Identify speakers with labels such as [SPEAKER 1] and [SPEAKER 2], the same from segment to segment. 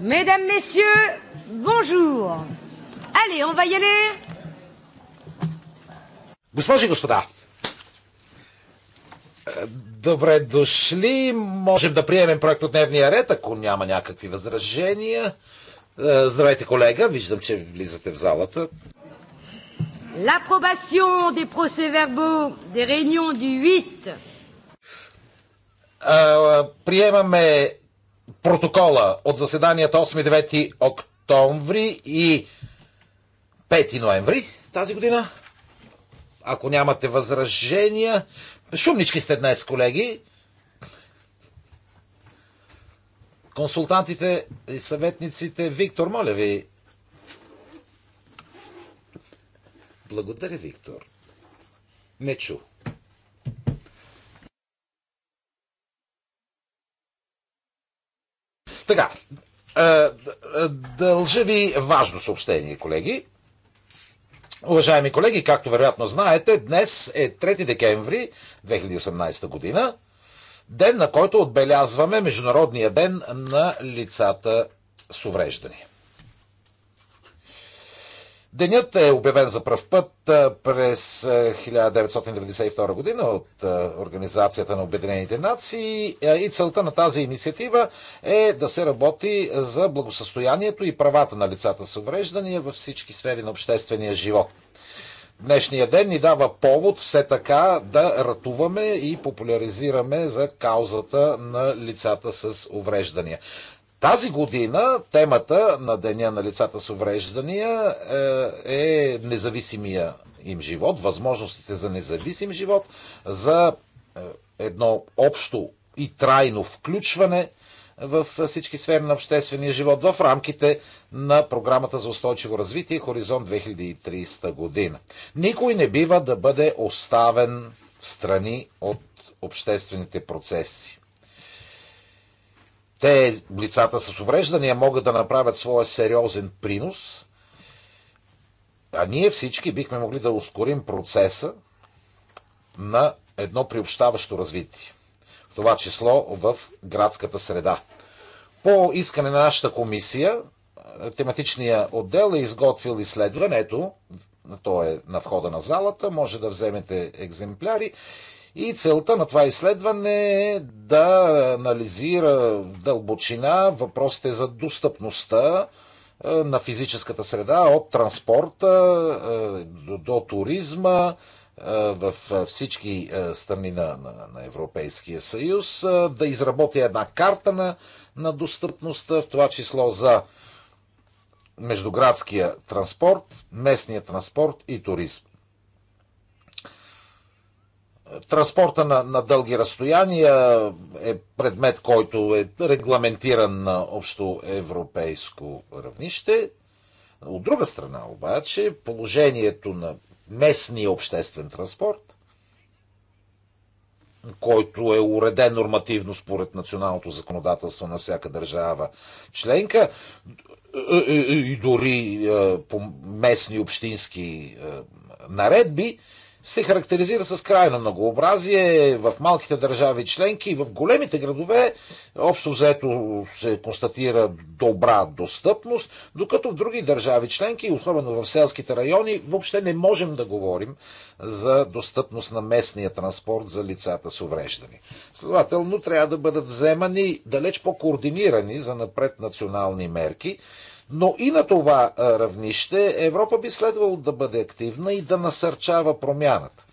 [SPEAKER 1] Mesdames, Messieurs, bonjour. Allez, on va y aller.
[SPEAKER 2] Госпожи и господа, е, добре дошли. Можем да приемем проект от дневния ред, ако няма някакви възражения. Е, здравейте, колега. Виждам, че влизате в залата. L'approbation des procès-verbaux des réunions du 8. Е, приемаме протокола от заседанията 8-9 октомври и 5 ноември тази година. Ако нямате възражения, шумнички сте днес, колеги. Консултантите и съветниците, Виктор, моля ви. Благодаря, Виктор. Не чу. Така, е, е, дължа ви важно съобщение, колеги. Уважаеми колеги, както вероятно знаете, днес е 3 декември 2018 година, ден на който отбелязваме Международния ден на лицата с увреждания. Денят е обявен за пръв път през 1992 година от Организацията на Обединените нации и целта на тази инициатива е да се работи за благосъстоянието и правата на лицата с увреждания във всички сфери на обществения живот. Днешния ден ни дава повод все така да ратуваме и популяризираме за каузата на лицата с увреждания. Тази година темата на Деня на лицата с увреждания е, е независимия им живот, възможностите за независим живот, за е, едно общо и трайно включване в всички сфери на обществения живот в рамките на програмата за устойчиво развитие Хоризонт 2030 година. Никой не бива да бъде оставен в страни от обществените процеси. Те, лицата с увреждания, могат да направят своя сериозен принос, а ние всички бихме могли да ускорим процеса на едно приобщаващо развитие. В това число в градската среда. По искане на нашата комисия, тематичният отдел е изготвил изследването, то е на входа на залата, може да вземете екземпляри и целта на това изследване е да анализира в дълбочина въпросите за достъпността е, на физическата среда от транспорта е, до туризма, е, в всички страни на, на, Европейския съюз, да изработи една карта на, на достъпността, в това число за междуградския транспорт, местния транспорт и туризм. Транспорта на, на дълги разстояния е предмет, който е регламентиран на общо европейско равнище. От друга страна обаче, положението на местния обществен транспорт, който е уреден нормативно според националното законодателство на всяка държава членка, е, е, е, и дори по местни общински наредби, се характеризира с крайно многообразие в малките държави членки и в големите градове общо взето се констатира добра достъпност, докато в други държави членки, особено в селските райони, въобще не можем да говорим за достъпност на местния транспорт за лицата с увреждани. Следователно трябва да бъдат вземани далеч по-координирани за напред национални мерки, но и на това равнище Европа би следвало да бъде активна и да насърчава промяната.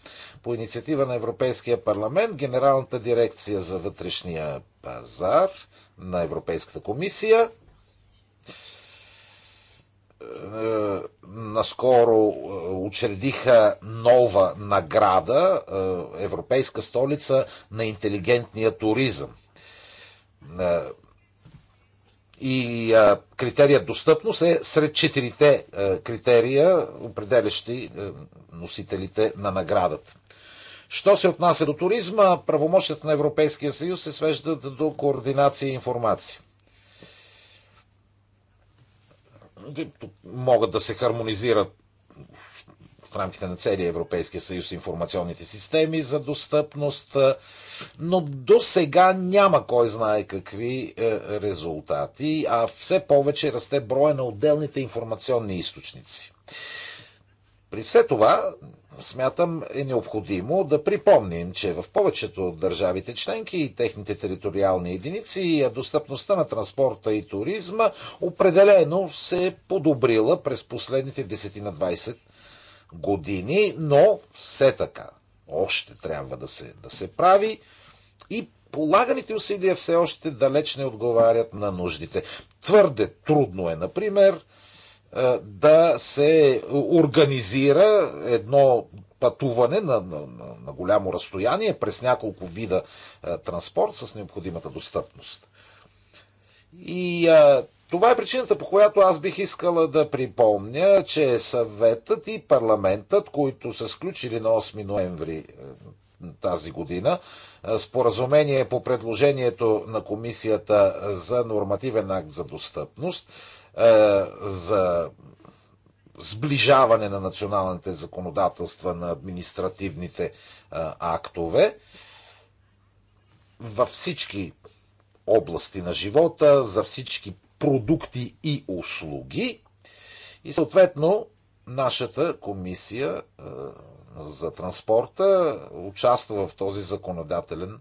[SPEAKER 2] По инициатива на Европейския парламент, Генералната дирекция за вътрешния пазар на Европейската комисия наскоро учредиха нова награда Европейска столица на интелигентния туризъм и а, критерия достъпност е сред четирите а, критерия, определящи а, носителите на наградата. Що се отнася до туризма, правомощията на Европейския съюз се свеждат до координация и информация. Могат да се хармонизират в рамките на целия Европейския съюз информационните системи за достъпност, но до сега няма кой знае какви е, резултати, а все повече расте броя на отделните информационни източници. При все това, смятам, е необходимо да припомним, че в повечето от държавите членки и техните териториални единици достъпността на транспорта и туризма определено се е подобрила през последните 10 на 20 години, но все така още трябва да се, да се прави и полаганите усилия все още далеч не отговарят на нуждите. Твърде трудно е, например, да се организира едно пътуване на, на, на голямо разстояние през няколко вида транспорт с необходимата достъпност. И а, това е причината, по която аз бих искала да припомня, че съветът и парламентът, които са сключили на 8 ноември е, тази година, е, споразумение по предложението на Комисията за нормативен акт за достъпност, е, за сближаване на националните законодателства на административните актове във всички области на живота, за всички продукти и услуги. И съответно, нашата комисия е, за транспорта участва в този законодателен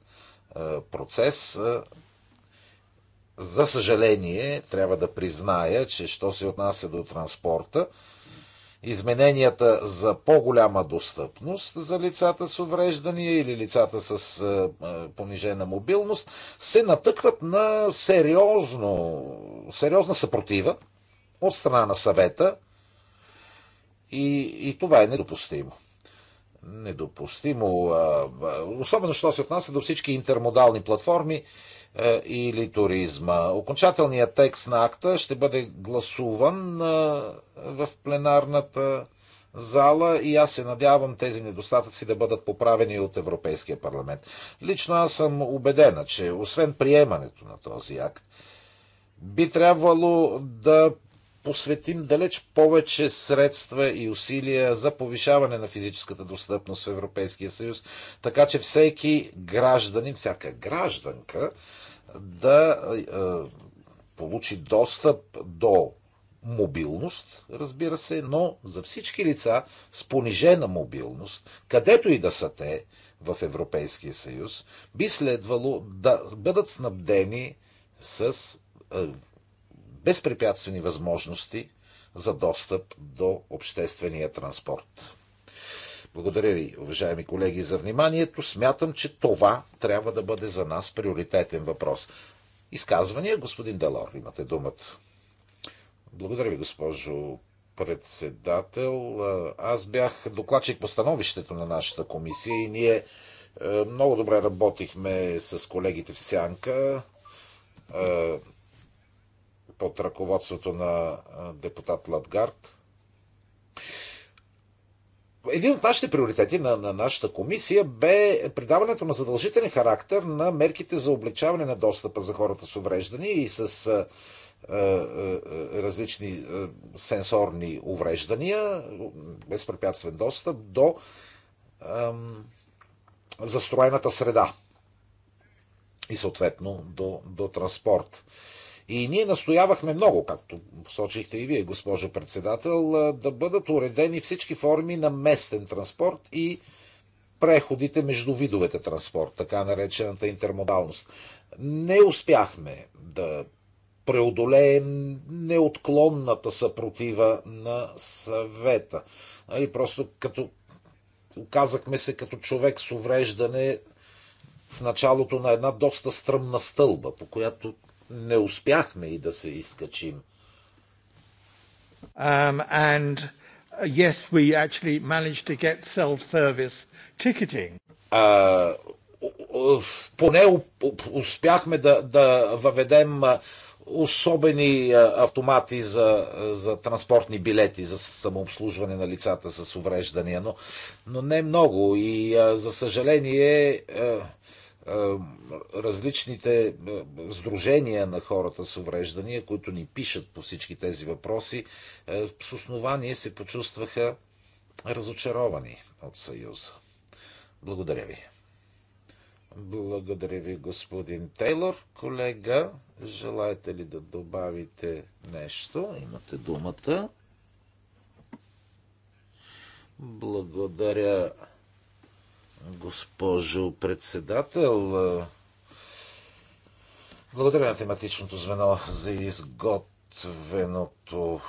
[SPEAKER 2] е, процес. Е, за съжаление, трябва да призная, че що се отнася до транспорта, измененията за по-голяма достъпност за лицата с увреждания или лицата с понижена мобилност се натъкват на сериозно, сериозна съпротива от страна на съвета и, и това е недопустимо недопустимо, особено що се отнася до всички интермодални платформи е, или туризма. Окончателният текст на акта ще бъде гласуван е, в пленарната зала и аз се надявам тези недостатъци да бъдат поправени от Европейския парламент. Лично аз съм убедена, че освен приемането на този акт, би трябвало да посветим далеч повече средства и усилия за повишаване на физическата достъпност в Европейския съюз, така че всеки гражданин, всяка гражданка да получи достъп до мобилност, разбира се, но за всички лица с понижена мобилност, където и да са те в Европейския съюз, би следвало да бъдат снабдени с безпрепятствени възможности за достъп до обществения транспорт. Благодаря ви, уважаеми колеги, за вниманието. Смятам, че това трябва да бъде за нас приоритетен въпрос. Изказвания, господин Делор, имате думата. Благодаря ви, госпожо председател. Аз бях докладчик по становището на нашата комисия и ние е, много добре работихме с колегите в Сянка е, под ръководството на е, депутат Ладгард един от нашите приоритети на, на нашата комисия бе придаването на задължителен характер на мерките за облегчаване на достъпа за хората с увреждания и с е, е, различни сенсорни увреждания, безпрепятствен достъп до е, застроената среда и съответно до, до транспорт. И ние настоявахме много, както посочихте и вие, госпожо председател, да бъдат уредени всички форми на местен транспорт и преходите между видовете транспорт, така наречената интермодалност. Не успяхме да преодолеем неотклонната съпротива на съвета. И нали, просто като оказахме се като човек с увреждане в началото на една доста стръмна стълба, по която не успяхме и да се изкачим. Um, and uh, yes, we actually managed to get self-service ticketing. А, поне успяхме да, да въведем особени автомати за, за транспортни билети, за самообслужване на лицата с увреждания, но, но не много. И за съжаление различните сдружения на хората с увреждания, които ни пишат по всички тези въпроси, е, с основание се почувстваха разочаровани от Съюза. Благодаря ви. Благодаря ви, господин Тейлор. Колега, желаете ли да добавите нещо? Имате думата. Благодаря госпожо председател. Благодаря на тематичното звено за изготвеното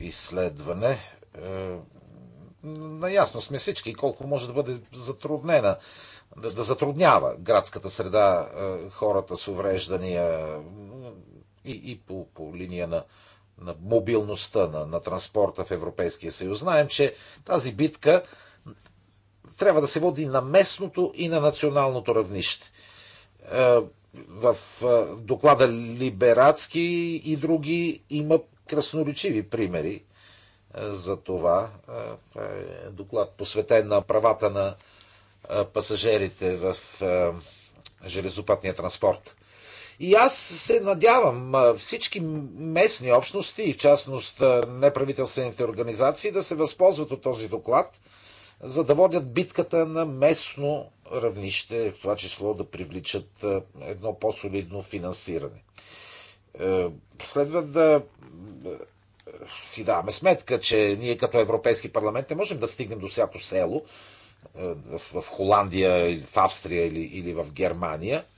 [SPEAKER 2] изследване. Е, наясно сме всички колко може да бъде затруднена, да, да затруднява градската среда е, хората с увреждания и, и по, по линия на, на мобилността, на, на транспорта в Европейския съюз. Знаем, че тази битка трябва да се води на местното и на националното равнище. Е, е, в доклада Либератски и други има красноречиви примери е, за това. Доклад посветен на правата на пасажирите в железопътния транспорт. И аз се надявам всички местни общности и в частност неправителствените организации да се възползват от този доклад – за да водят битката на местно равнище, в това число да привличат е, едно по-солидно финансиране. Е, следва да е, си даваме сметка, че ние като Европейски парламент не можем да стигнем до всяко село в Холандия, в Австрия или в Германия –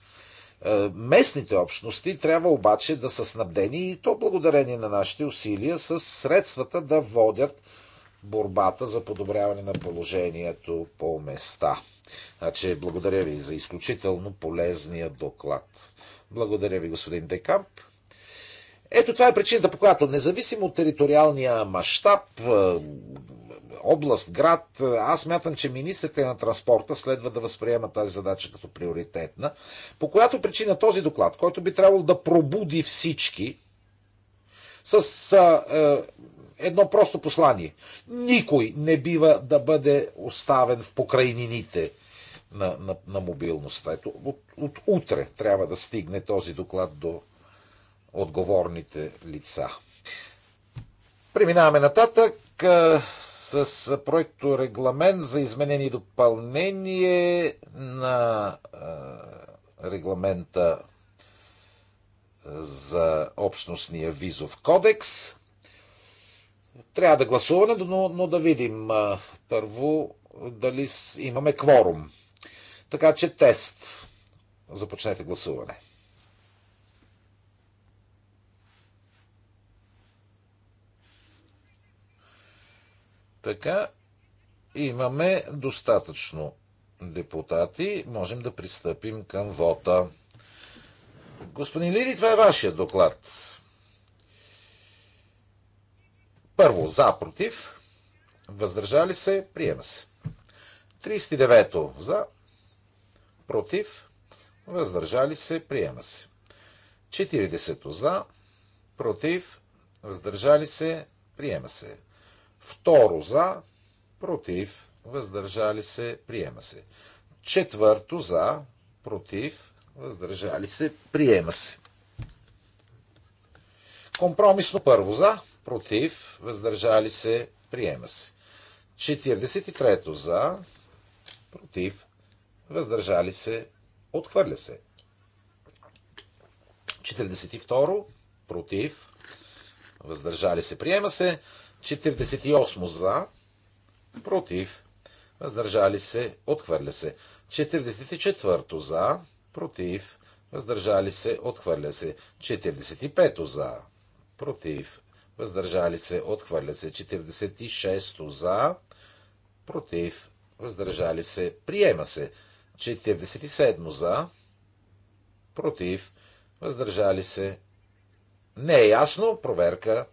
[SPEAKER 2] Местните общности трябва обаче да са снабдени и то благодарение на нашите усилия с средствата да водят борбата за подобряване на положението по места. Значи, благодаря ви за изключително полезния доклад. Благодаря ви, господин Декамп. Ето това е причината, по която независимо от териториалния мащаб, е, област, град, е, аз мятам, че министрите на транспорта следва да възприемат тази задача като приоритетна, по която причина този доклад, който би трябвало да пробуди всички, с е, едно просто послание. Никой не бива да бъде оставен в покрайнините на, на, на мобилността. Ето, от, от утре трябва да стигне този доклад до отговорните лица. Преминаваме нататък с проекто регламент за изменение и допълнение на регламента за общностния визов кодекс. Трябва да гласуваме, но, но да видим първо дали имаме кворум. Така че тест. Започнете гласуване. Така, имаме достатъчно депутати. Можем да пристъпим към вота. Господин Лили, това е вашия доклад. Първо, за, против, въздържали се, приема се. 39-то, за, против, въздържали се, приема се. 40-то, за, против, въздържали се, приема се. Второ, за, против, въздържали се, приема се. Четвърто, за, против, въздържали се, приема се. Компромисно първо за, против, въздържали се, приема се. 43-то за, против, въздържали се, отхвърля се. 42-ро, против, въздържали се, приема се. 48-о за, против, въздържали се, отхвърля се. 44-то за, против, въздържали се, отхвърля се. 45-то за, против, въздържали се, отхвърля се. 46 за, против, въздържали се, приема се. 47 за, против, въздържали се. Не е ясно, проверка.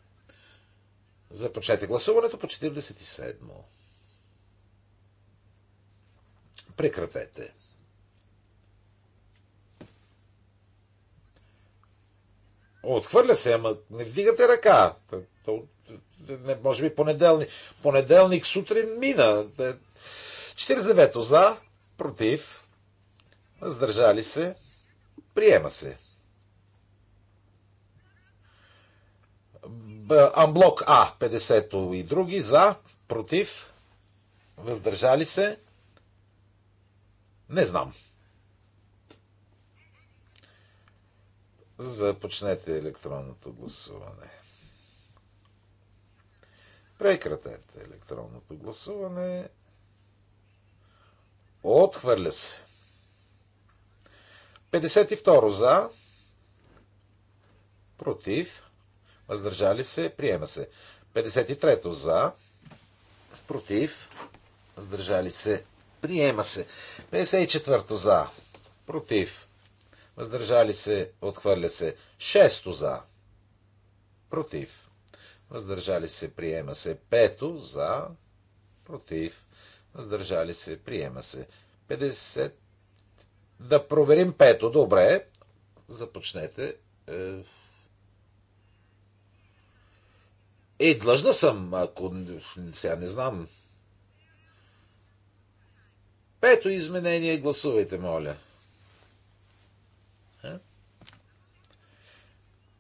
[SPEAKER 2] Започнете гласуването по 47. Прекратете. Отхвърля се, ама не вдигате ръка. не, може би понеделник, понеделник сутрин мина. 49-то е, за, против, въздържали се, приема се. Амблок А, 50-то и други, за, против, въздържали се, не знам. Започнете електронното гласуване. Прекратете електронното гласуване. Отхвърля се. 52 за. Против. Въздържали се. Приема се. 53 за. Против. Въздържали се. Приема се. 54 за. Против въздържали се, отхвърля се. Шесто за, против, въздържали се, приема се. Пето за, против, въздържали се, приема се. 50. Да проверим пето. Добре. Започнете. Е, длъжна съм, ако сега не знам. Пето изменение гласувайте, моля.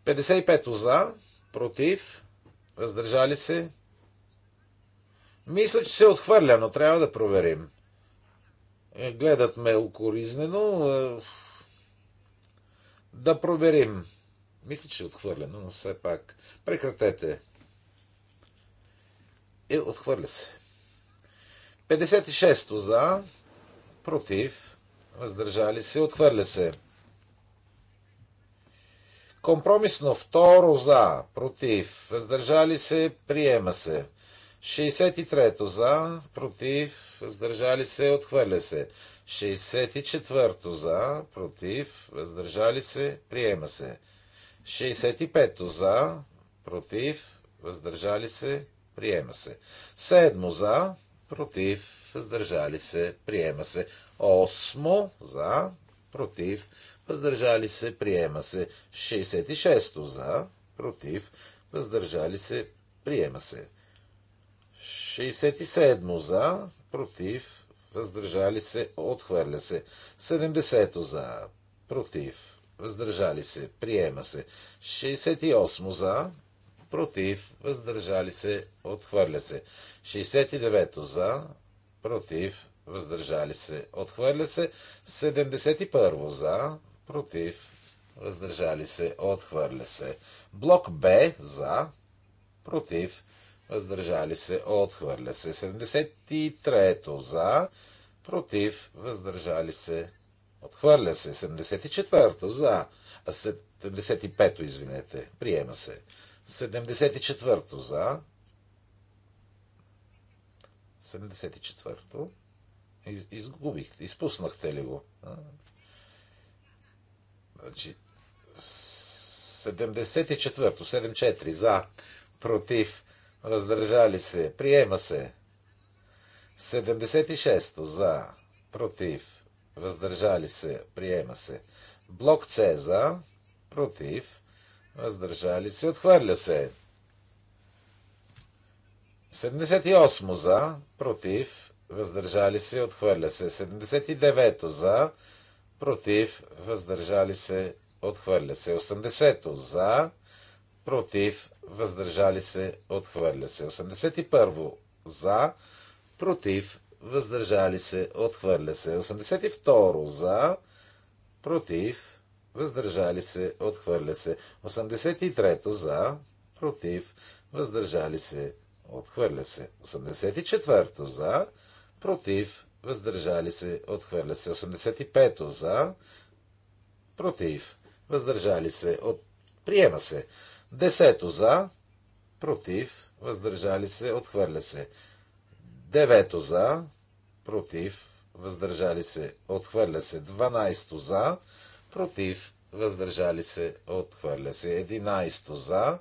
[SPEAKER 2] 55 за, против, въздържали се. Мисля, че се отхвърля, но трябва да проверим. Е, гледат ме укоризнено. Е, да проверим. Мисля, че е отхвърлено, но все пак. Прекратете. Е, отхвърля се. 56-то за, против, въздържали се, отхвърля се. Компромисно второ за, против, въздържали се, приема се. 63-то за, против, въздържали се, отхвърля се. 64-то за, против, въздържали се, приема се. 65-то за, против, въздържали се, приема се. 7 за, против, въздържали се, приема се. 8 за, против, въздържали се, приема се. 66 за, против, въздържали се, приема се. 67 за, против, въздържали се, отхвърля се. 70 за, против, въздържали се, приема се. 68 за, против, въздържали се, отхвърля се. 69 за, против, въздържали се, отхвърля се. 71 за, против, въздържали се, отхвърля се. Блок Б за, против, въздържали се, отхвърля се. 73-то за, против, въздържали се, отхвърля се. 74-то за, 75-то, извинете, приема се. 74-то за, 74-то, Из, изгубихте, изпуснахте ли го? Значи, 74-то, 7-4 за, против, въздържали се, приема се. 76-то за, против, въздържали се, приема се. Блок С за, против, въздържали се, отхвърля се. 78 за, против, въздържали се, отхвърля се. 79 за, против, въздържали се, отхвърля се. 80-то за, против, въздържали се, отхвърля се. 81-во за, против, въздържали се, отхвърля се. 82-ро за, против, въздържали се, отхвърля се. 83-то за, против, въздържали се, отхвърля се. 84-то за, против, въздържали се, отхвърля се. 85 за, против, въздържали се, от... приема се. 10 за, против, въздържали се, отхвърля се. 9 за, против, въздържали се, отхвърля се. 12 за, против, въздържали се, отхвърля се. 11 за,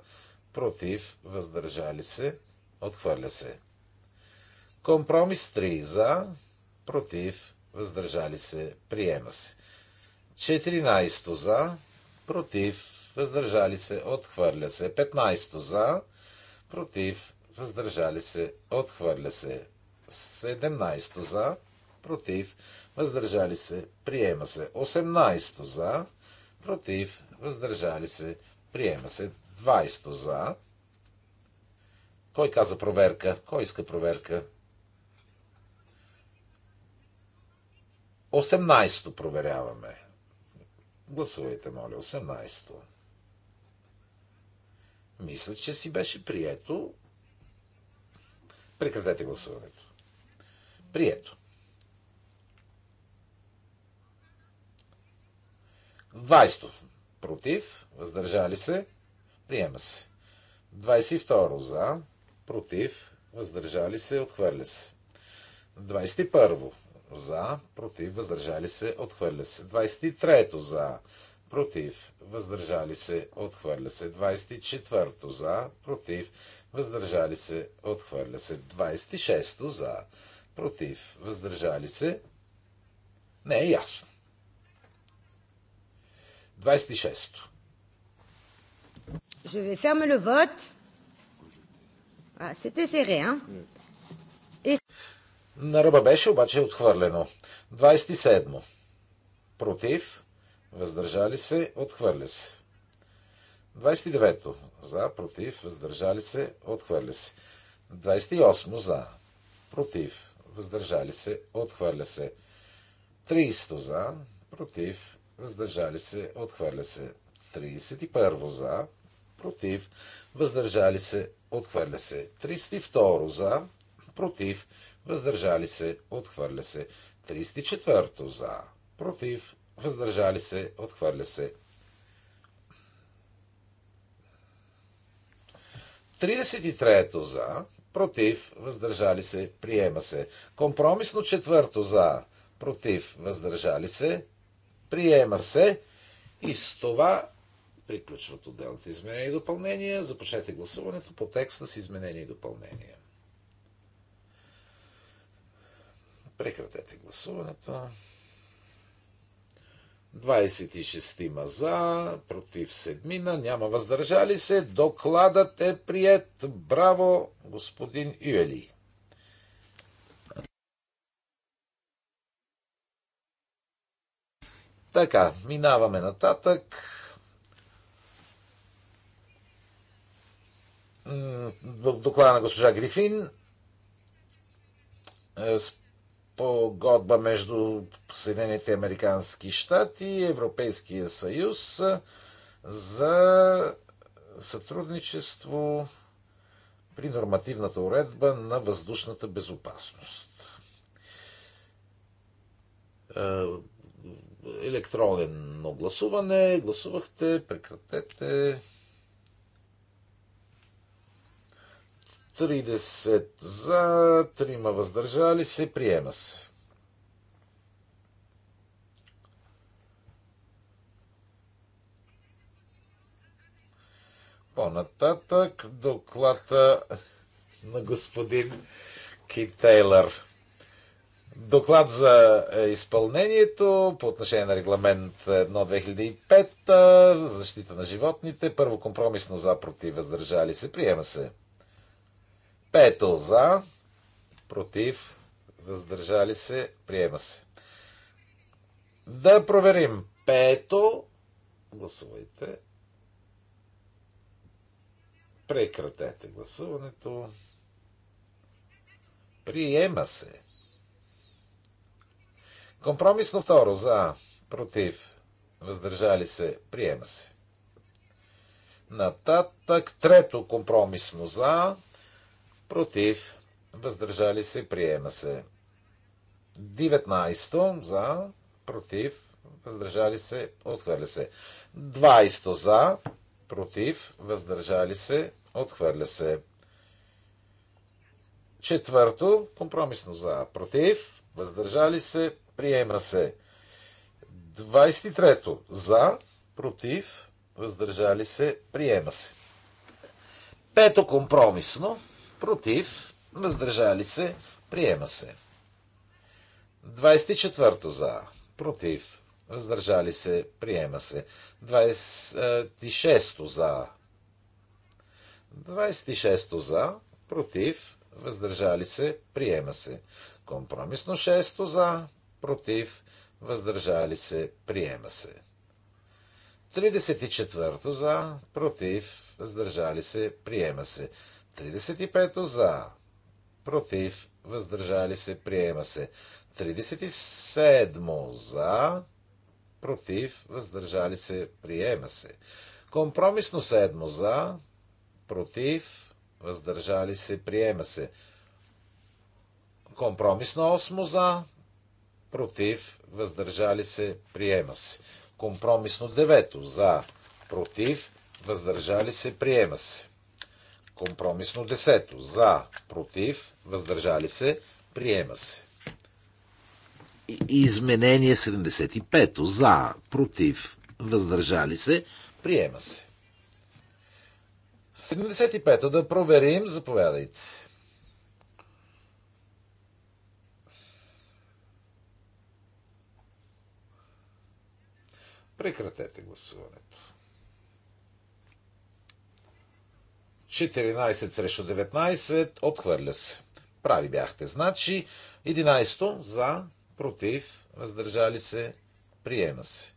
[SPEAKER 2] против, въздържали се, отхвърля се. Компромис 3 за, против, въздържали се, приема се. 14 за, против, въздържали се, отхвърля се. 15 за, против, въздържали се, отхвърля се. 17 за, против, въздържали се, приема се. 18 за, против, въздържали се, приема се. 20 за. Кой каза проверка? Кой иска проверка? 18-то проверяваме. Гласувайте, моля, 18-то. Мисля, че си беше прието. Прекратете гласуването. Прието. 20-то. против, въздържали се, приема се. 22 за, против, въздържали се, отхвърля се. 21 за, против, въздържали се, отхвърля се. 23-то за, против, въздържали се, отхвърля се. 24-то за, против, въздържали се, отхвърля се. 26-то за, против, въздържали се. Не е ясно. 26-то.
[SPEAKER 1] Je vais fermer le vote. Ah, c'était serré, hein?
[SPEAKER 2] На ръба беше обаче отхвърлено. 27. Против. Въздържали се. Отхвърля се. 29. За. Против. Въздържали се. Отхвърля се. 28. За. Против. Въздържали се. Отхвърля се. 30. За. Против. Въздържали се. Отхвърля се. 31. За. Против. Въздържали се. Отхвърля се. 32. За. Против въздържали се, отхвърля се. 34 за, против, въздържали се, отхвърля се. 33 за, против, въздържали се, приема се. Компромисно четвърто за, против, въздържали се, приема се. И с това приключват отделните изменения и допълнения. Започнете гласуването по текста с изменения и допълнения. Прекратете гласуването. 26 ма за, против 7, няма въздържали се. Докладът е прият. Браво, господин Юели. Така, минаваме нататък. Доклада на госпожа Грифин. Е, погодба между Съединените Американски щати и Европейския съюз за сътрудничество при нормативната уредба на въздушната безопасност. Е, електронно гласуване. Гласувахте, прекратете. 30 за, 3 въздържали се, приема се. По-нататък доклада на господин Кит Тейлър. Доклад за е, изпълнението по отношение на регламент 1-2005 за защита на животните. Първо компромисно за против въздържали се. Приема се. Пето за, против, въздържали се, приема се. Да проверим. Пето. Гласувайте. Прекратете гласуването. Приема се. Компромисно второ. За. Против. Въздържали се. Приема се. Нататък трето компромисно за против, въздържали се, приема се. 19 за, против, въздържали се, отхвърля се. 20 за, против, въздържали се, отхвърля се. Четвърто, компромисно за, против, въздържали се, приема се. 23 за, против, въздържали се, приема се. Пето компромисно против, въздържали се, приема се. 24 за, против, въздържали се, приема се. 26 за, 26 за, против, въздържали се, приема се. Компромисно 6 за, против, въздържали се, приема се. 34 за, против, въздържали се, приема се. 35 за, против, въздържали се, приема се. 37 за, против, въздържали се, приема се. Компромисно 7 за, против, въздържали се, приема се. Компромисно 8 за, против, въздържали се, приема се. Компромисно 9 за, против, въздържали се, приема се. Компромисно десето. За, против, въздържали се, приема се. Изменение 75. За, против, въздържали се, приема се. 75-то да проверим, заповядайте. Прекратете гласуването. 14 срещу 19. Отхвърля се. Прави бяхте. Значи 11 за, против, въздържали се, приема се.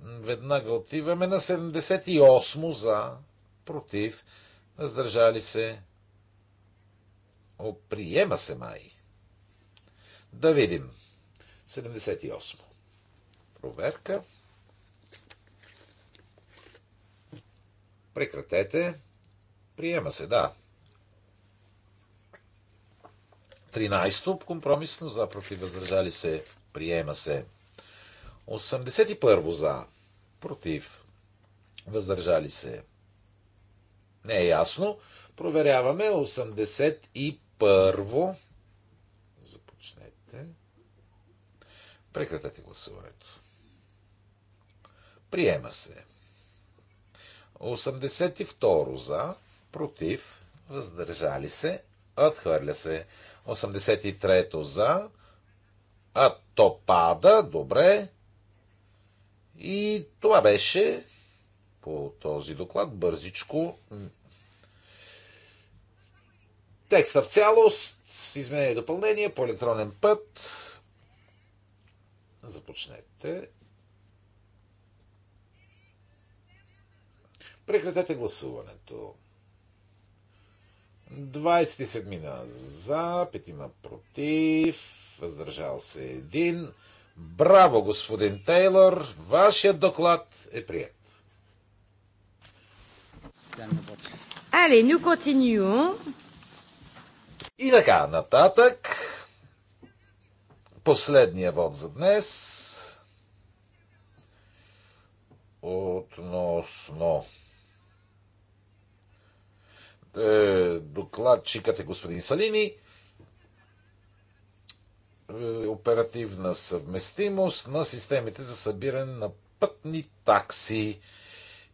[SPEAKER 2] Веднага отиваме на 78 за, против, въздържали се. О, приема се май. Да видим. 78. Проверка. Прекратете. Приема се, да. 13-то компромисно за против въздържали се. Приема се. 81-во за против въздържали се. Не е ясно. Проверяваме 81-во. Започнете. Прекратете гласуването. Приема се. 82 за, против, въздържали се, отхвърля се. 83 за, а то пада, добре. И това беше по този доклад бързичко. Текста в цялост с изменение и допълнение по електронен път. Започнете Прекратете гласуването. 27 за, 5 ма против, въздържал се един. Браво, господин Тейлор! Вашият доклад е прият.
[SPEAKER 1] Але, ну континю.
[SPEAKER 2] И така, нататък. Последния вод за днес. Относно е, докладчикът е господин Салини. Е, оперативна съвместимост на системите за събиране на пътни такси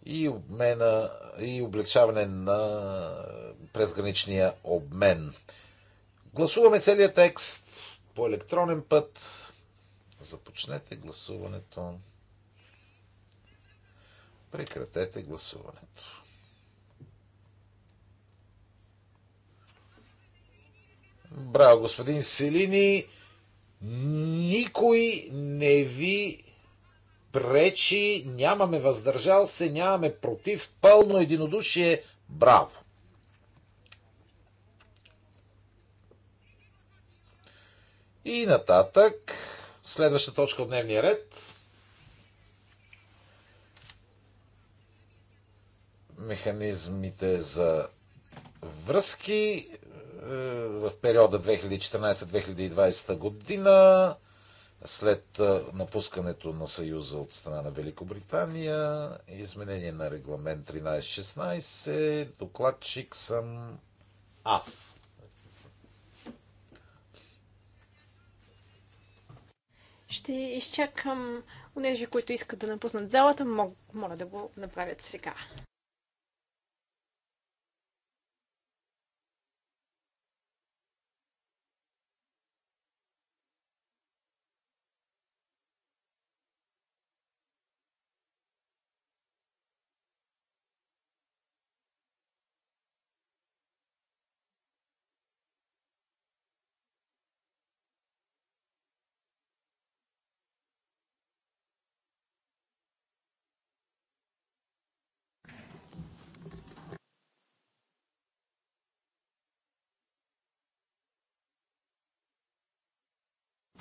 [SPEAKER 2] и обмена и облегчаване на презграничния обмен. Гласуваме целият текст по електронен път. Започнете гласуването. Прекратете гласуването. Браво, господин Селини. Никой не ви пречи, нямаме въздържал се, нямаме против, пълно единодушие. Браво! И нататък, следваща точка от дневния ред. Механизмите за връзки е, в периода 2014-2020 година, след е, напускането на Съюза от страна на Великобритания, изменение на регламент 1316, докладчик съм аз.
[SPEAKER 1] Ще изчакам унежи, които искат да напуснат залата, моля да го направят сега.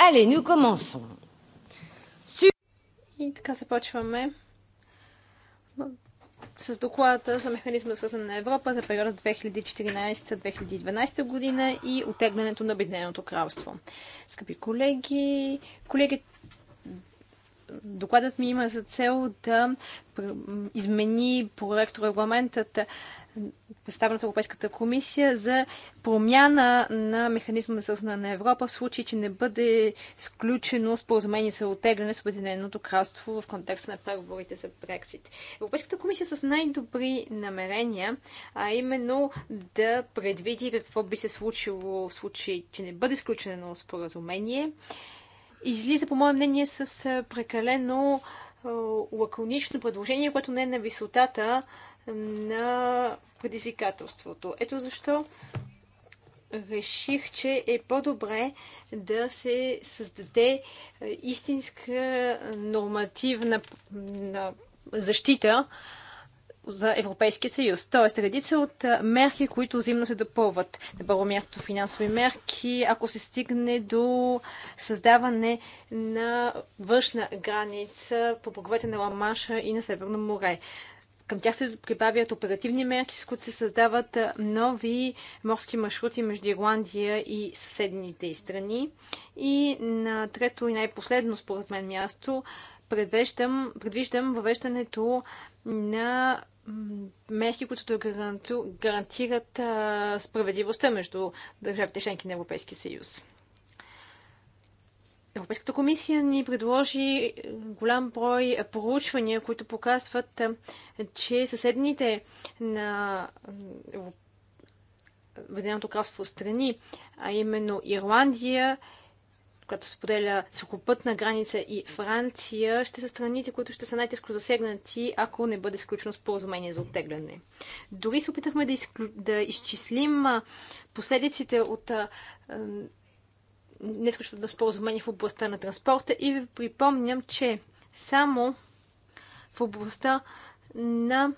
[SPEAKER 1] Allez, nous commençons. И така започваме с доклада за механизма свързан на Европа за периода 2014-2012 година и отеглянето на Обединеното кралство. Скъпи колеги, колеги, докладът ми има за цел да измени проекторегламентът регламентът представен от Европейската комисия за промяна на механизма на свързване на Европа в случай, че не бъде сключено споразумение за отегляне с Обединеното кралство в контекста на преговорите за Брексит. Европейската комисия с най-добри намерения, а именно да предвиди какво би се случило в случай, че не бъде сключено споразумение, излиза, по мое мнение, с прекалено лаконично предложение, което не е на висотата на предизвикателството. Ето защо реших, че е по-добре да се създаде е, истинска е, нормативна защита за Европейския съюз. Тоест, редица от е, мерки, които взаимно се допълват. На първо място финансови мерки, ако се стигне до създаване на външна граница по боговете на Ламаша и на Северно море. Към тях се прибавят оперативни мерки, с които се създават нови морски маршрути между Ирландия и съседните и страни. И на трето и най-последно, според мен, място предвиждам, предвиждам въвеждането на мерки, които да гарантират справедливостта между държавите членки на Европейския съюз. Европейската комисия ни предложи е, голям брой е, проучвания, които показват, е, че съседните на Веденото кралство страни, а именно Ирландия, която споделя сухопътна граница и Франция, ще са страните, които ще са най-тежко засегнати, ако не бъде изключено споразумение за оттегляне. Дори се опитахме да, изклю... да изчислим последиците от нескочното споразумение в областта на транспорта и ви припомням, че само в областта на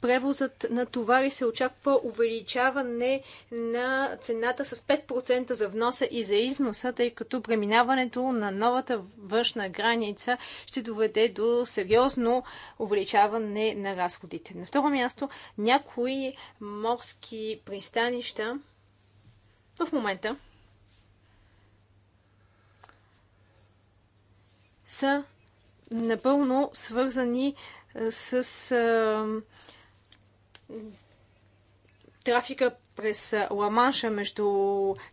[SPEAKER 1] превозът на товари се очаква увеличаване на цената с 5% за вноса и за износа, тъй като преминаването на новата външна граница ще доведе до сериозно увеличаване на разходите. На второ място, някои морски пристанища в момента са напълно свързани с а, трафика през Ламанша между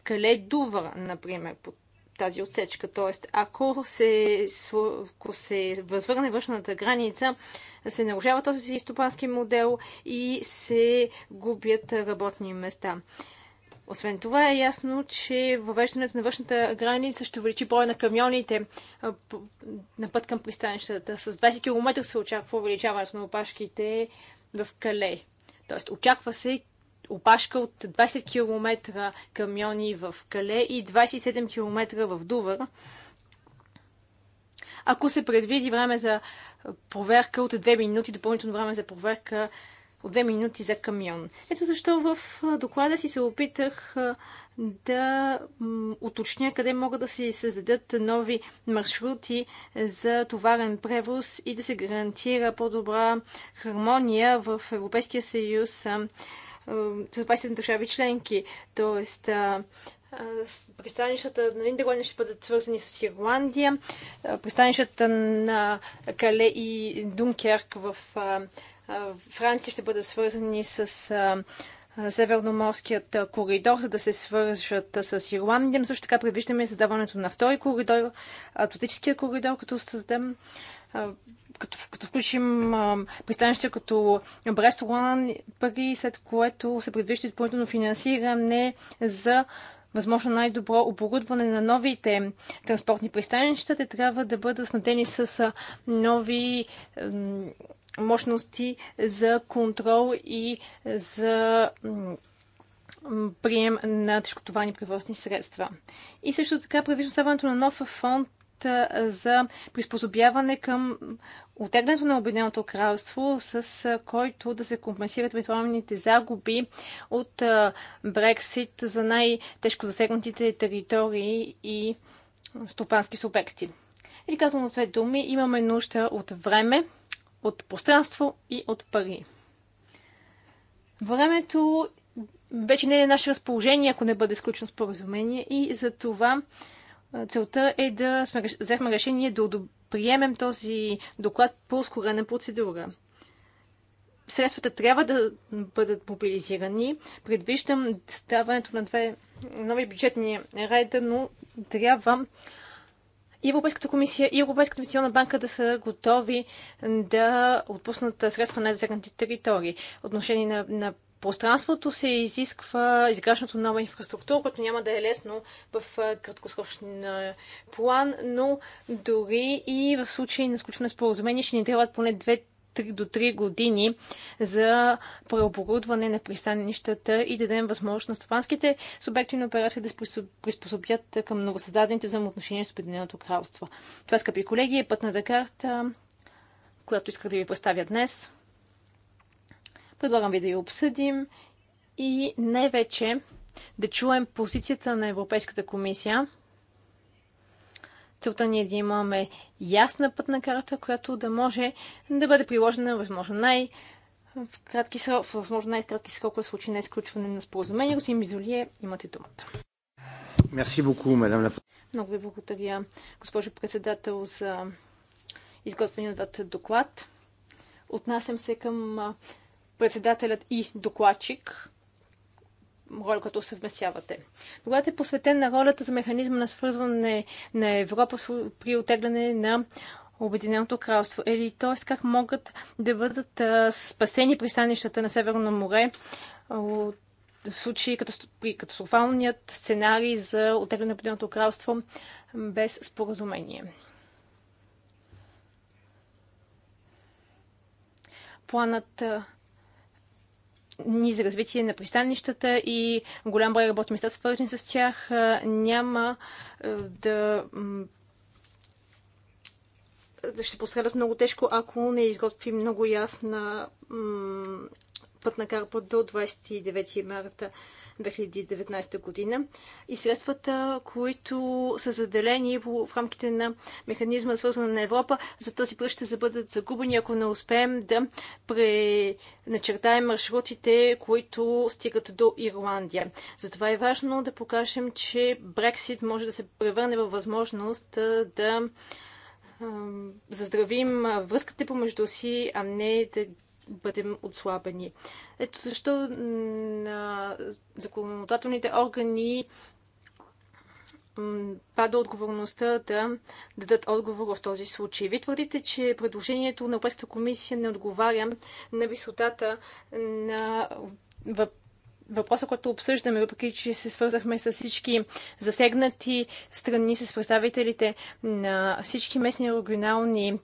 [SPEAKER 1] Кале и Дувър, например, по тази отсечка. Тоест, ако се, ако се възвърне външната граница, се нарушава този стопански модел и се губят работни места. Освен това е ясно, че въвеждането на външната граница ще увеличи броя на камионите на път към пристанищата. С 20 км се очаква увеличаването на опашките в Кале. Тоест, очаква се опашка от 20 км камиони в Кале и 27 км в Дувър. Ако се предвиди време за проверка от 2 минути, допълнително време за проверка по две минути за камион. Ето защо в доклада си се опитах да уточня къде могат да се създадат нови маршрути за товарен превоз и да се гарантира по-добра хармония в Европейския съюз с 27 държави членки. Тоест, пристанищата на нали, Нидерландия ще бъдат свързани с Ирландия, пристанищата на Кале и Дункерк в Франция ще бъдат свързани с Северноморският коридор, за да се свържат с Ирландия. Но също така предвиждаме създаването на втори коридор, Атлантическия коридор, като създадем като, като включим пристанища като Брест, Лан, пари, след което се предвижда допълнително финансиране за възможно най-добро оборудване на новите транспортни пристанища. Те трябва да бъдат снабдени с нови мощности за контрол и за прием на тежкотоварни превозни средства. И също така предвижда създаването на нов фонд за приспособяване към отеглянето на Обединеното кралство, с който да се компенсират евентуалните загуби от Брексит за най-тежко засегнатите територии и стопански субекти. Или казвам с две думи, имаме нужда от време, от пространство и от пари. Времето вече не е на наше разположение, ако не бъде сключено споразумение и за това целта е да сме, взехме решение да приемем този доклад по ускорена процедура. Средствата трябва да бъдат мобилизирани. Предвиждам ставането на две нови бюджетни реда, но трябва и Европейската комисия, и Европейската инвестиционна банка да са готови да отпуснат средства на засегнати територии. Отношение на, на пространството се изисква изграждането на нова инфраструктура, което няма да е лесно в краткосрочен план, но дори и в случай на сключване споразумение ще ни трябват поне 3 до 3 години за преоборудване на пристанищата и да дадем възможност на стопанските субекти на оператори да се приспособят към новосъздадените взаимоотношения с Обединеното кралство. Това, скъпи колеги, е пътната карта, която исках да ви представя днес. Предлагам ви да я обсъдим и най-вече да чуем позицията на Европейската комисия – Целта ни е да имаме ясна пътна карта, която да може да бъде приложена възможно най- в кратки срок, възможно най-кратки срокове в на изключване на споразумение. Господин Мизолие, имате думата.
[SPEAKER 2] Мерси beaucoup, мадам
[SPEAKER 1] Много ви благодаря, госпожо председател, за изготвения от доклад. Отнасям се към председателят и докладчик роля, която съвместявате. Докладът е посветен на ролята за механизма на свързване на Европа при отегляне на Обединеното кралство. Или т.е. как могат да бъдат спасени пристанищата на Северно море от в случай при катастрофалният сценарий за отегляне на Обединеното кралство без споразумение. Планът ни за развитие на пристанищата и голям брой работни места, свързани с тях, няма да ще пострадат много тежко, ако не изготвим много ясна пътна карта до 29 марта 2019 година и средствата, които са заделени в рамките на механизма свързана на Европа, за този път ще бъдат загубени, ако не успеем да преначертаем маршрутите, които стигат до Ирландия. Затова е важно да покажем, че Брексит може да се превърне във възможност да заздравим връзката помежду си, а не да бъдем отслабени. Ето защо на законодателните органи пада отговорността да дадат отговор в този случай. Ви твърдите, че предложението на Европейската комисия не отговаря на висотата на въпроса, който обсъждаме, въпреки че се свързахме с всички засегнати страни, с представителите на всички местни и регионални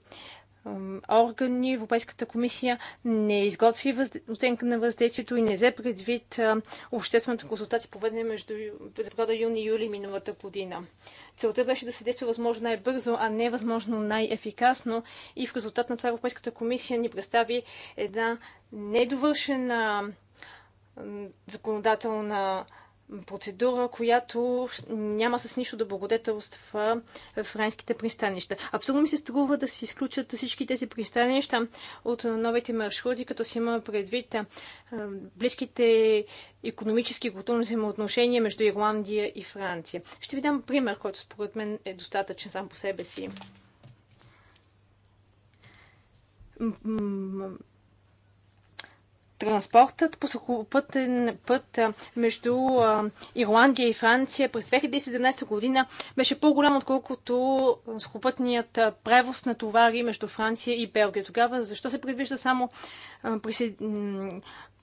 [SPEAKER 1] органи, Европейската комисия не изготви оценка на въздействието и не взе предвид обществената консултация, проведена между периода юни и юли миналата година. Целта беше да се действа възможно най-бързо, а не възможно най-ефикасно и в резултат на това Европейската комисия ни представи една недовършена законодателна процедура, която няма с нищо да благодетелства френските пристанища. Абсолютно ми се струва да се изключат всички тези пристанища от новите маршрути, като се има предвид близките економически културни взаимоотношения между Ирландия и Франция. Ще ви дам пример, който според мен е достатъчен сам по себе си транспортът по сухопътен път между Ирландия и Франция през 2017 година беше по-голям, отколкото сухопътният превоз на товари между Франция и Белгия. Тогава защо се предвижда само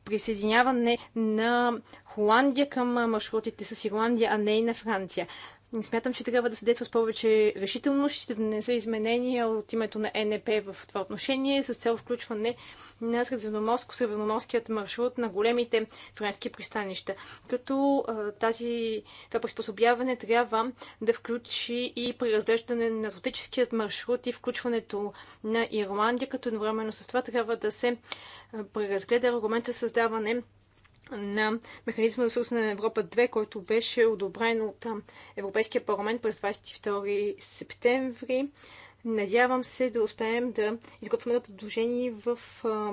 [SPEAKER 1] присъединяване на Холандия към маршрутите с Ирландия, а не и на Франция? Не смятам, че трябва да се действа с повече решителност. Ще са изменения от името на НП в това отношение с цел включване на средиземноморско средноморският маршрут на големите френски пристанища. Като тази, това приспособяване трябва да включи и преразглеждане на атлантическият маршрут и включването на Ирландия, като едновременно с това трябва да се преразгледа аргумента създаване на механизма за свързване на Европа 2, който беше одобрен от Европейския парламент през 22 септември. Надявам се да успеем да изготвим едно предложение в а,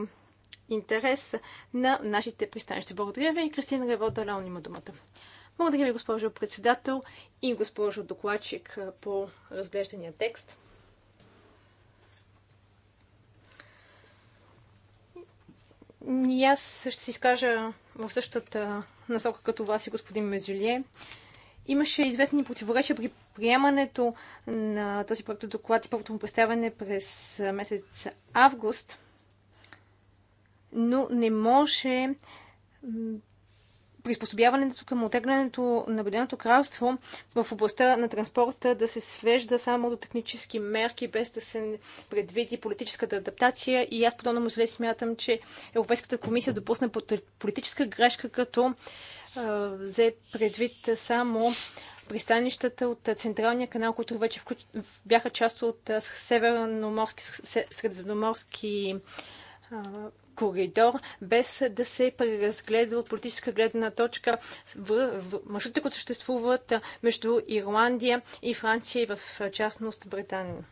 [SPEAKER 1] интерес на нашите пристанища. Благодаря ви и Кристина Рево Далаун има думата. Благодаря ви, госпожо председател и госпожо докладчик по разглеждания текст. И аз ще си изкажа в същата насока като вас и господин Мезюлие. Имаше известни противоречия при приемането на този проект доклад и първото му представяне през месец август, но не може приспособяването към отеглянето на Обединеното кралство в областта на транспорта да се свежда само до технически мерки, без да се предвиди политическата адаптация. И аз подобно му зле смятам, че Европейската комисия допусна политическа грешка, като взе предвид само пристанищата от Централния канал, които вече бяха част от северноморски, средиземноморски коридор, без да се преразгледа от политическа гледна точка в, в маршрутите, които съществуват между Ирландия и Франция и в частност Британия.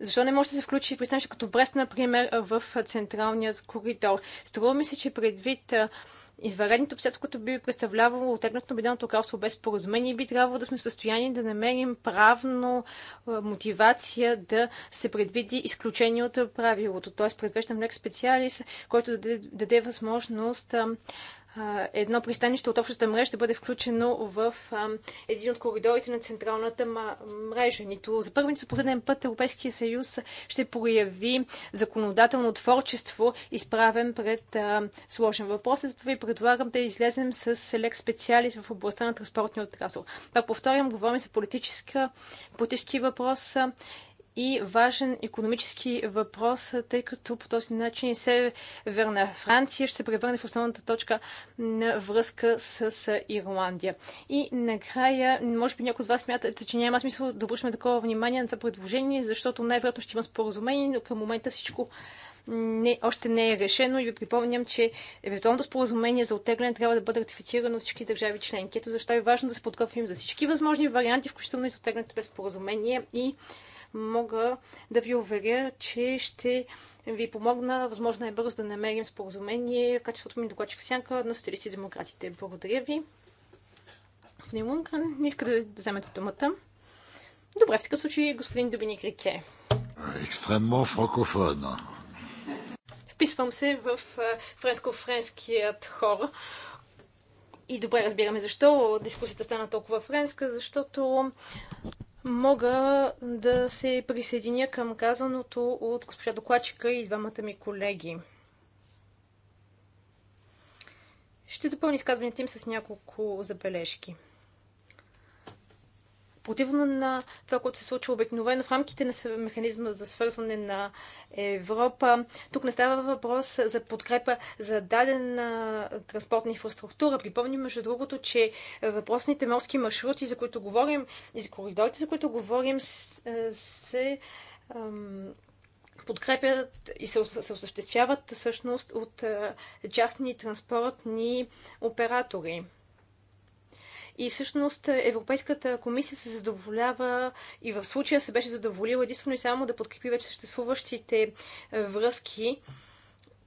[SPEAKER 1] Защо не може да се включи пристанище като Брест, например, в централният коридор? Струва ми се, че предвид извънредното обстоятелство, което би представлявало отегнат на Обединеното кралство без споразумение, би трябвало да сме в състояние да намерим правно мотивация да се предвиди изключение от правилото. Тоест, предвеждам лек специалист, който да даде, даде възможност едно пристанище от общата мрежа ще бъде включено в един от коридорите на централната мрежа. Нито за първи, нито за последен път Европейския съюз ще прояви законодателно творчество, изправен пред сложен въпрос. Затова ви предлагам да излезем с лек специалист в областта на транспортния отрасъл. Пак повторям, говорим за политически въпрос и важен економически въпрос, тъй като по този начин Северна Франция ще се превърне в основната точка на връзка с Ирландия. И накрая, може би някои от вас смятат, че няма смисъл да обръщаме такова внимание на това предложение, защото най-вероятно ще има споразумение, но към момента всичко не, още не е решено и ви припомням, че евентуалното споразумение за оттегляне трябва да бъде ратифицирано от всички държави членки. Ето защо е важно да се подготвим за всички възможни варианти, включително и за оттеглянето без споразумение и мога да ви уверя, че ще ви помогна възможно е бързо да намерим споразумение в качеството ми докладчик в сянка на социалисти и демократите. Благодаря ви. Господин Лункан, не иска да вземете думата. Добре, в такъв случай господин Доминик Рике.
[SPEAKER 2] Екстремно франкофон.
[SPEAKER 1] Вписвам се в френско-френският хор. И добре разбираме защо дискусията стана толкова френска, защото мога да се присъединя към казаното от госпожа докладчика и двамата ми колеги. Ще допълня изказването им с няколко забележки противно на това, което се случва обикновено в рамките на механизма за свързване на Европа. Тук не става въпрос за подкрепа за дадена транспортна инфраструктура. Припомним, между другото, че въпросните морски маршрути, за които говорим, и за коридорите, за които говорим, е, се подкрепят и се, се осъществяват всъщност от е, частни транспортни оператори. И всъщност Европейската комисия се задоволява и в случая се беше задоволила единствено и само да подкрепи вече съществуващите е, връзки,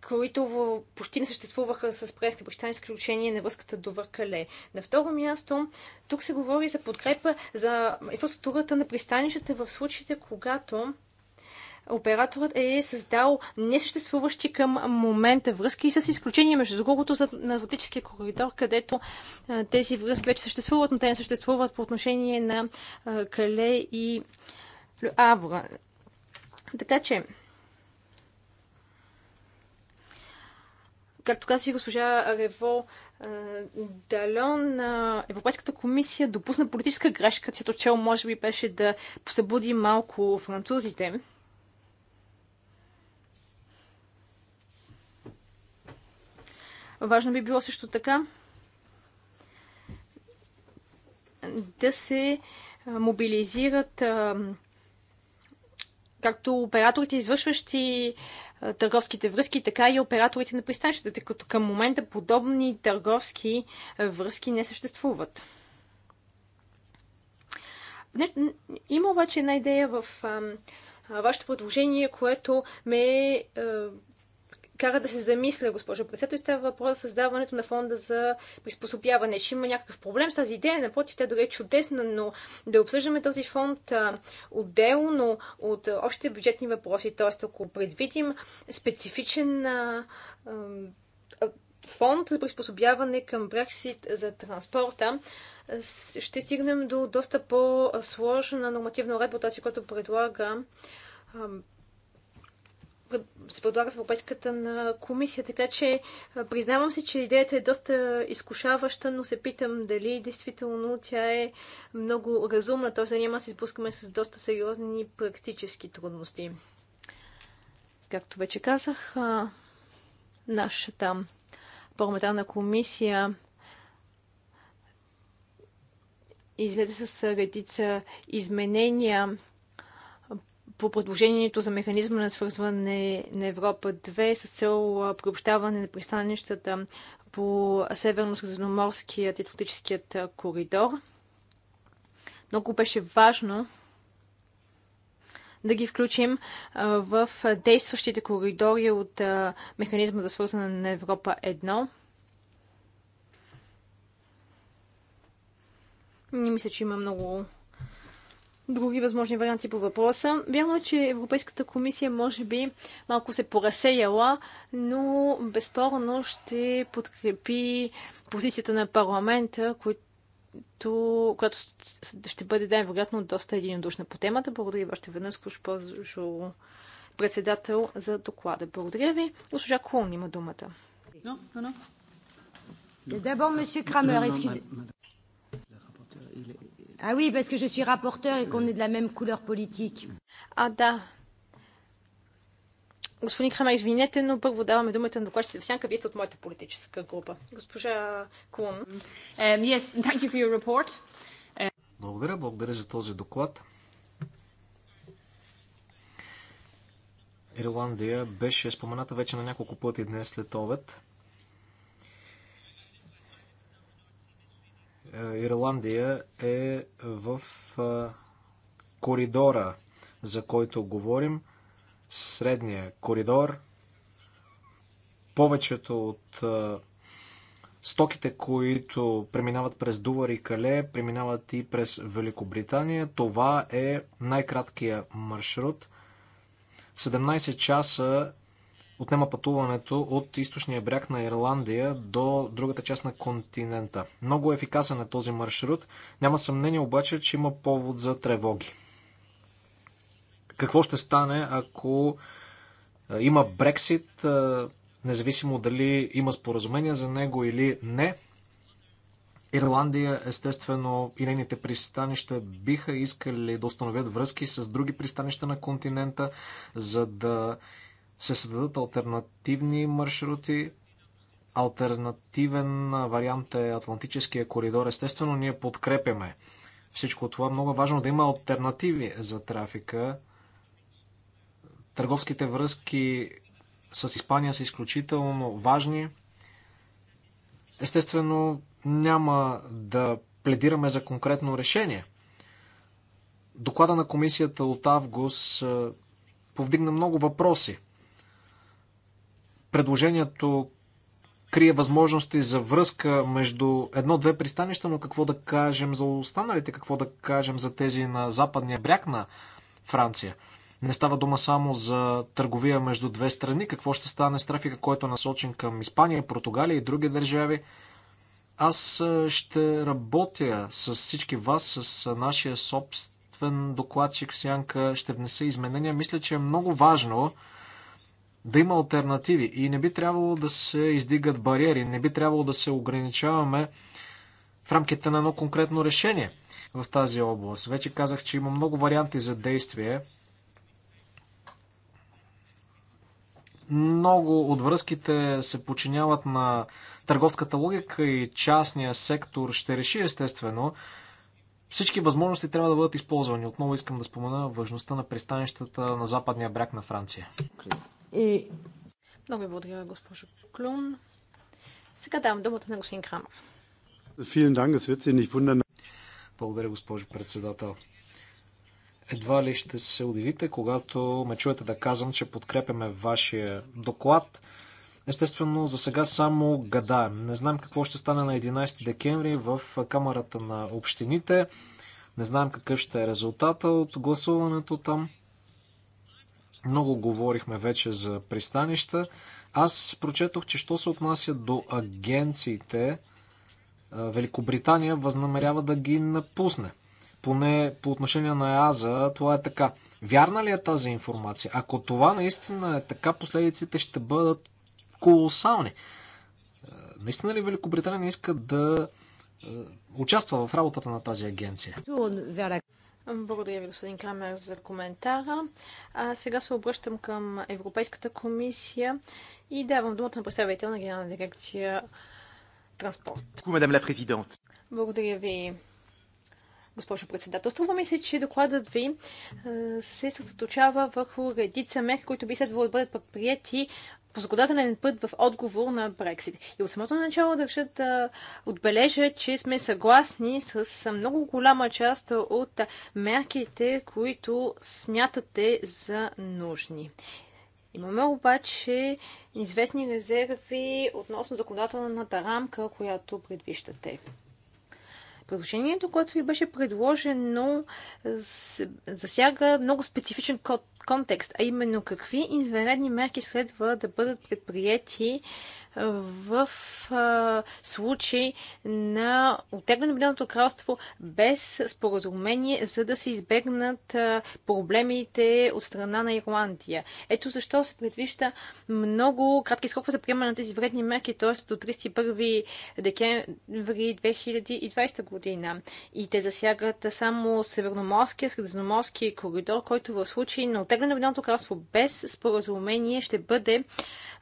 [SPEAKER 1] които почти не съществуваха с прески британи, с изключение на връзката до Въркале. На второ място, тук се говори за подкрепа за инфраструктурата на пристанищата в случаите, когато операторът е създал несъществуващи към момента връзки, с изключение, между другото, за наркотическия коридор, където тези връзки вече съществуват, но те не съществуват по отношение на Кале и Авра. Така че, както каза и госпожа Рево, Далон, Европейската комисия допусна политическа грешка, чето чел може би беше да посъбуди малко французите. Важно би било също така да се мобилизират както операторите, извършващи търговските връзки, така и операторите на пристанищата, тъй като към момента подобни търговски връзки не съществуват. Има обаче една идея в вашето предложение, което ме е, кара да се замисля, госпожо председател, става въпрос за създаването на фонда за приспособяване. Че има някакъв проблем с тази идея, напротив, тя дори е чудесна, но да обсъждаме този фонд отделно от общите бюджетни въпроси, т.е. ако предвидим специфичен фонд за приспособяване към Брексит за транспорта, ще стигнем до доста по-сложна нормативна уредба, тази, която предлага се предлага в Европейската на комисия. Така че признавам се, че идеята е доста изкушаваща, но се питам дали действително тя е много разумна, т.е. да няма да се спускаме с доста сериозни практически трудности. Както вече казах, нашата парламентарна комисия излезе с редица изменения по предложението за механизма на свързване на Европа 2 с цел приобщаване на пристанищата по Северно-Средиземноморският и коридор. Много беше важно да ги включим в действащите коридори от механизма за свързване на Европа 1. Не мисля, че има много други възможни варианти по въпроса. Вярно е, че Европейската комисия може би малко се поразсеяла, но безспорно ще подкрепи позицията на парламента, която ще бъде, да, вероятно, доста единодушна по темата. Благодаря ви още веднъж, госпожо председател, за доклада. Благодаря ви. Госпожа Кулн има думата. Но, но, но. D'abord, Ah oui, parce que je suis rapporteur et qu'on est de la même couleur politique. Ah da. Господин Крама, извинете, но първо даваме думата на докладчица Всянка. Вие сте от моята политическа група. Госпожа Кун. Um, yes, thank you for your report. Um...
[SPEAKER 3] Благодаря, благодаря за този доклад. Ирландия беше спомената вече на няколко пъти днес след обед. Е, Ирландия е в коридора, за който говорим. Средния коридор. Повечето от стоките, които преминават през Дувар и Кале, преминават и през Великобритания. Това е най-краткия маршрут. 17 часа отнема пътуването от източния бряг на Ирландия до другата част на континента. Много е ефикасен е този маршрут. Няма съмнение обаче, че има повод за тревоги. Какво ще стане, ако има Брексит, независимо дали има споразумение за него или не? Ирландия, естествено, и нейните пристанища биха искали да установят връзки с други пристанища на континента, за да се създадат альтернативни маршрути. Альтернативен вариант е Атлантическия коридор. Естествено, ние подкрепяме всичко това. Много е важно да има альтернативи за трафика. Търговските връзки с Испания са изключително важни. Естествено, няма да пледираме за конкретно решение. Доклада на комисията от август повдигна много въпроси предложението крие възможности за връзка между едно-две пристанища, но какво да кажем за останалите, какво да кажем за тези на западния бряг на Франция. Не става дума само за търговия между две страни, какво ще стане с трафика, който е насочен към Испания, Португалия и други държави. Аз ще работя с всички вас, с нашия собствен докладчик в Сянка, ще внеса изменения. Мисля, че е много важно да има альтернативи и не би трябвало да се издигат бариери, не би трябвало да се ограничаваме в рамките на едно конкретно решение в тази област. Вече казах, че има много варианти за действие. Много от връзките се подчиняват на търговската логика и частния сектор ще реши естествено. Всички възможности трябва да бъдат използвани. Отново искам да спомена важността на пристанищата на западния бряг на Франция.
[SPEAKER 1] И... Много ви благодаря, госпожо Клун. Сега давам думата на господин
[SPEAKER 3] Крамер. Благодаря, госпожо председател. Едва ли ще се удивите, когато ме чуете да казвам, че подкрепяме вашия доклад. Естествено, за сега само гадаем. Не знам какво ще стане на 11 декември в Камерата на общините. Не знам какъв ще е резултата от гласуването там. Много говорихме вече за пристанища. Аз прочетох, че що се отнася до агенциите, Великобритания възнамерява да ги напусне. Поне по отношение на ЕАЗа, това е така. Вярна ли е тази информация? Ако това наистина е така, последиците ще бъдат колосални. Наистина ли Великобритания не иска да участва в работата на тази агенция?
[SPEAKER 1] Благодаря ви, господин Крамер, за коментара. А сега се обръщам към Европейската комисия и давам думата на представител на Генерална дирекция транспорт. Благодаря ви, госпожо председателство. ми се, че докладът ви се съсредоточава върху редица мерки, които би следвало да бъдат предприяти по път в отговор на Брексит. И от самото начало държа да отбележа, че сме съгласни с много голяма част от мерките, които смятате за нужни. Имаме обаче известни резерви относно законодателната рамка, която предвиждате. Предложението, което ви беше предложено, засяга много специфичен контекст, а именно какви извънредни мерки следва да бъдат предприяти в а, случай на отегляне на Обединеното кралство без споразумение, за да се избегнат а, проблемите от страна на Ирландия. Ето защо се предвижда много кратки срокове за приемане на тези вредни мерки, т.е. до 31 декември 2020 година. И те засягат само Северноморския, Средиземноморски коридор, който в случай на отегляне на Обединеното кралство без споразумение ще бъде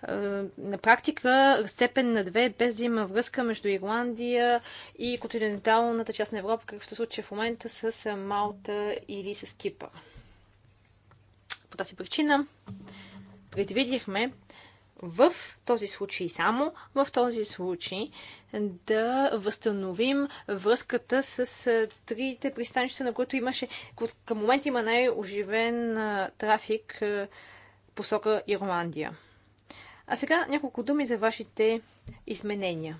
[SPEAKER 1] а, на практика степен на две, без да има връзка между Ирландия и континенталната част на Европа, какъвто случая в момента с Малта или с Кипър. По тази причина предвидихме в този случай само, в този случай да възстановим връзката с трите пристанища, на които имаше, към момента има най-оживен трафик посока Ирландия. А сега няколко думи за вашите изменения.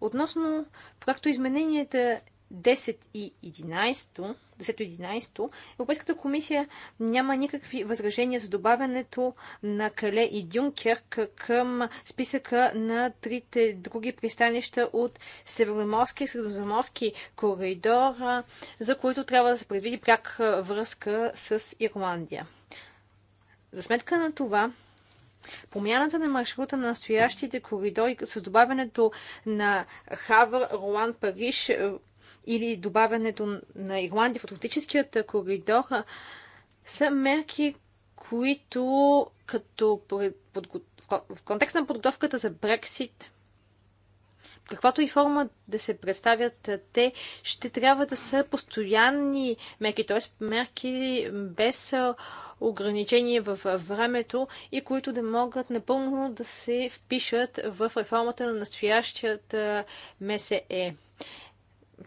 [SPEAKER 1] Относно както измененията 10 и 11, 10-11, Европейската комисия няма никакви възражения за добавянето на Кале и Дюнкерк към списъка на трите други пристанища от Северноморски и Средноморски коридор, за които трябва да се предвиди пряк връзка с Ирландия. За сметка на това, Промяната на маршрута на настоящите коридори с добавянето на Хавър, Ролан, Париж е, или добавянето на Ирландия в Атлантическият коридор е, са мерки, които като в контекст на подготовката за Брексит, каквато и форма да се представят е, те, ще трябва да са постоянни мерки, т.е. мерки без ограничения в времето и които да могат напълно да се впишат в реформата на настоящият МСЕ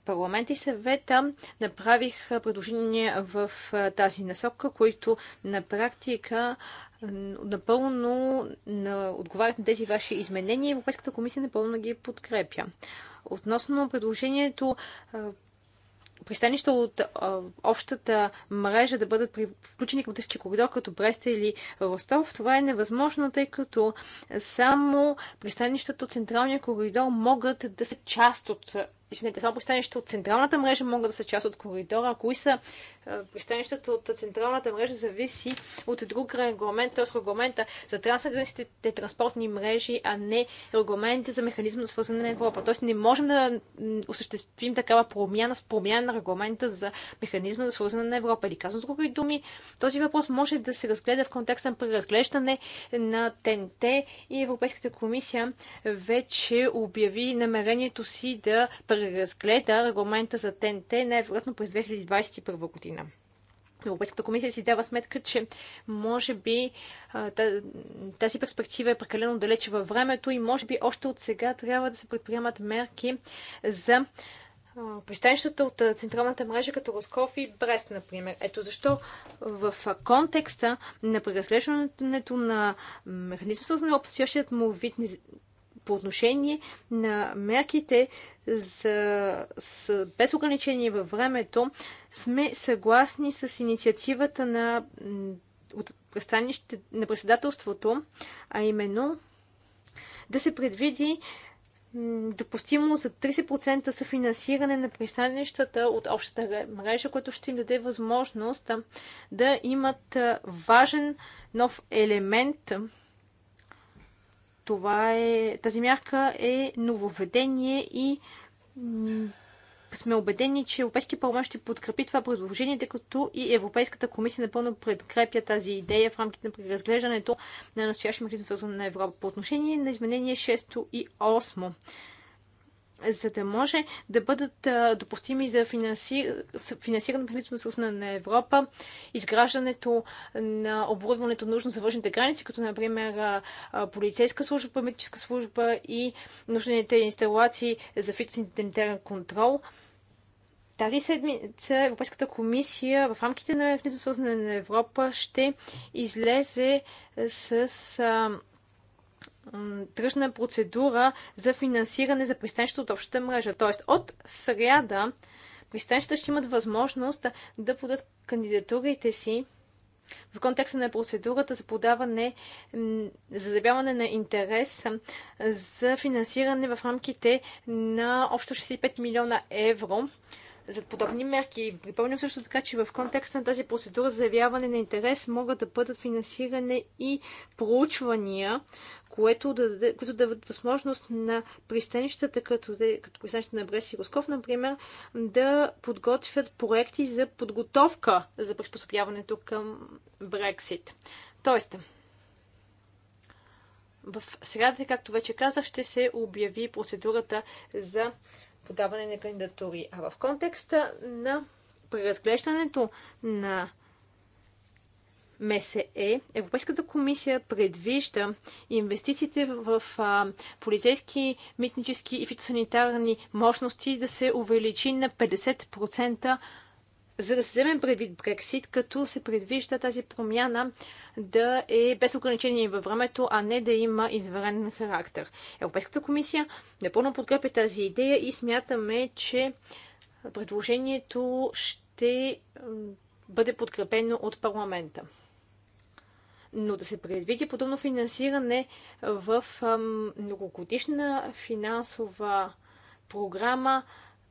[SPEAKER 1] парламент и съвета направих предложения в тази насока, които на практика напълно отговарят на тези ваши изменения и Европейската комисия напълно ги подкрепя. Относно предложението пристанища от а, общата мрежа да бъдат при, включени към Търски коридор, като Брест или Ростов. Това е невъзможно, тъй като само пристанищата от Централния коридор могат да са част от извинете, само пристанища от централната мрежа могат да са част от коридора, а кои са е, пристанищата от централната мрежа зависи от друг регламент, т.е. регламента за трансграничните транспортни мрежи, а не регламент за механизма за свързане на Европа. Т.е. не можем да осъществим такава промяна с промяна на регламента за механизма за свързане на Европа. Или казвам с други думи, този въпрос може да се разгледа в контекста на преразглеждане на ТНТ и Европейската комисия вече обяви намерението си да преразгледа регламента за ТНТ най-вероятно през 2021 година. Европейската комисия си дава сметка, че може би тази перспектива е прекалено далече във времето и може би още от сега трябва да се предприемат мерки за пристанищата от централната мрежа, като Росков и Брест, например. Ето защо в контекста на преразглеждането на механизма с Европа, същият му вид по отношение на мерките за, с, без ограничение във времето, сме съгласни с инициативата на, от на председателството, а именно да се предвиди допустимо за 30% съфинансиране на пристанищата от общата мрежа, което ще им даде възможност да имат важен нов елемент това е, тази мярка е нововведение и сме убедени, че Европейския парламент ще подкрепи това предложение, тъй като и Европейската комисия напълно подкрепя тази идея в рамките на преразглеждането на настоящия механизъм на Европа. По отношение на изменение 6 и 8 за да може да бъдат допустими за финансиране на механизма на Европа, изграждането на оборудването нужно за външните граници, като например полицейска служба, медическа служба и нужните инсталации за фитосанитарен контрол. Тази седмица Европейската комисия в рамките на механизма на Европа ще излезе с тръжна процедура за финансиране за пристанището от общата мрежа. Тоест от сряда пристанищата ще имат възможност да подадат кандидатурите си в контекста на процедурата за подаване, за заявяване на интерес за финансиране в рамките на общо 65 милиона евро за подобни мерки. Припомням също така, че в контекста на тази процедура за заявяване на интерес могат да бъдат финансиране и проучвания което да даде, които дават възможност на пристанищата, като, като пристанищата на Брест и Росков, например, да подготвят проекти за подготовка за приспособяването към Брексит. Тоест, в среда, както вече казах, ще се обяви процедурата за подаване на кандидатури. А в контекста на преразглеждането на МСЕ, Европейската комисия предвижда инвестициите в а, полицейски, митнически и фитосанитарни мощности да се увеличи на 50%, за да се вземе предвид Брексит, като се предвижда тази промяна да е без ограничение във времето, а не да има изварен характер. Европейската комисия напълно подкрепя тази идея и смятаме, че предложението ще бъде подкрепено от парламента но да се предвиди подобно финансиране в многогодишна финансова програма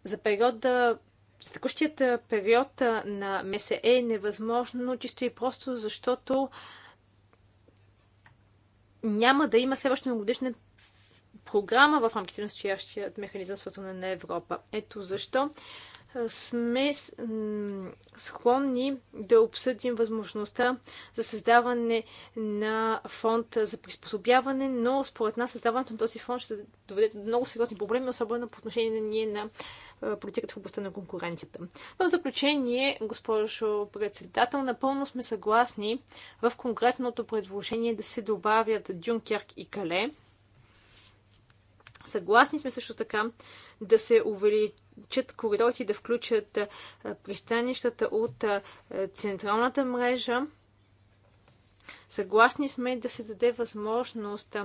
[SPEAKER 1] за периода с текущият период на МСЕ е невъзможно, чисто и просто защото няма да има следваща многогодишна програма в рамките на настоящия механизъм свързване на Европа. Ето защо сме склонни да обсъдим възможността за създаване на фонд за приспособяване, но според нас създаването на този фонд ще доведе до много сериозни проблеми, особено по отношение на ние на политиката в областта на конкуренцията. В заключение, госпожо председател, напълно сме съгласни в конкретното предложение да се добавят Дюнкерк и Кале. Съгласни сме също така да се увеличат коридорите, да включат пристанищата от централната мрежа Съгласни сме да се даде възможност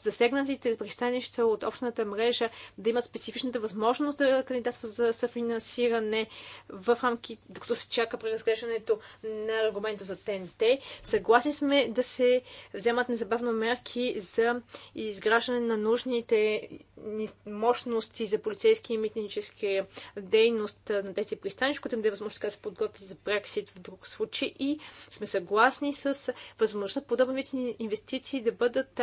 [SPEAKER 1] засегнатите пристанища от общната мрежа да имат специфичната възможност да кандидатстват за съфинансиране в рамки, докато се чака преразглеждането на аргумента за ТНТ. Съгласни сме да се вземат незабавно мерки за изграждане на нужните мощности за полицейски и митнически дейност на тези пристанища, които им е възможност да се подготви за Брексит в друг случай и сме съгласни с възможността възможност подобен вид инвестиции да бъдат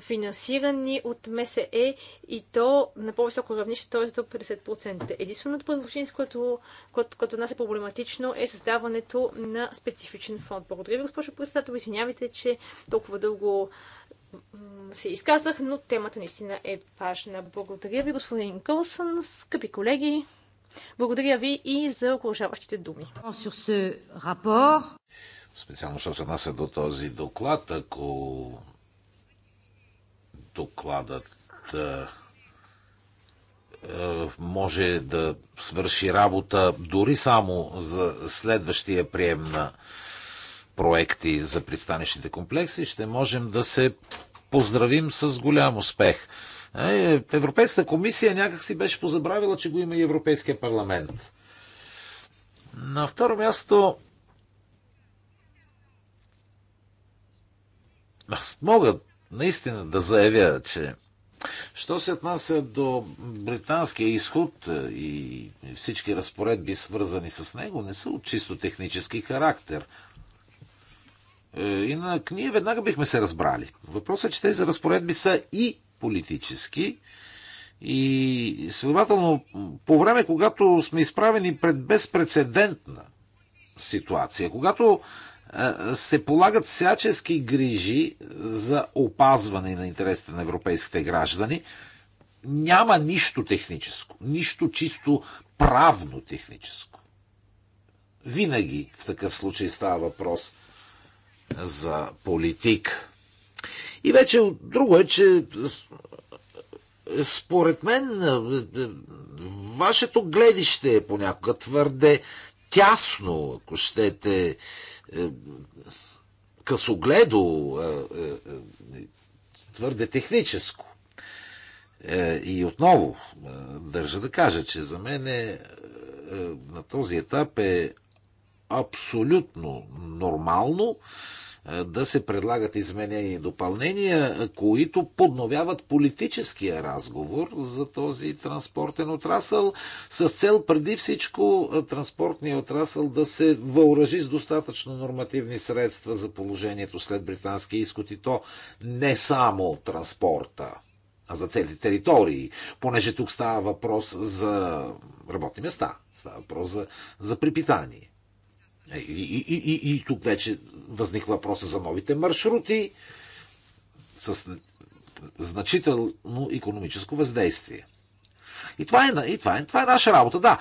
[SPEAKER 1] финансирани от МСЕ и то на по-високо равнище, т.е. до 50%. Единственото предложение, което, което, което нас е проблематично, е създаването на специфичен фонд. Благодаря ви, госпожо председател. Извинявайте, че толкова дълго се изказах, но темата наистина е важна. Благодаря ви, господин Кълсън, скъпи колеги. Благодаря ви и за окружаващите думи
[SPEAKER 2] специално, що се нася до този доклад, ако докладът може да свърши работа дори само за следващия прием на проекти за пристанищните комплекси, ще можем да се поздравим с голям успех. Е, Европейската комисия някак си беше позабравила, че го има и Европейския парламент. На второ място Аз мога наистина да заявя, че Що се отнася до британския изход е, и всички разпоредби, свързани с него, не са от чисто технически характер. Е, Инак ние веднага бихме се разбрали. Въпросът е, че тези разпоредби са и политически, и следователно по време, когато сме изправени пред безпредседентна ситуация, когато е, се полагат всячески грижи за опазване на интересите на европейските граждани. Няма нищо техническо, нищо чисто правно техническо. Винаги в такъв случай става въпрос за политик. И вече друго е, че според мен е, е, вашето гледище е понякога твърде тясно, ако щете, е, късогледо, е, е, твърде техническо. И отново, държа да кажа, че за мен е, на този етап е абсолютно нормално да се предлагат изменения и допълнения, които подновяват политическия разговор за този транспортен отрасъл, с цел преди всичко транспортния отрасъл да се въоръжи с достатъчно нормативни средства за положението след британския изход и то не само транспорта а за цели територии, понеже тук става въпрос за работни места, става въпрос за, за припитание. И, и, и, и тук вече възниква въпроса за новите маршрути с значително економическо въздействие. И това е, и това е, това е наша работа, да.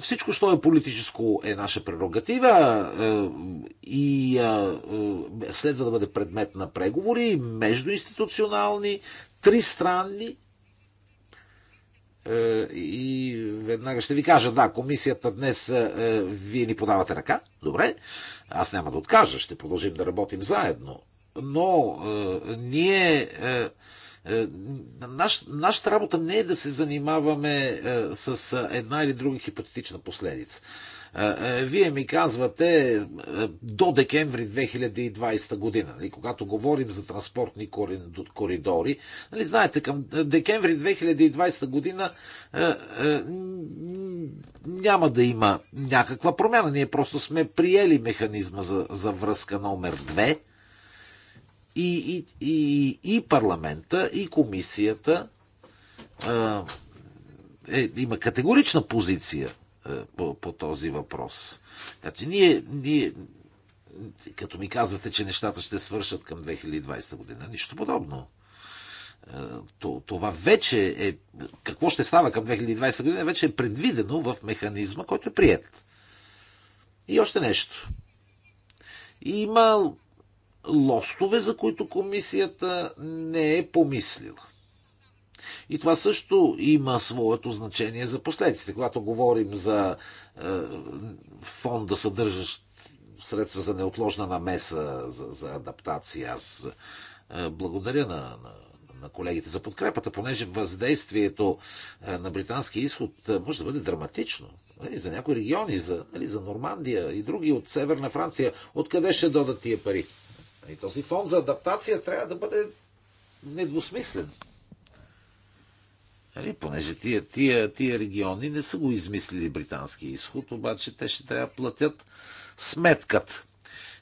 [SPEAKER 2] Всичко, що е политическо, е наша прерогатива е, и е, е, следва да бъде предмет на преговори междуинституционални, тристранни е, и веднага ще ви кажа, да, комисията днес е, вие ни подавате ръка, добре, аз няма да откажа, ще продължим да работим заедно, но е, ние Наш, нашата работа не е да се занимаваме с една или друга хипотетична последица. Вие ми казвате до декември 2020 година, нали, когато говорим за транспортни коридори, нали, знаете, към декември 2020 година няма да има някаква промяна. Ние просто сме приели механизма за, за връзка номер 2 и, и, и, и парламента, и комисията е, има категорична позиция е, по, по този въпрос. Значи ние, ние, като ми казвате, че нещата ще свършат към 2020 година, нищо подобно. Е, това вече е. Какво ще става към 2020 година, вече е предвидено в механизма, който е прият. И още нещо. Има лостове, за които комисията не е помислила. И това също има своето значение за последиците. Когато говорим за е, фонда, съдържащ средства за неотложна намеса, за, за адаптация, аз е, благодаря на, на на колегите за подкрепата, понеже въздействието е, на британския изход може да бъде драматично. И нали, за някои региони, за, нали, за Нормандия и други от Северна Франция, откъде ще додат тия пари? И нали, този фонд за адаптация трябва да бъде недвусмислен. Нали, понеже тия, тия, тия региони не са го измислили британски изход, обаче те ще трябва да платят сметката.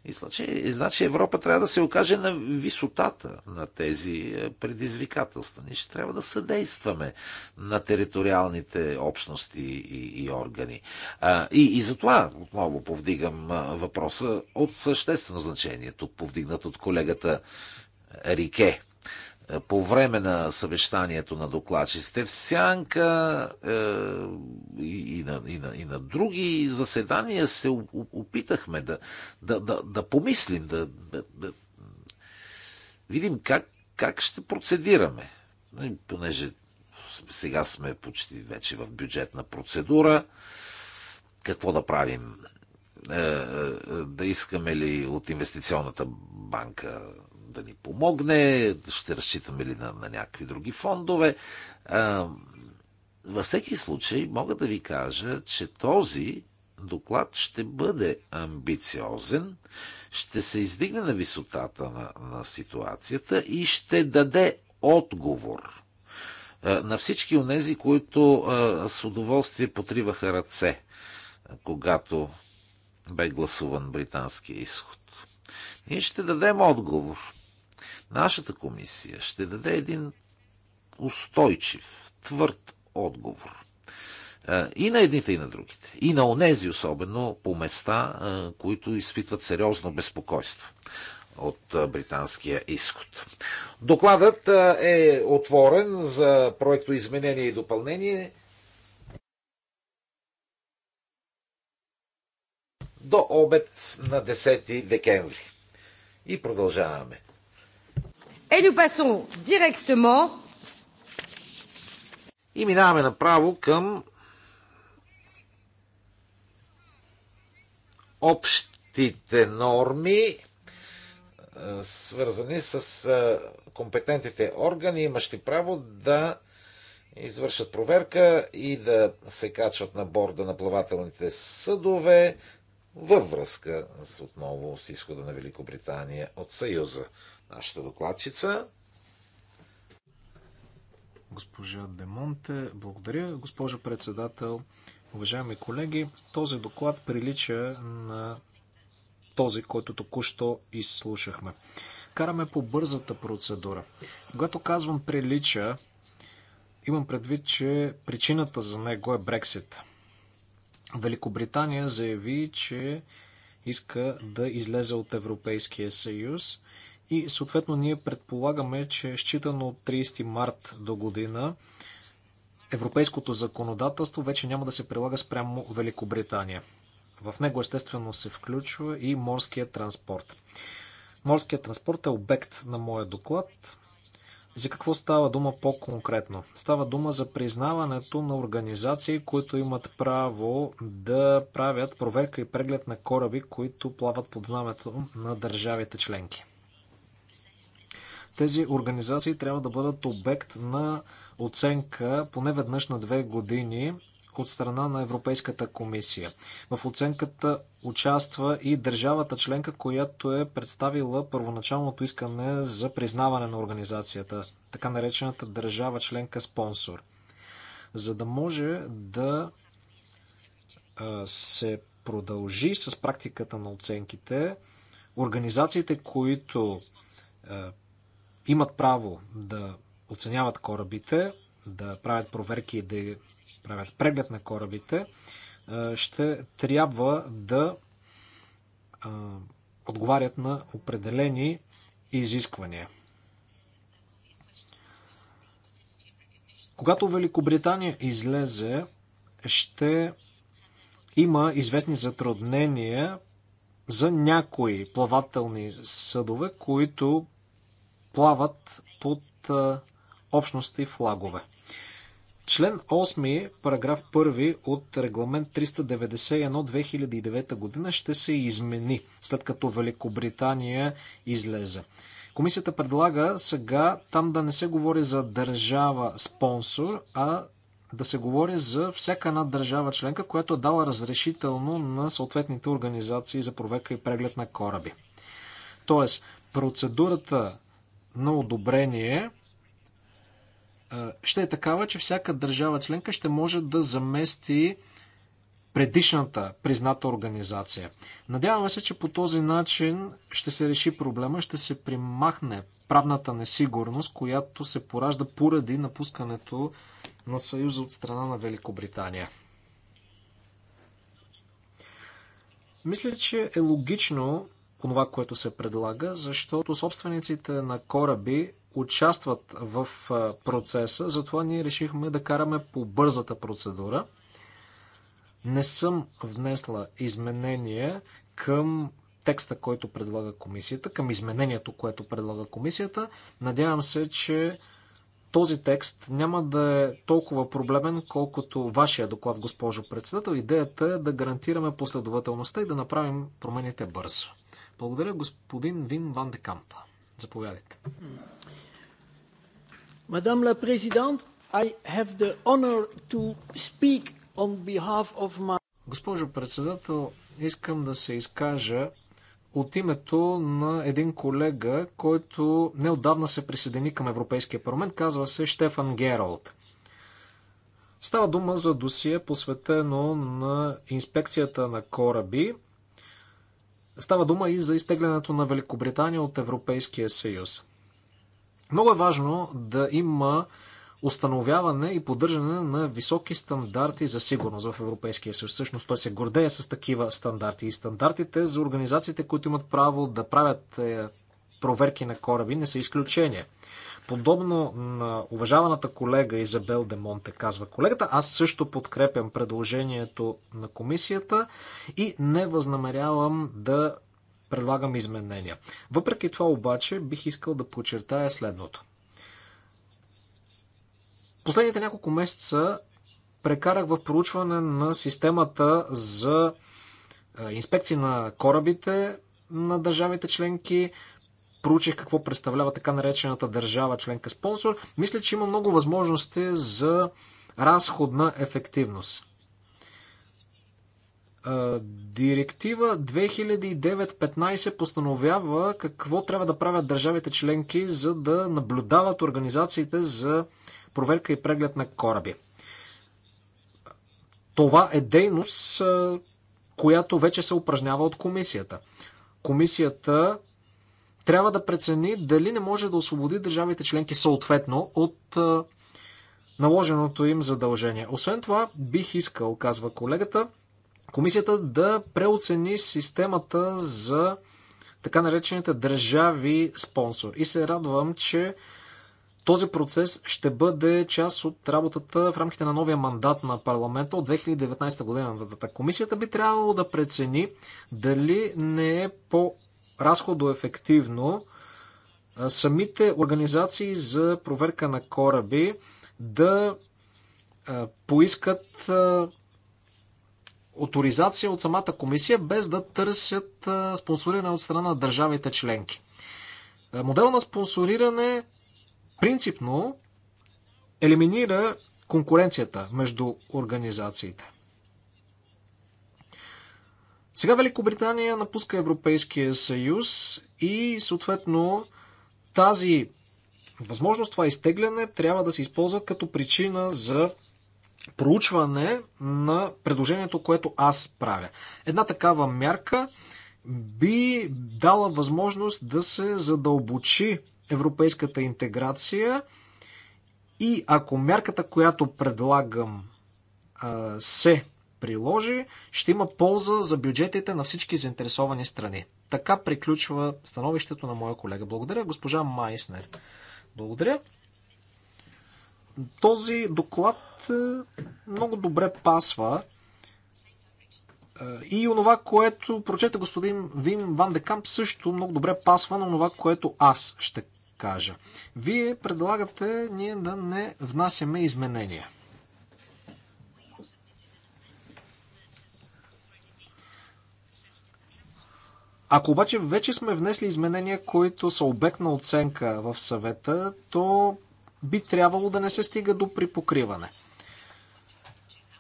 [SPEAKER 2] И значи, значи Европа трябва да се окаже на висотата на тези е, предизвикателства. Ние ще трябва да съдействаме на териториалните общности и, и органи. А, и, и затова отново повдигам въпроса от съществено значение, тук повдигнат от колегата Рике. Е, по време на съвещанието на докладчиците в Сянка е, и, на, и, на, и на други заседания се опитахме да, да, да, да помислим, да, да, да видим как, как ще процедираме. Нали, понеже сега сме почти вече в бюджетна процедура, какво да правим? Е, е, е да искаме ли от инвестиционната банка да ни помогне, ще разчитаме ли на, на някакви други фондове. А, във всеки случай мога да ви кажа, че този доклад ще бъде амбициозен, ще се издигне на висотата на, на ситуацията и ще даде отговор на всички тези, които а, с удоволствие потриваха ръце, когато бе гласуван британския изход. Ние ще дадем отговор Нашата комисия ще даде един устойчив, твърд отговор. Е, и на едните, и на другите. И на онези, особено по места, е, които изпитват сериозно безпокойство от е, британския изход. Докладът е отворен за проекто изменение и допълнение до обед на 10 декември. И продължаваме.
[SPEAKER 1] Et nous passons directement.
[SPEAKER 2] И минаваме направо към общите норми, свързани с компетентните органи, имащи право да извършат проверка и да се качват на борда на плавателните съдове във връзка с отново с изхода на Великобритания от Съюза нашата докладчица.
[SPEAKER 3] Госпожа Демонте, благодаря. Госпожо председател, уважаеми колеги, този доклад прилича на този, който току-що изслушахме. Караме по бързата процедура. Когато казвам прилича, имам предвид, че причината за него е Брексит. Великобритания заяви, че иска да излезе от Европейския съюз и съответно ние предполагаме, че считано от 30 март до година европейското законодателство вече няма да се прилага спрямо Великобритания. В него естествено се включва и морския транспорт. Морският транспорт е обект на моя доклад. За какво става дума по-конкретно? Става дума за признаването на организации, които имат право да правят проверка и преглед на кораби, които плават под знамето на държавите членки. Тези организации трябва да бъдат обект на оценка поне веднъж на две години от страна на Европейската комисия. В оценката участва и държавата членка, която е представила първоначалното искане за признаване на организацията, така наречената държава членка спонсор. За да може да се продължи с практиката на оценките, организациите, които имат право да оценяват корабите, да правят проверки и да правят преглед на корабите, ще трябва да отговарят на определени изисквания. Когато Великобритания излезе, ще има известни затруднения за някои плавателни съдове, които плават под общности флагове. Член 8, параграф 1 от регламент 391-2009 година ще се измени, след като Великобритания излезе. Комисията предлага сега там да не се говори за държава спонсор, а да се говори за всяка една държава членка, която е дала разрешително на съответните организации за проверка и преглед на кораби. Тоест, процедурата на одобрение е, ще е такава, че всяка държава членка ще може да замести предишната призната организация. Надяваме се, че по този начин ще се реши проблема, ще се примахне правната несигурност, която се поражда поради напускането на Съюза от страна на Великобритания. Мисля, че е логично онова, което се предлага, защото собствениците на кораби участват в процеса, затова ние решихме да караме по бързата процедура. Не съм внесла изменения към текста, който предлага комисията, към изменението, което предлага комисията. Надявам се, че този текст няма да е толкова проблемен, колкото вашия доклад, госпожо председател. Идеята е да гарантираме последователността и да направим промените бързо. Благодаря господин Вим Ван де Кампа. Заповядайте. Мадам ла президент, I have the honor to speak on behalf of my... Госпожо председател, искам да се изкажа от името на един колега, който неодавна се присъедини към Европейския парламент, казва се Штефан Гералд. Става дума за досие, посветено на инспекцията на кораби Става дума и за изтеглянето на Великобритания от Европейския съюз. Много е важно да има установяване и поддържане на високи стандарти за сигурност в Европейския съюз. Всъщност той се гордее с такива стандарти. И стандартите за организациите, които имат право да правят е, проверки на кораби, не са изключение. Подобно на уважаваната колега Изабел Демонте, казва колегата, аз също подкрепям предложението на комисията и не възнамерявам да предлагам изменения. Въпреки това обаче бих искал да подчертая следното. Последните няколко месеца прекарах в проучване на системата за инспекции на корабите на държавите членки проучих какво представлява така наречената държава членка спонсор, мисля, че има много възможности за разходна ефективност. Директива 2009-15 постановява какво трябва да правят държавите членки, за да наблюдават организациите за проверка и преглед на кораби. Това е дейност, която вече се упражнява от комисията. Комисията трябва да прецени дали не може да освободи държавите членки съответно от наложеното им задължение. Освен това, бих искал, казва колегата, комисията да преоцени системата за така наречените държави спонсор. И се радвам, че този процес ще бъде част от работата в рамките на новия мандат на парламента от 2019 година. Комисията би трябвало да прецени дали не е по разходоефективно самите организации за проверка на кораби да поискат авторизация от самата комисия, без да търсят спонсориране от страна на държавите членки. Модел на спонсориране принципно елиминира конкуренцията между организациите. Сега Великобритания напуска Европейския съюз и съответно тази възможност, това изтегляне трябва да се използва като причина за проучване на предложението, което аз правя. Една такава мярка би дала възможност да се задълбочи европейската интеграция и ако мярката, която предлагам, се приложи, ще има полза за бюджетите на всички заинтересовани страни. Така приключва становището на моя колега. Благодаря, госпожа Майснер. Благодаря. Този доклад е, много добре пасва е, и онова, което прочете господин Вим Ван Декамп, също много добре пасва на онова, което аз ще кажа. Вие предлагате ние да не внасяме изменения. Ако обаче вече сме внесли изменения, които са обект на оценка в съвета, то би трябвало да не се стига до припокриване.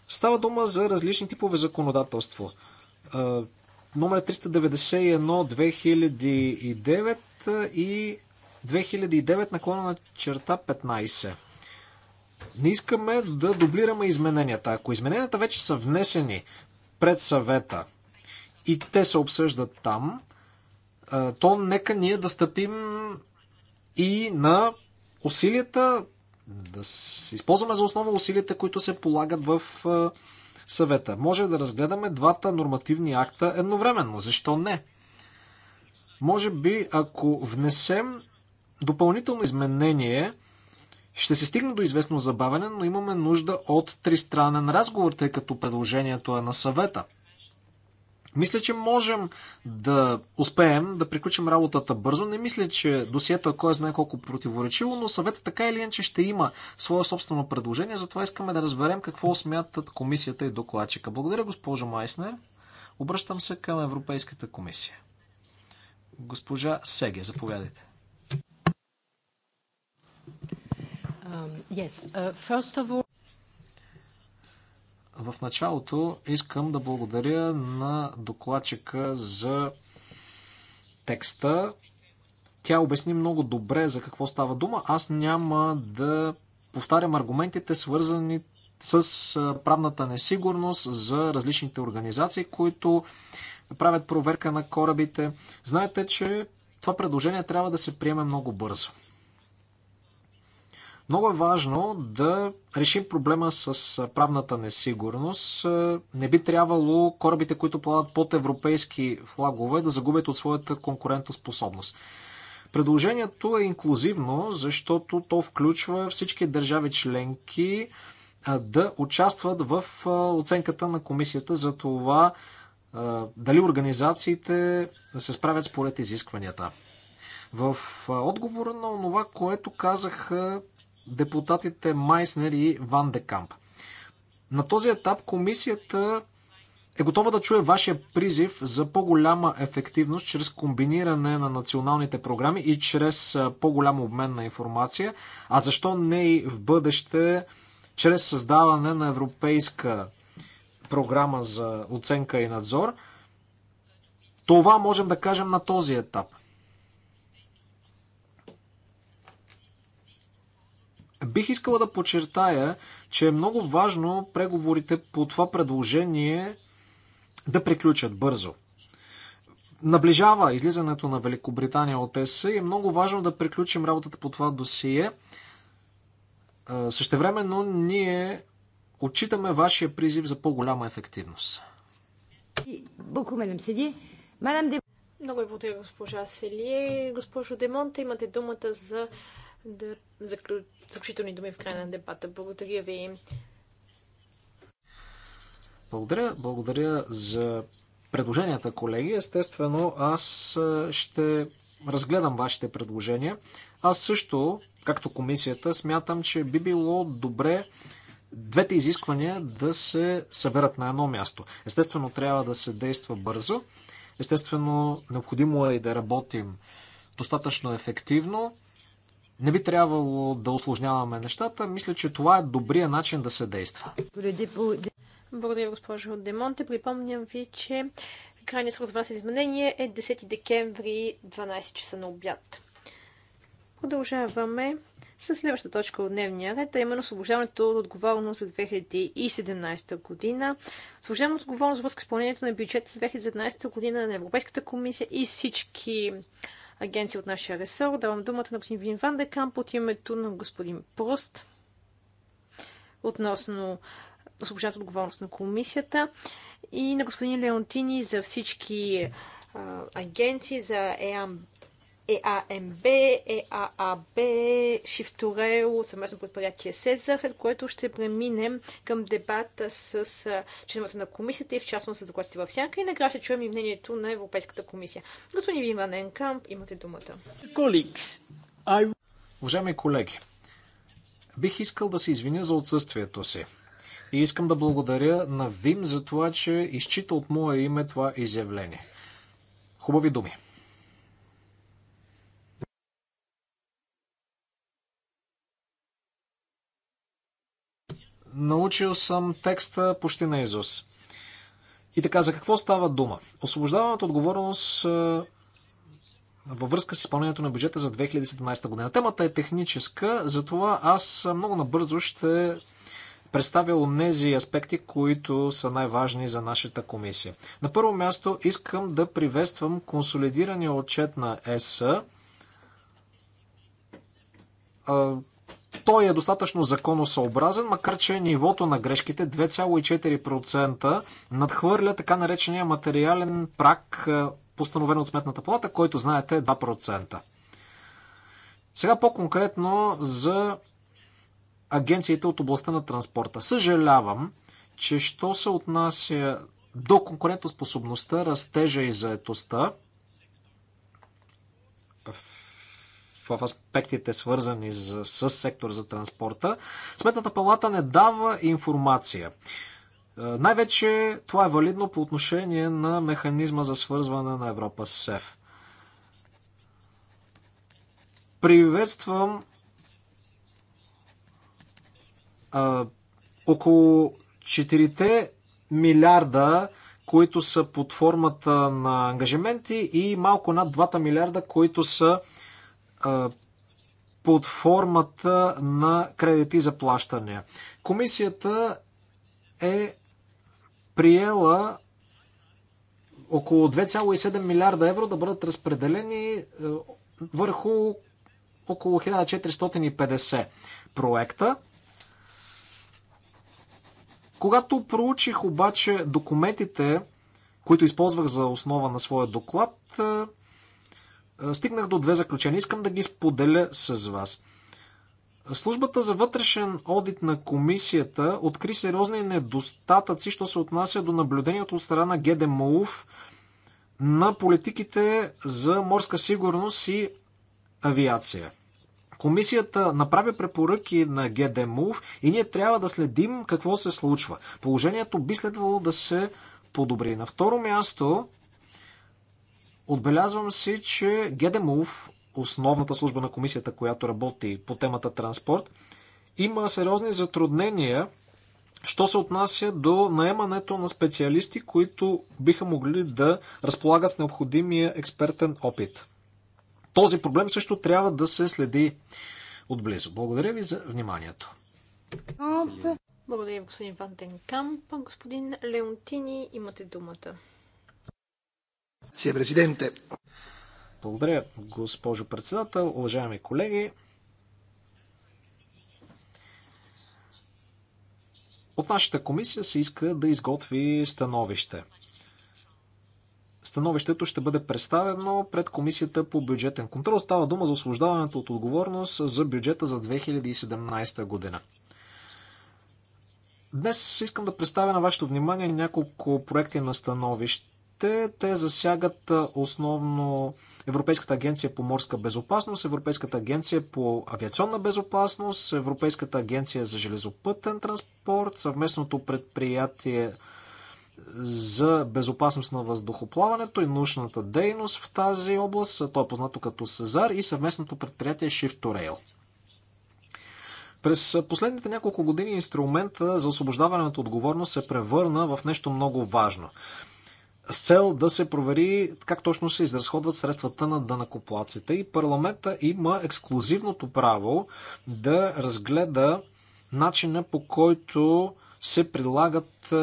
[SPEAKER 3] Става дума за различни типове законодателство. Номер 391-2009 и 2009 наклона на черта 15. Не искаме да дублираме измененията. Ако измененията вече са внесени пред съвета, и те се обсъждат там, то нека ние да стъпим и на усилията, да се използваме за основа усилията, които се полагат в съвета. Може да разгледаме двата нормативни акта едновременно. Защо не? Може би, ако внесем допълнително изменение, ще се стигне до известно забавяне, но имаме нужда от тристранен разговор, тъй като предложението е на съвета. Мисля, че можем да успеем да приключим работата бързо. Не мисля, че досието е кой знае колко противоречиво, но съвета така или иначе ще има свое собствено предложение. Затова искаме да разберем какво смятат комисията и докладчика. Благодаря, госпожо Майснер. Обръщам се към Европейската комисия. Госпожа Сеге, заповядайте. Um, yes. uh, all... В началото искам да благодаря на докладчика за текста. Тя обясни много добре за какво става дума. Аз няма да повтарям аргументите, свързани с правната несигурност за различните организации, които правят проверка на корабите. Знаете, че това предложение трябва да се приеме много бързо. Много е важно да решим проблема с правната несигурност. Не би трябвало корабите, които плават под европейски флагове, да загубят от своята конкурентоспособност. Предложението е инклюзивно, защото то включва всички държави членки да участват в оценката на комисията за това дали организациите се справят според изискванията. В отговор на това, което казаха депутатите Майснер и Ван де Камп. На този етап комисията е готова да чуе вашия призив за по-голяма ефективност чрез комбиниране на националните програми и чрез по-голям обмен на информация, а защо не и в бъдеще чрез създаване на европейска програма за оценка и надзор. Това можем да кажем на този етап – Бих искала да подчертая, че е много важно преговорите по това предложение да приключат бързо. Наближава излизането на Великобритания от ЕС и е много важно да приключим работата по това досие. Същевременно ние отчитаме вашия призив за по-голяма ефективност.
[SPEAKER 1] Много ви благодаря, госпожа Селие. Госпожо Демонта, имате думата за да заключителни думи в края на дебата. Благодаря ви.
[SPEAKER 3] Благодаря, благодаря за предложенията, колеги. Естествено, аз е, ще разгледам вашите предложения. Аз също, както комисията, смятам, че би било добре двете изисквания да се съберат на едно място. Естествено, трябва да се действа бързо. Естествено, необходимо е и да работим достатъчно ефективно. Не би трябвало да осложняваме нещата. Мисля, че това е добрия начин да се действа.
[SPEAKER 1] Благодаря, госпожо Демонте. Припомням ви, че крайният срок за вас изменение е 10 декември 12 часа на обяд. Продължаваме с следващата точка от дневния ред, а именно освобождаването от отговорност за 2017 година. от отговорност за с изпълнението на бюджета за 2017 година на Европейската комисия и всички Агенция от нашия ресор. Давам думата на господин Вин Ван Декамп от името на господин Прост относно освобождената отговорност на комисията и на господин Леонтини за всички агенции за ЕАМ ЕАМБ, ЕААБ, Шифторео, съвместно предприятие СЕЗА, след което ще преминем към дебата с членовете на комисията и в частност с докладите в сянка и накрая ще чуем и мнението на Европейската комисия. Господин Виванен Камп, имате думата.
[SPEAKER 3] Уважаеми колеги, бих искал да се извиня за отсъствието си. И искам да благодаря на Вим за това, че изчита от мое име това изявление. Хубави думи. Научил съм текста почти на Изус. И така, за какво става дума? Освобождаваме от отговорност е, във връзка с изпълнението на бюджета за 2017 година. Темата е техническа, затова аз много набързо ще представя онези аспекти, които са най-важни за нашата комисия. На първо място искам да приветствам консолидирания отчет на ЕС, е, той е достатъчно законосъобразен, макар че нивото на грешките 2,4% надхвърля така наречения материален прак, е, постановен от Сметната плата, който знаете е 2%. Сега по-конкретно за агенциите от областта на транспорта. Съжалявам, че що се отнася до конкурентоспособността, растежа и заетостта, в аспектите свързани с, с сектор за транспорта, Сметната палата не дава информация. Е, най-вече това е валидно по отношение на механизма за свързване на Европа с СЕФ. Приветствам а, е, около 4 милиарда, които са под формата на ангажименти и малко над 2 милиарда, които са под формата на кредити за плащания. Комисията е приела около 2,7 милиарда евро да бъдат разпределени е, върху около 1450 проекта. Когато проучих обаче документите, които използвах за основа на своя доклад, е, е, стигнах до две заключения. Искам да ги споделя с вас. Службата за вътрешен одит на комисията откри сериозни недостатъци, що се отнася до наблюдението от страна на ГДМОУВ на политиките за морска сигурност и авиация. Комисията направи препоръки на ГДМУВ и ние трябва да следим какво се случва. Положението би следвало да се подобри. На второ място, Отбелязвам си, че ГДМУВ, основната служба на комисията, която работи по темата транспорт, има сериозни затруднения, що се отнася до наемането на специалисти, които биха могли да разполагат с необходимия експертен опит. Този проблем също трябва да се следи отблизо. Благодаря ви за вниманието.
[SPEAKER 1] Благодаря, господин Вантенкамп. Господин Леонтини, имате думата
[SPEAKER 3] президенте. Благодаря, госпожо председател, уважаеми колеги. От нашата комисия се иска да изготви становище. Становището ще бъде представено пред Комисията по бюджетен контрол. Става дума за освобождаването от отговорност за бюджета за 2017 година. Днес искам да представя на вашето внимание няколко проекти на становище те, те засягат основно Европейската агенция по морска безопасност, Европейската агенция по авиационна безопасност, Европейската агенция за железопътен транспорт, съвместното предприятие за безопасност на въздухоплаването и научната дейност в тази област, то е познато като Сезар и съвместното предприятие Shift to Rail. През последните няколко години инструмента за освобождаване от отговорност се превърна в нещо много важно с цел да се провери как точно се изразходват средствата на данакоплаците и парламента има ексклюзивното право да разгледа начина по който се прилагат е,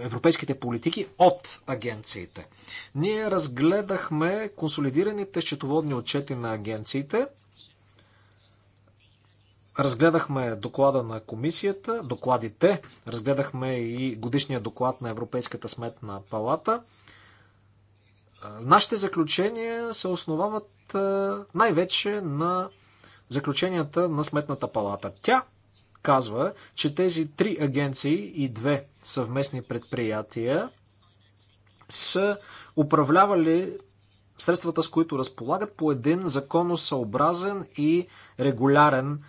[SPEAKER 3] европейските политики от агенциите. Ние разгледахме консолидираните счетоводни отчети на агенциите – Разгледахме доклада на комисията, докладите, разгледахме и годишния доклад на Европейската сметна палата. Нашите заключения се основават най-вече на заключенията на Сметната палата. Тя казва, че тези три агенции и две съвместни предприятия са управлявали средствата, с които разполагат по един законосъобразен и регулярен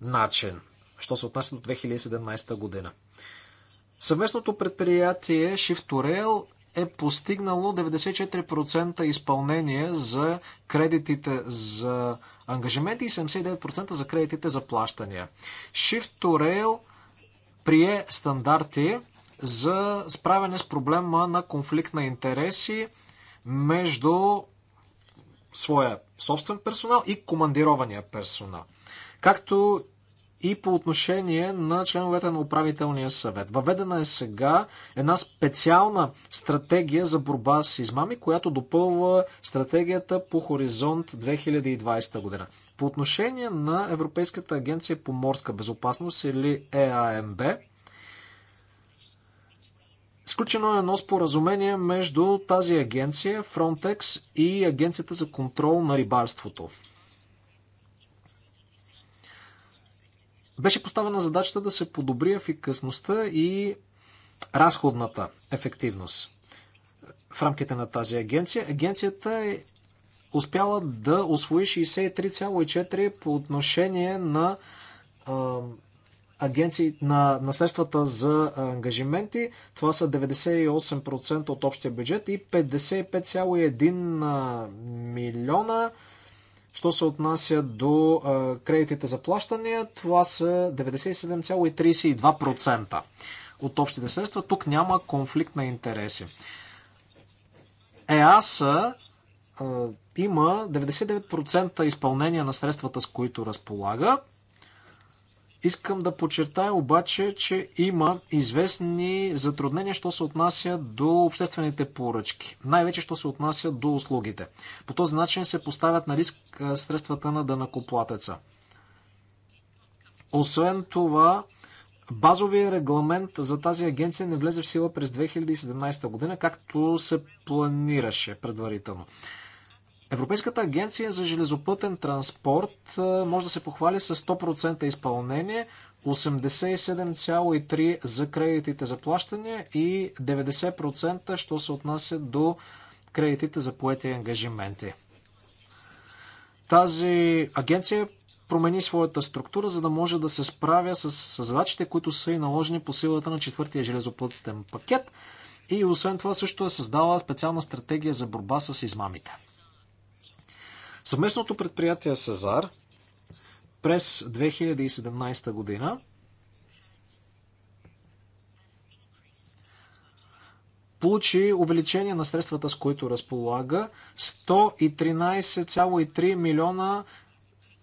[SPEAKER 3] начин, що се отнася до 2017 година. Съвместното предприятие ShiftRail е постигнало 94% изпълнение за кредитите за ангажименти и 79% за кредитите за плащания. Shift2Rail прие стандарти за справяне с проблема на конфликт на интереси между своя собствен персонал и командирования персонал както и по отношение на членовете на управителния съвет. Въведена е сега една специална стратегия за борба с измами, която допълва стратегията по хоризонт 2020 година. По отношение на Европейската агенция по морска безопасност или ЕАМБ, Сключено е едно споразумение между тази агенция, Frontex и Агенцията за контрол на рибарството. Беше поставена задачата да се подобри ефикасността и разходната ефективност в рамките на тази агенция. Агенцията е успяла да освои 63,4 по отношение на агенции на, на средствата за ангажименти. Това са 98% от общия бюджет и 55,1 милиона Що се отнася до кредитите за плащания, това са 97,32% от общите средства. Тук няма конфликт на интереси. ЕАСА има 99% изпълнение на средствата, с които разполага. Искам да подчертая обаче, че има известни затруднения, що се отнася до обществените поръчки. Най-вече, що се отнася до услугите. По този начин се поставят на риск средствата на дънакоплатеца. Освен това, базовия регламент за тази агенция не влезе в сила през 2017 година, както се планираше предварително. Европейската агенция за железопътен транспорт може да се похвали с 100% изпълнение, 87,3% за кредитите за плащане и 90% що се отнася до кредитите за поети ангажименти. Тази агенция промени своята структура, за да може да се справя с задачите, които са и наложени по силата на четвъртия железопътен пакет и освен това също е създала специална стратегия за борба с измамите. Съвместното предприятие Сезар през 2017 година получи увеличение на средствата, с които разполага 113,3 милиона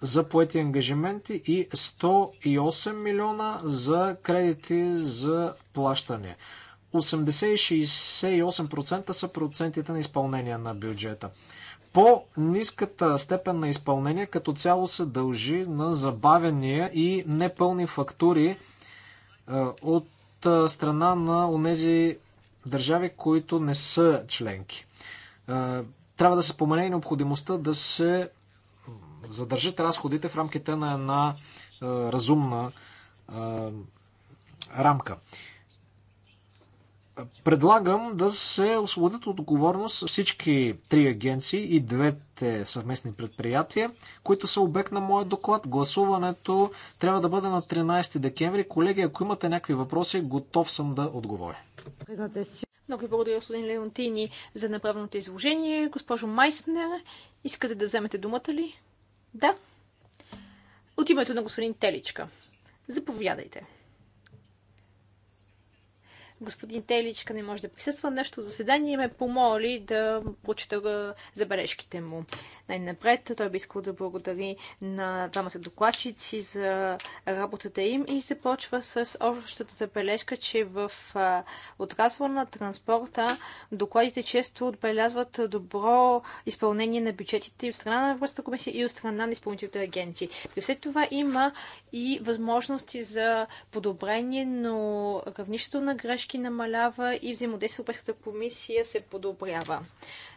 [SPEAKER 3] за поети ангажименти и 108 милиона за кредити за плащане. 80 68% са процентите на изпълнение на бюджета. По-низката степен на изпълнение като цяло се дължи на забавения и непълни фактури е, от е, страна на тези държави, които не са членки. Е, трябва да се помене и необходимостта да се задържат разходите в рамките на една разумна рамка. Предлагам да се освободят от отговорност всички три агенции и двете съвместни предприятия, които са обект на моя доклад. Гласуването трябва да бъде на 13 декември. Колеги, ако имате някакви въпроси, готов съм да отговоря.
[SPEAKER 1] Много ви благодаря, господин Леонтини, за направеното изложение. Госпожо Майснер, искате да вземете думата ли? Да. От името на господин Теличка. Заповядайте господин Теличка не може да присъства на заседание заседание ме помоли да прочета забележките му. Най-напред той би искал да благодари на двамата докладчици за работата им и започва с общата забележка, че в отрасла на транспорта докладите често отбелязват добро изпълнение на бюджетите и от страна на Европейската комисия и от страна на изпълнителните агенции. При все това има и възможности за подобрение, но равнището на грешки грешки намалява и взаимодействието с Европейската комисия се подобрява.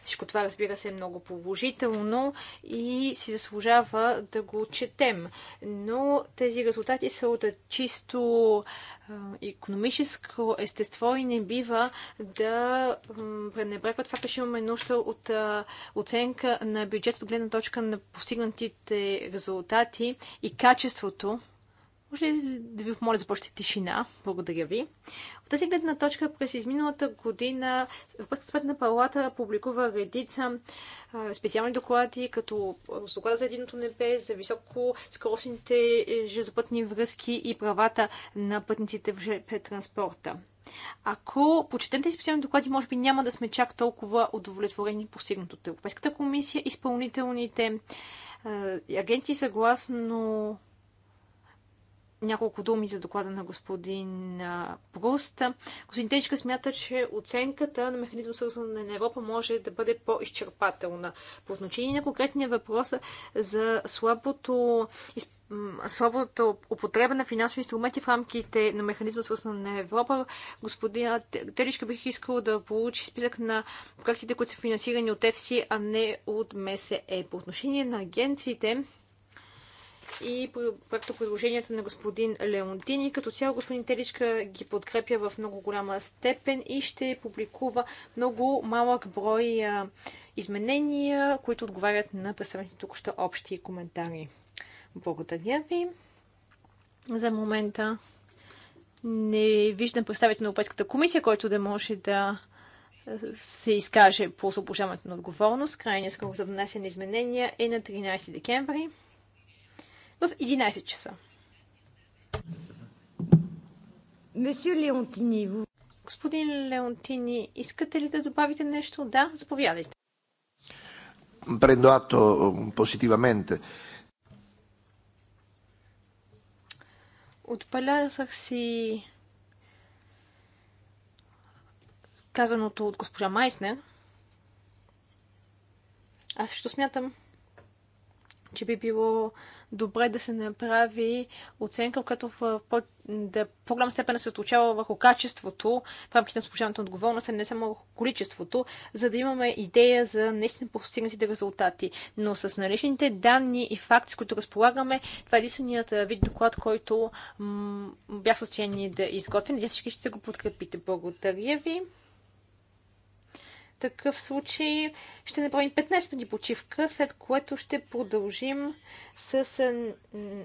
[SPEAKER 1] Всичко това, разбира се, е много положително и си заслужава да го четем. Но тези резултати са от чисто економическо естество и не бива да пренебрегват факта, че имаме нужда от оценка на бюджет от гледна точка на постигнатите резултати и качеството може да ви помоля за повече тишина. Благодаря ви. От тази гледна точка през изминалата година Европейската сметна палата публикува редица специални доклади, като доклада за единото небе, за високо скоростните е, железопътни връзки и правата на пътниците в ЖП транспорта. Ако почетем тези специални доклади, може би няма да сме чак толкова удовлетворени постигнато от Европейската комисия. Изпълнителните агенти съгласно няколко думи за доклада на господин Пруст. Господин Тенчка смята, че оценката на механизма свързване на Европа може да бъде по-изчерпателна. По отношение на конкретния въпрос за слабото слабото употреба на финансови инструменти в рамките на механизма свързан на Европа. Господин Телишка бих искал да получи списък на проектите, които са финансирани от ЕФСИ, а не от МСЕ. По отношение на агенциите, и проекто предложенията на господин Леонтини. Като цяло господин Теличка ги подкрепя в много голяма степен и ще публикува много малък брой изменения, които отговарят на представените тук още общи коментари. Благодаря ви. За момента не виждам представител на Европейската комисия, който да може да се изкаже по освобождаването на отговорност. Крайният срок за внасяне изменения е на 13 декември в 11 часа. Господин Леонтини, искате ли да добавите нещо? Да, заповядайте. Prendo ато positivamente. Отбелязах си казаното от госпожа Майснер. Аз също смятам, че би било добре да се направи оценка, която в, по, да, по-голяма степен се отлучава върху качеството в рамките на служебната отговорност, а не само върху количеството, за да имаме идея за наистина постигнатите резултати. Но с наличните данни и факти, с които разполагаме, това е единственият вид доклад, който бях в състояние да изготвя. Надявам всички ще го подкрепите. Благодаря ви такъв случай ще направим 15 минути почивка, след което ще продължим с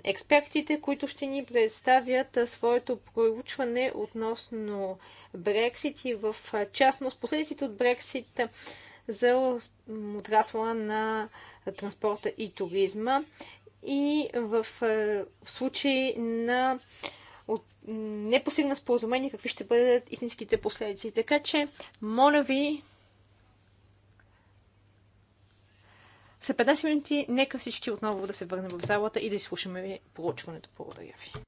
[SPEAKER 1] експертите, които ще ни представят своето проучване относно Брексит и в частност последиците от Брексит за отрасла на транспорта и туризма и в, в случай на от непосилна споразумение, какви ще бъдат истинските последици. Така че, моля ви, След 15 минути, нека всички отново да се върнем в залата и да изслушаме получването. Благодаря ви.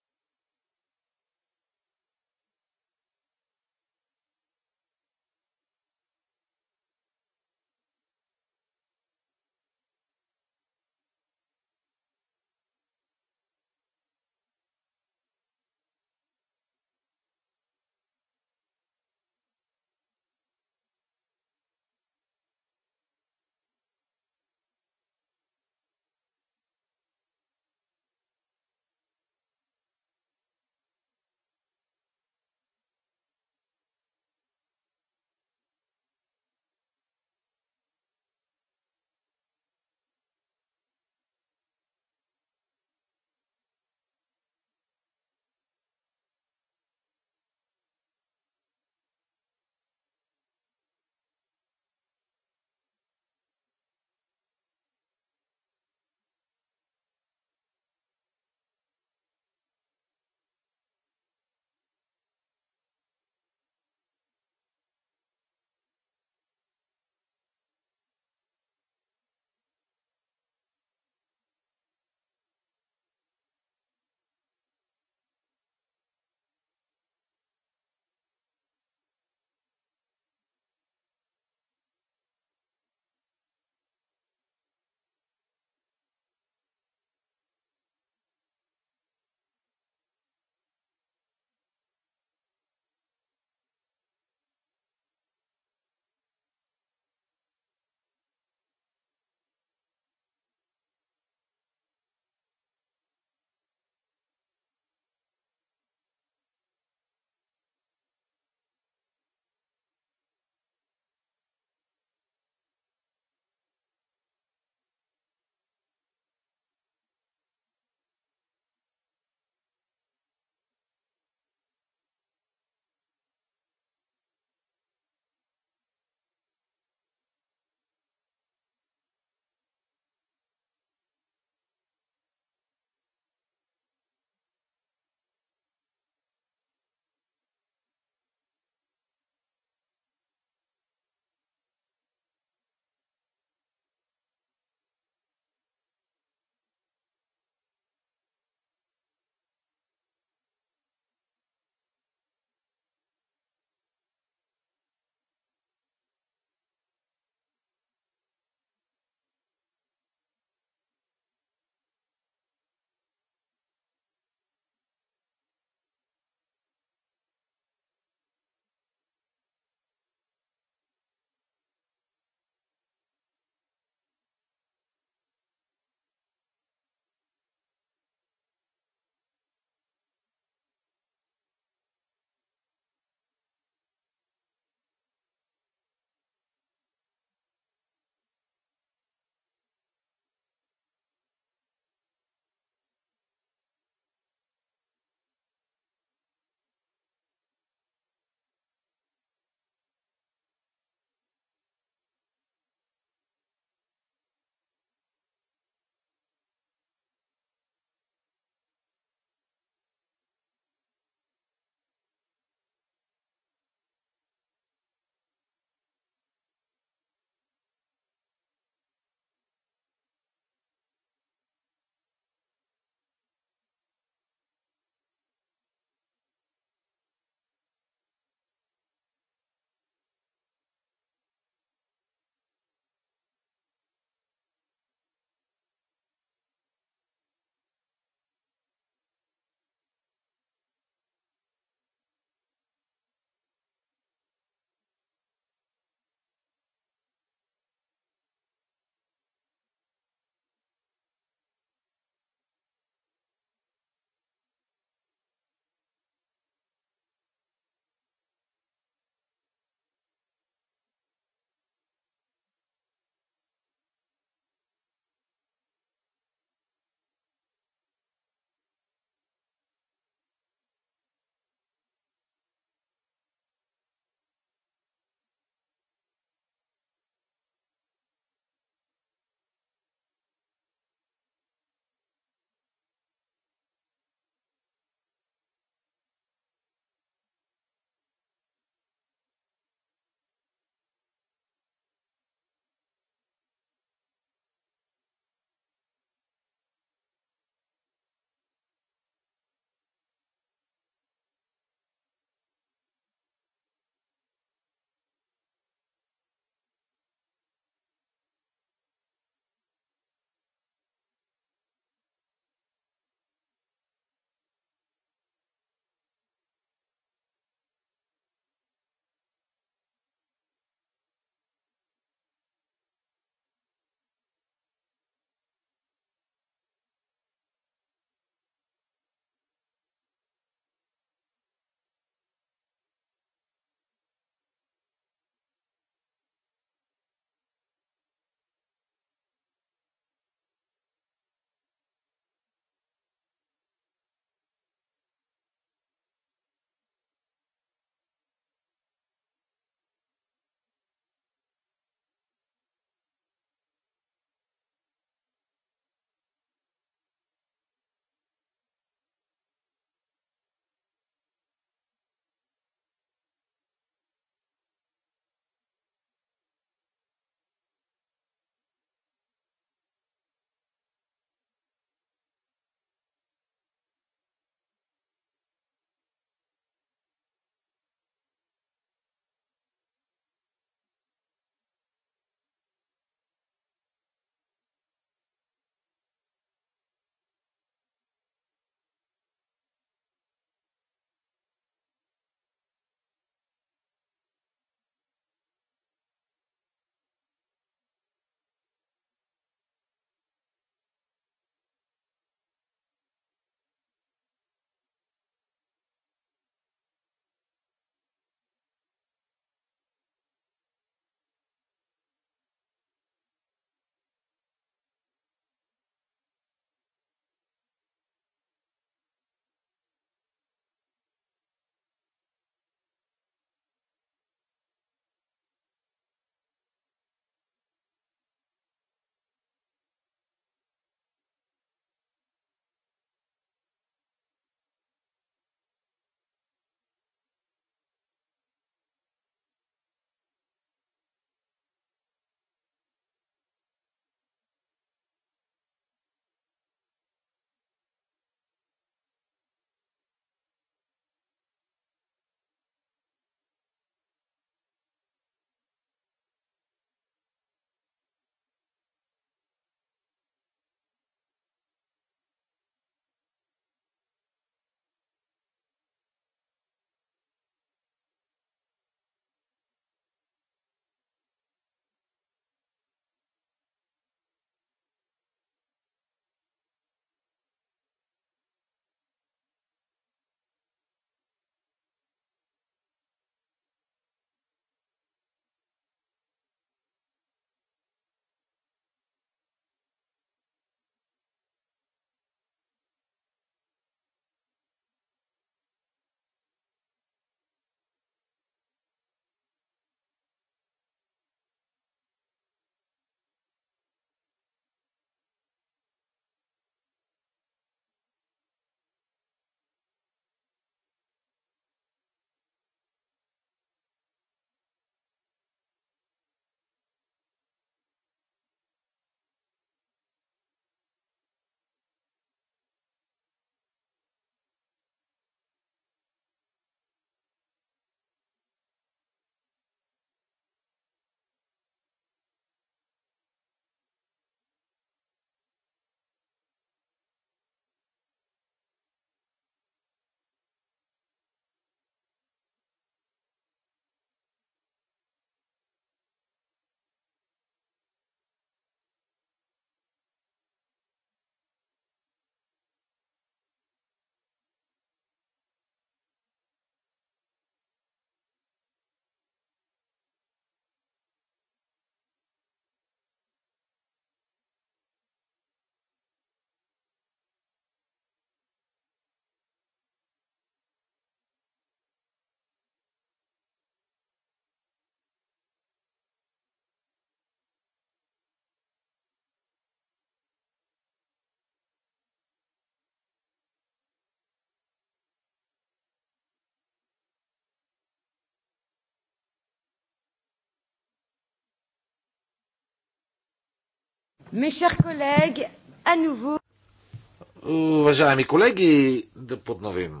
[SPEAKER 2] Уважаеми колеги, да подновим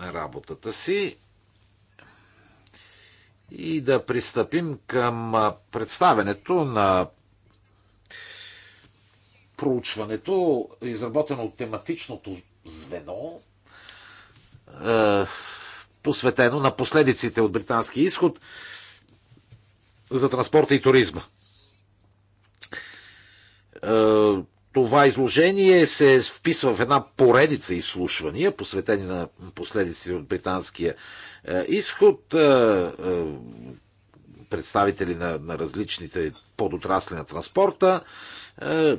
[SPEAKER 2] работата си и да пристъпим към представенето на проучването, изработено от тематичното звено, посветено на последиците от британски изход за транспорта и туризма. Е, това изложение се вписва в една поредица изслушвания, посветени на последици от британския е, изход. Е, представители на, на различните подотрасли на транспорта.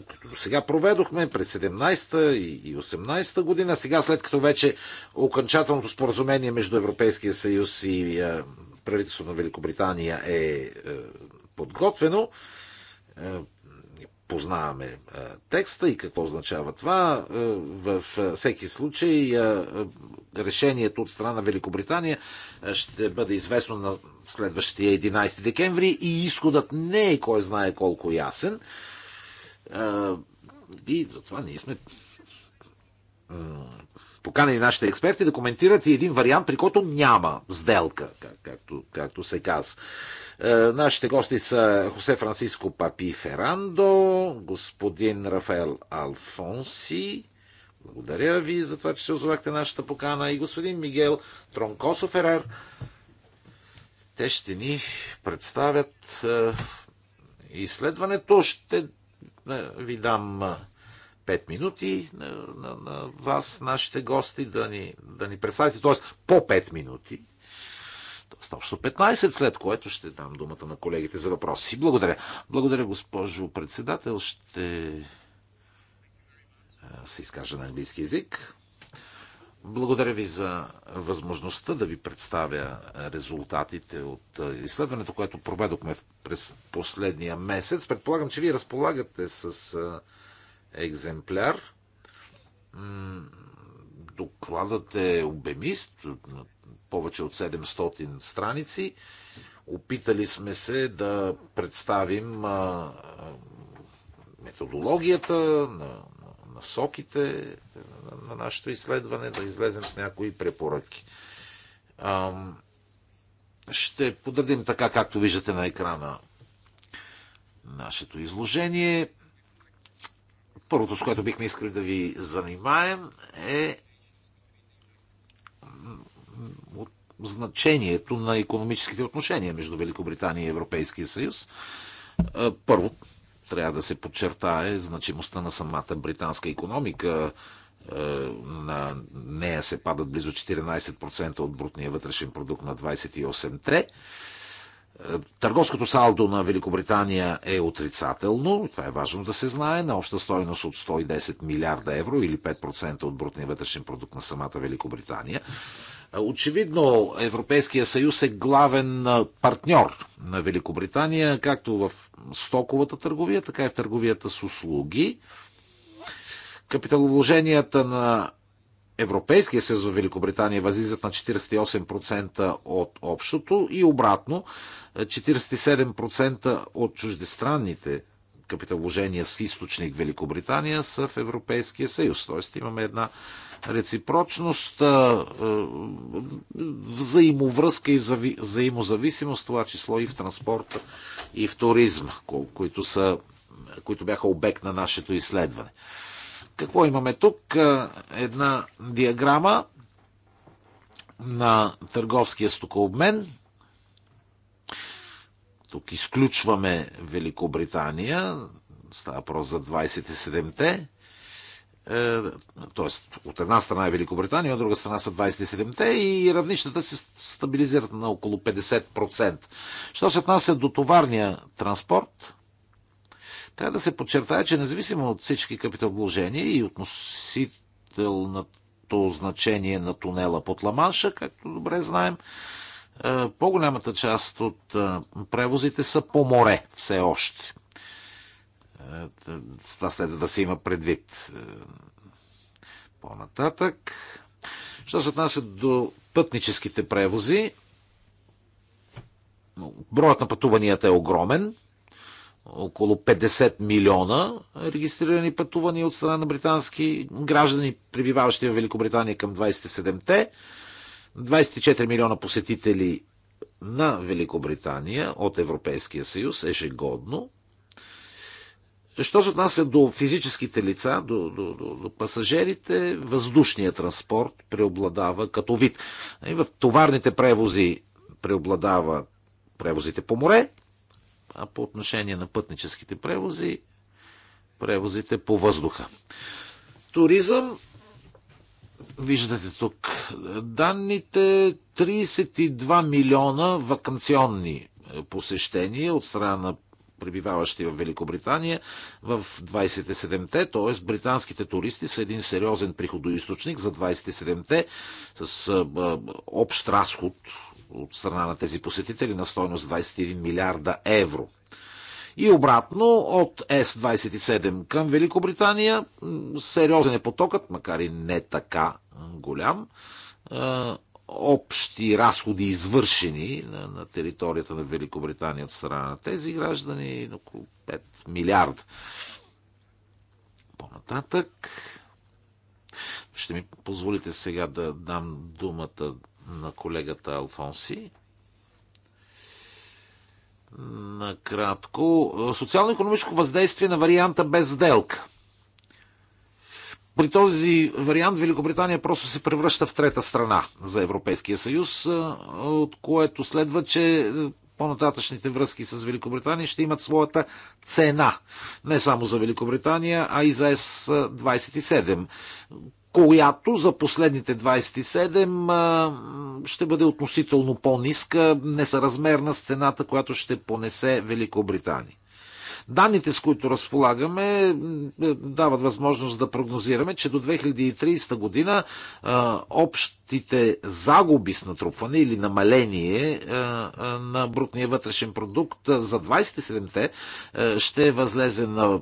[SPEAKER 2] Като сега проведохме през 17-та и 18-та година, сега след като вече окончателното споразумение между Европейския съюз и правителството на Великобритания е подготвено, познаваме текста и какво означава това. Във всеки случай решението от страна Великобритания ще бъде известно на следващия 11 декември и изходът не е кой знае колко ясен. И затова ние сме поканени нашите експерти да коментират и един вариант, при който няма сделка, как, както, както се казва. Е, нашите гости са Хосе Франциско Папи Ферандо, господин Рафаел Алфонси, благодаря ви за това, че се озовахте нашата покана и господин Мигел Тронкосо Ферер. Те ще ни представят е, изследването. Ще е, ви дам 5 минути на, на, на вас, нашите гости, да ни, да ни представите, т.е. по 5 минути Тоест общо 15, след което ще дам думата на колегите за въпроси. Благодаря. Благодаря, госпожо председател. Ще се изкажа на английски язик. Благодаря ви за възможността да ви представя резултатите от изследването, което проведохме през последния месец. Предполагам, че вие разполагате с екземпляр. Докладът е обемист, повече от 700 страници. Опитали сме се да представим методологията на насоките на нашето изследване, да излезем с някои препоръки. Ще подредим така, както виждате на екрана нашето изложение. Първото, с което бихме искали да ви занимаем, е значението на економическите отношения между Великобритания и Европейския съюз. Първо, трябва да се подчертае значимостта на самата британска економика. На нея се падат близо 14% от брутния вътрешен продукт на 28-те. Търговското салдо на Великобритания е отрицателно, това е важно да се знае, на обща стойност от 110 милиарда евро или 5% от брутния вътрешен продукт на самата Великобритания. Очевидно Европейския съюз е главен партньор на Великобритания, както в стоковата търговия, така и в търговията с услуги. Капиталовложенията на Европейския съюз в Великобритания възлизат на 48% от общото и обратно 47% от чуждестранните капиталовложения с източник Великобритания са в Европейския съюз. Тоест имаме една реципрочност, взаимовръзка и взаимозависимост, това число и в транспорта, и в туризма, които, са, които бяха обект на нашето изследване. Какво имаме тук? Една диаграма на търговския стокообмен. Тук изключваме Великобритания, става въпрос за 27-те т.е. от една страна е Великобритания, от друга страна са 27-те и равнищата се стабилизират на около 50%. Що се отнася до товарния транспорт, трябва да се подчертая, че независимо от всички капиталовложения и относителното значение на тунела под Ламанша, както добре знаем, е, по-голямата част от е, превозите са по море все още. Това следва да се има предвид е, по-нататък. Що се отнася до пътническите превози, броят на пътуванията е огромен. Около 50 милиона регистрирани пътувания от страна на британски граждани, прибиваващи в Великобритания към 27-те. 24 милиона посетители на Великобритания от Европейския съюз ежегодно – Що се отнася до физическите лица, до, до, до, до пасажирите, въздушният транспорт преобладава като вид. И в товарните превози преобладава превозите по море, а по отношение на пътническите превози, превозите по въздуха. Туризъм. Виждате тук данните. 32 милиона вакансионни посещения от страна на пребиваващи в Великобритания в 27-те, т.е. британските туристи са един сериозен приходоисточник за 27-те с общ разход от страна на тези посетители на стойност 21 милиарда евро. И обратно, от С-27 към Великобритания, сериозен е потокът, макар и не така голям, общи разходи извършени на, на територията на Великобритания от страна на тези граждани, около 5 милиарда. По-нататък ще ми позволите сега да дам думата на колегата Алфонси. Накратко. Социално-економическо въздействие на варианта без сделка. При този вариант Великобритания просто се превръща в трета страна за Европейския съюз, от което следва, че е, по-нататъчните връзки с Великобритания ще имат своята цена. Не само за Великобритания, а и за С-27, която за последните 27 ще бъде относително по-ниска, несъразмерна с цената, която ще понесе Великобритания. Данните, с които разполагаме, дават възможност да прогнозираме, че до 2030 година общите загуби с натрупване или намаление на брутния вътрешен продукт за 27-те ще възлезе на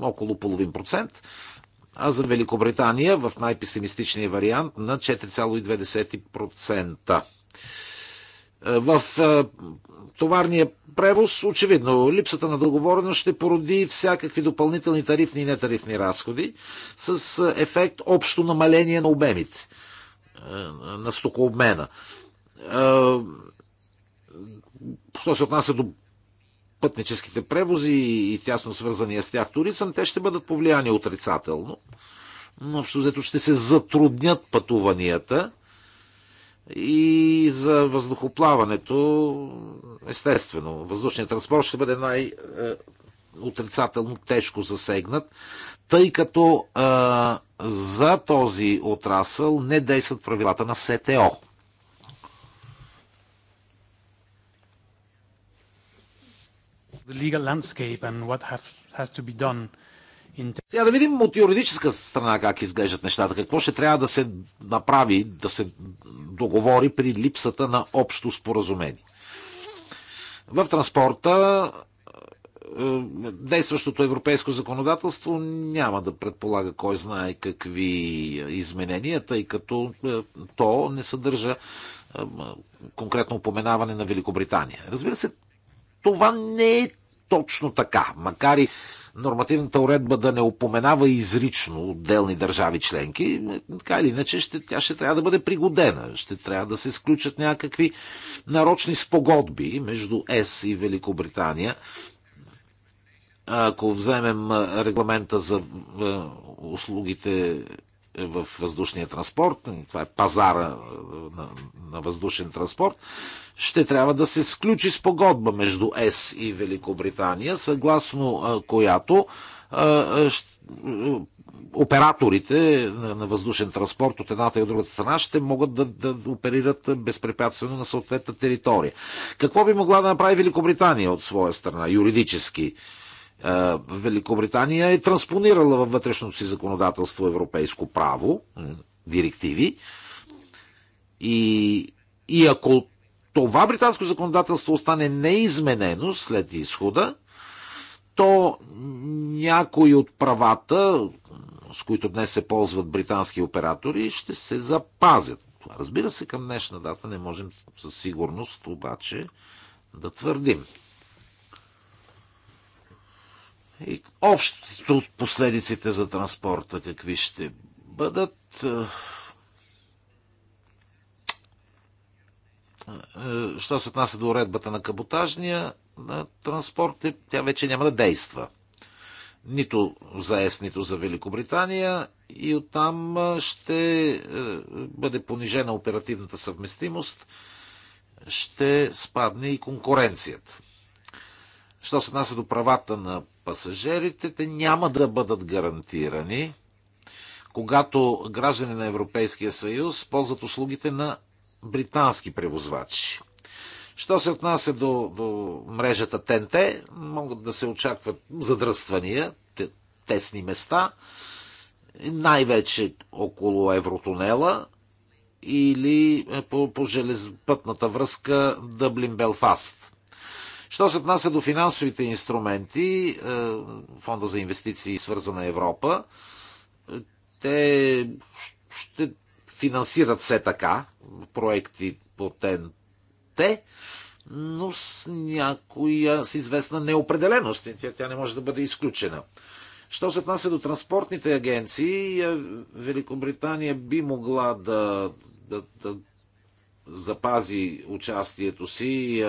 [SPEAKER 2] около половин процент а за Великобритания в най-песимистичния вариант на 4,2%. Е, в е, товарния превоз, очевидно, липсата на договореност ще породи всякакви допълнителни тарифни и нетарифни разходи с е, ефект общо намаление на обемите на стокообмена. Що се отнася до пътническите превози и тясно свързания с тях туризъм, те ще бъдат повлияни отрицателно. Но общо взето ще се затруднят пътуванията – и за въздухоплаването, естествено, въздушният транспорт ще бъде най- е, отрицателно тежко засегнат, тъй като а, е, за този отрасъл не действат правилата на СТО.
[SPEAKER 3] The legal landscape and what have, has to be done
[SPEAKER 2] сега да видим от юридическа страна как изглеждат нещата. Какво ще трябва да се направи, да се договори при липсата на общо споразумение. В транспорта е, действащото европейско законодателство няма да предполага кой знае какви изменения, тъй като е, то не съдържа е, конкретно упоменаване на Великобритания. Разбира се, това не е точно така, макар и нормативната уредба да не упоменава изрично отделни държави членки, така или иначе ще, тя ще трябва да бъде пригодена. Ще трябва да се сключат някакви нарочни спогодби между ЕС и Великобритания. Ако вземем регламента за услугите в въздушния транспорт, това е пазара е, на, на въздушен транспорт, ще трябва да се сключи спогодба между ЕС и Великобритания, съгласно е, която е, операторите на въздушен транспорт от едната и от другата страна ще могат да, да оперират безпрепятствено на съответната територия. Какво би могла да направи Великобритания от своя страна юридически? Е, Великобритания е транспонирала във вътрешното си законодателство европейско право, директиви. И, и ако това британско законодателство остане неизменено след изхода, то някои от правата, с които днес се ползват британски оператори, ще се запазят. Разбира се, към днешна дата не можем със сигурност обаче да твърдим. И общо последиците за транспорта какви ще бъдат. Е, е, що се отнася до уредбата на каботажния на транспорт, е, тя вече няма да действа. Нито за ЕС, нито за Великобритания и оттам ще бъде понижена оперативната съвместимост, ще спадне и конкуренцията. Що се отнася до правата на пасажирите, те няма да бъдат гарантирани, когато граждани на Европейския съюз ползват услугите на британски превозвачи. Що се отнася до, до мрежата ТНТ, могат да се очакват задръствания, тесни места, най-вече около Евротунела или по, по железопътната връзка Дъблин-Белфаст. Що се отнася до финансовите инструменти, е, Фонда за инвестиции и свързана Европа, е, те ще финансират все така проекти по ТНТ, но с някоя, с известна неопределеност. Тя, тя не може да бъде изключена. Що се отнася до транспортните агенции, е, Великобритания би могла да, да, да запази участието си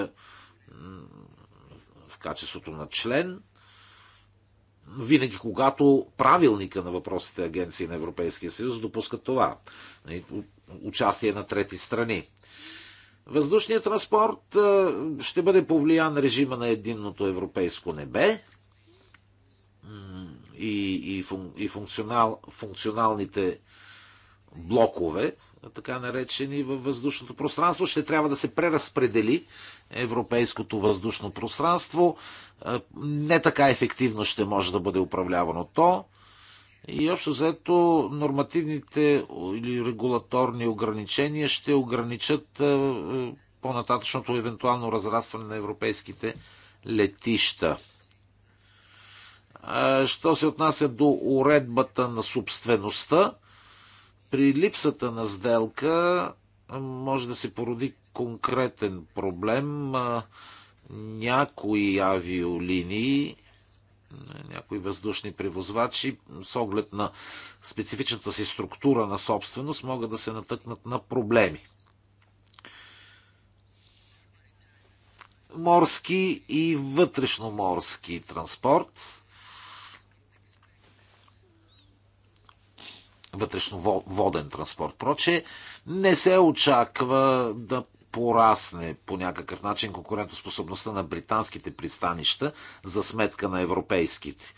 [SPEAKER 2] качеството на член, винаги когато правилника на въпросите агенции на Европейския съюз допуска това. Нали, участие на трети страни. Въздушният транспорт ще бъде повлиян режима на единното европейско небе и, и функционал, функционалните блокове така наречени във въздушното пространство. Ще трябва да се преразпредели европейското въздушно пространство. Не така ефективно ще може да бъде управлявано то. И общо заето нормативните или регулаторни ограничения ще ограничат по-нататъчното евентуално разрастване на европейските летища. Що се отнася до уредбата на собствеността, при липсата на сделка може да се породи конкретен проблем. Някои авиолинии, някои въздушни превозвачи, с оглед на специфичната си структура на собственост, могат да се натъкнат на проблеми. Морски и вътрешноморски транспорт вътрешно воден транспорт. Проче не се очаква да порасне по някакъв начин конкурентоспособността на британските пристанища за сметка на европейските.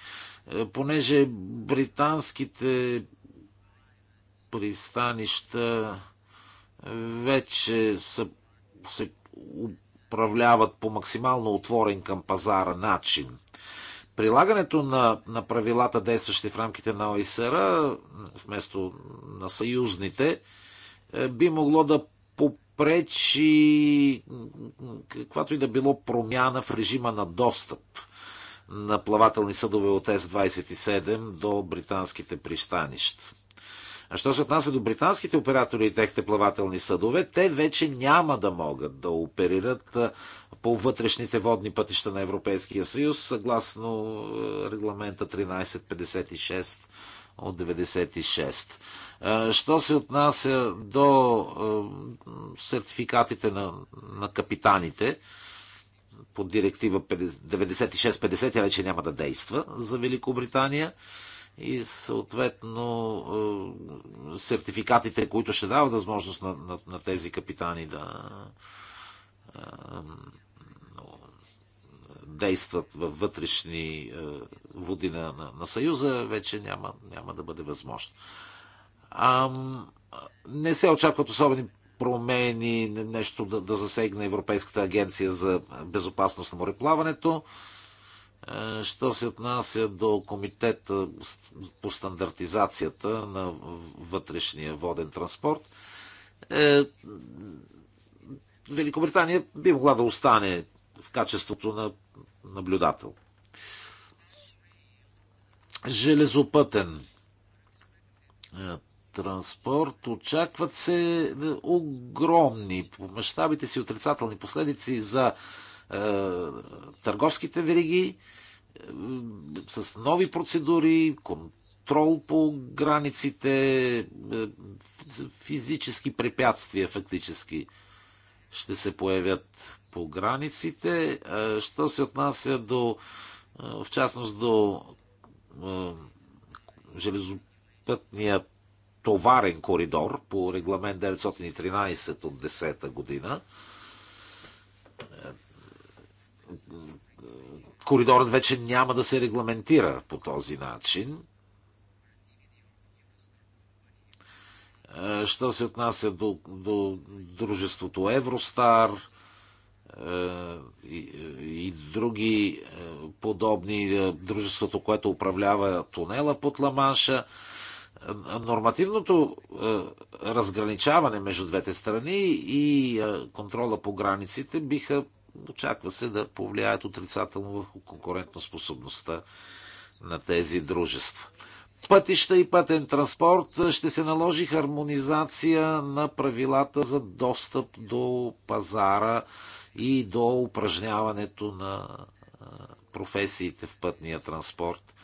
[SPEAKER 2] Е, понеже британските пристанища вече са, се управляват по максимално отворен към пазара начин прилагането на, на правилата, действащи в рамките на ОИСР, вместо на съюзните, е, би могло да попречи каквато и да било промяна в режима на достъп на плавателни съдове от С-27 до британските пристанища. А що се отнася до британските оператори и техните плавателни съдове, те вече няма да могат да оперират е, по вътрешните водни пътища на Европейския съюз, съгласно е, регламента 1356 от 96. Е, що се отнася до е, сертификатите на, на капитаните, по директива 96-50, вече няма да действа за Великобритания и съответно сертификатите, които ще дават възможност на, на, на тези капитани да действат във вътрешни е, води на, на, на Съюза, вече няма, няма да бъде възможно. А, не се очакват особени промени, нещо да, да засегне Европейската агенция за безопасност на мореплаването. Е, що се отнася до комитета по стандартизацията на вътрешния воден транспорт, е, Великобритания би могла да остане в качеството на наблюдател. Железопътен е, транспорт. Очакват се е, огромни по мащабите си отрицателни последици за е, търговските вериги е, с нови процедури, контрол по границите, е, физически препятствия фактически ще се появят по границите. Що се отнася до, в частност до железопътния товарен коридор по регламент 913 от 10 та година, коридорът вече няма да се регламентира по този начин. Е, що се отнася до, до дружеството Евростар е, и, и други е, подобни, дружеството, което управлява тунела под Ламанша, нормативното разграничаване между двете страни и контрола по границите биха, очаква се, да повлияят отрицателно върху конкурентоспособността на тези дружества пътища и пътен транспорт е, ще се наложи хармонизация на правилата за достъп до пазара и до упражняването на е, професиите в пътния транспорт.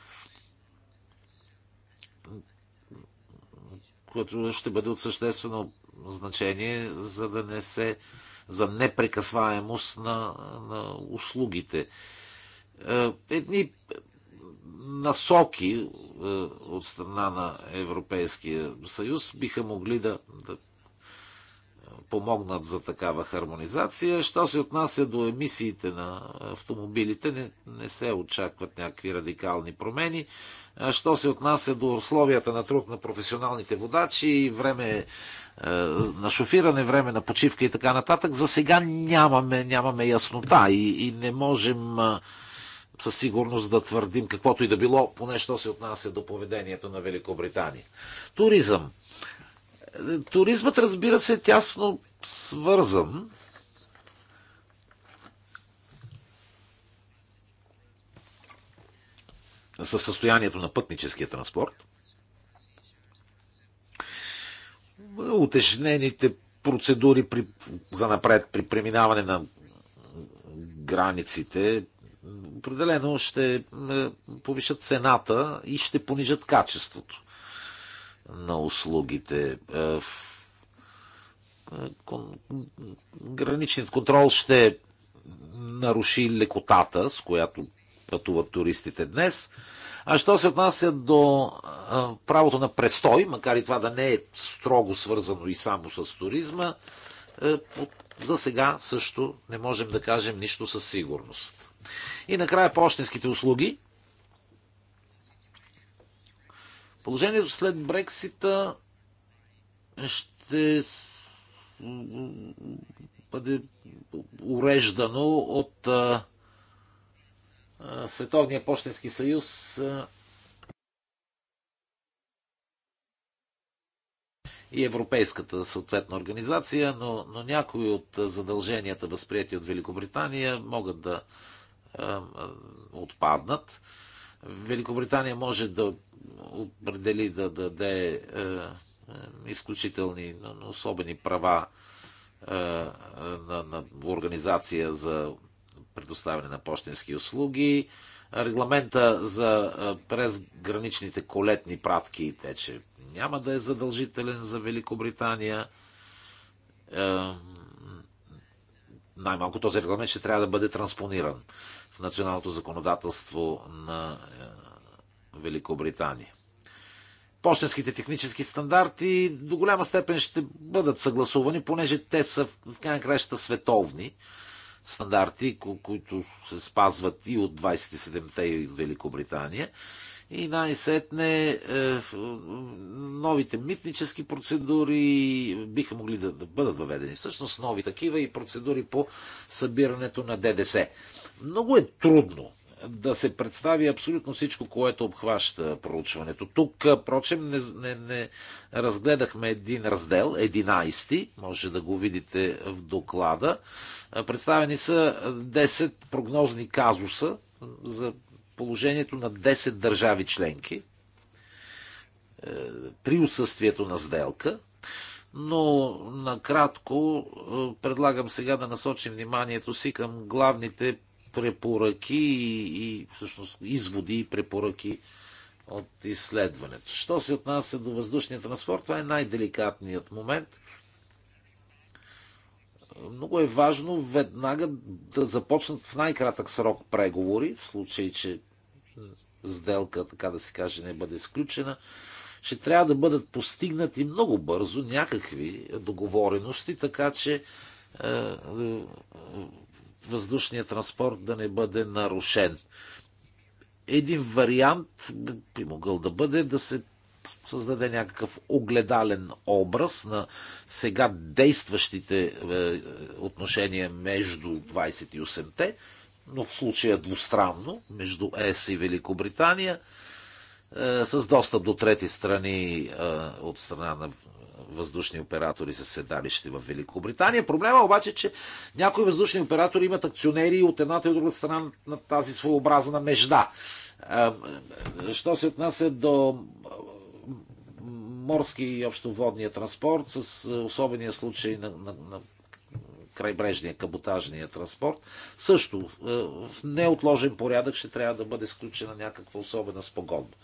[SPEAKER 2] Което ще бъде от съществено значение, за да не се за непрекъсваемост на, на услугите. Е, едни насоки е, от страна на Европейския съюз биха могли да, да помогнат за такава хармонизация. Що се отнася до емисиите на автомобилите, не, не се очакват някакви радикални промени. Що се отнася до условията на труд на професионалните водачи, време е, на шофиране, време на почивка и така нататък, за сега нямаме, нямаме яснота и, и не можем със сигурност да твърдим каквото и да било, поне що се отнася до поведението на Великобритания. Туризъм. Туризмът, разбира се, е тясно свързан със състоянието на пътническия транспорт. Утежнените процедури при, за напред при преминаване на границите определено ще е, повишат цената и ще понижат качеството на услугите. Е, е, граничният контрол ще наруши лекотата, с която пътуват туристите днес. А що се отнася до правото на престой, макар и това да не е строго свързано и само с туризма, за сега също не можем да кажем нищо със сигурност. И накрая почтенските услуги. Положението след Брексита ще бъде уреждано от Световния почтенски съюз и Европейската съответна организация, но, но някои от задълженията, възприяти от Великобритания, могат да отпаднат. Великобритания може да определи да даде изключителни, особени права на, на организация за предоставяне на почтенски услуги. Регламента за през граничните колетни пратки вече няма да е задължителен за Великобритания. Най-малко този регламент ще трябва да бъде транспониран в националното законодателство на е, Великобритания. Почтенските технически стандарти до голяма степен ще бъдат съгласувани, понеже те са в крайна краща световни стандарти, които се спазват и от 27-те и Великобритания. И най-сетне е, новите митнически процедури биха могли да, да бъдат въведени. Всъщност нови такива и процедури по събирането на ДДС. Много е трудно да се представи абсолютно всичко, което обхваща проучването. Тук, прочем, не, не, не разгледахме един раздел, 11, може да го видите в доклада. Представени са 10 прогнозни казуса за положението на 10 държави членки е, при отсъствието на сделка. Но накратко е, предлагам сега да насочим вниманието си към главните препоръки и, и всъщност изводи и препоръки от изследването. Що се отнася до въздушния транспорт, това е най-деликатният момент. Много е важно веднага да започнат в най-кратък срок преговори, в случай, че сделка, така да се каже, не бъде изключена. Ще трябва да бъдат постигнати много бързо някакви договорености, така че е, е, въздушният транспорт да не бъде нарушен. Един вариант би могъл да бъде да се създаде някакъв огледален образ на сега действащите е, отношения между 28-те, но в случая двустранно, между ЕС и Великобритания, е, с достъп до трети страни е, от страна на въздушни оператори с седалище в Великобритания. Проблема обаче, че някои въздушни оператори имат акционери от едната и от другата страна на тази своеобразна межда. Що се отнася до морски и общоводния транспорт, с особения случай на, на, на крайбрежния, каботажния транспорт, също в неотложен порядък ще трябва да бъде сключена някаква особена спогодба.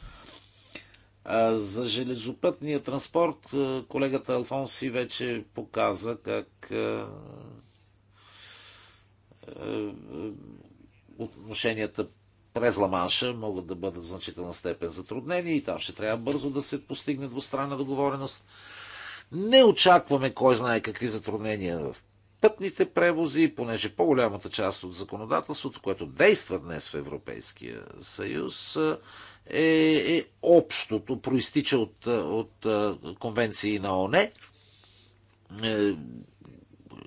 [SPEAKER 2] За железопътния транспорт колегата Алфонси вече показа как отношенията през Ламанша могат да бъдат в значителна степен затруднени и там ще трябва бързо да се постигне двустранна договореност. Не очакваме кой знае какви затруднения в пътните превози, понеже по-голямата част от законодателството, което действа днес в Европейския съюз, е, е общото, проистича от, е, от е, конвенции на ОНЕ.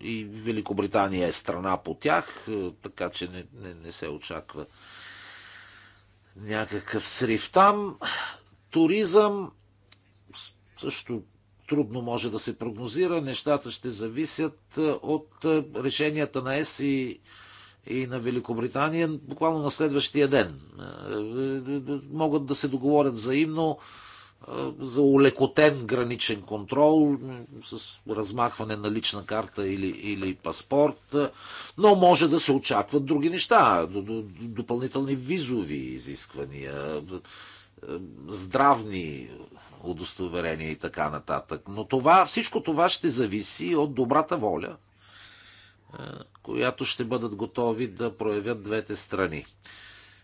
[SPEAKER 2] И Великобритания е страна по тях, е, така че не, не, не се очаква някакъв срив там. Туризъм също трудно може да се прогнозира. Нещата ще зависят от решенията на ЕС и и на Великобритания буквално на следващия ден. Е, могат да се договорят взаимно е, за улекотен граничен контрол с размахване на лична карта или, или паспорт, е, но може да се очакват други неща, допълнителни визови изисквания, здравни удостоверения и така нататък. Но това, всичко това ще зависи от добрата воля която ще бъдат готови да проявят двете страни.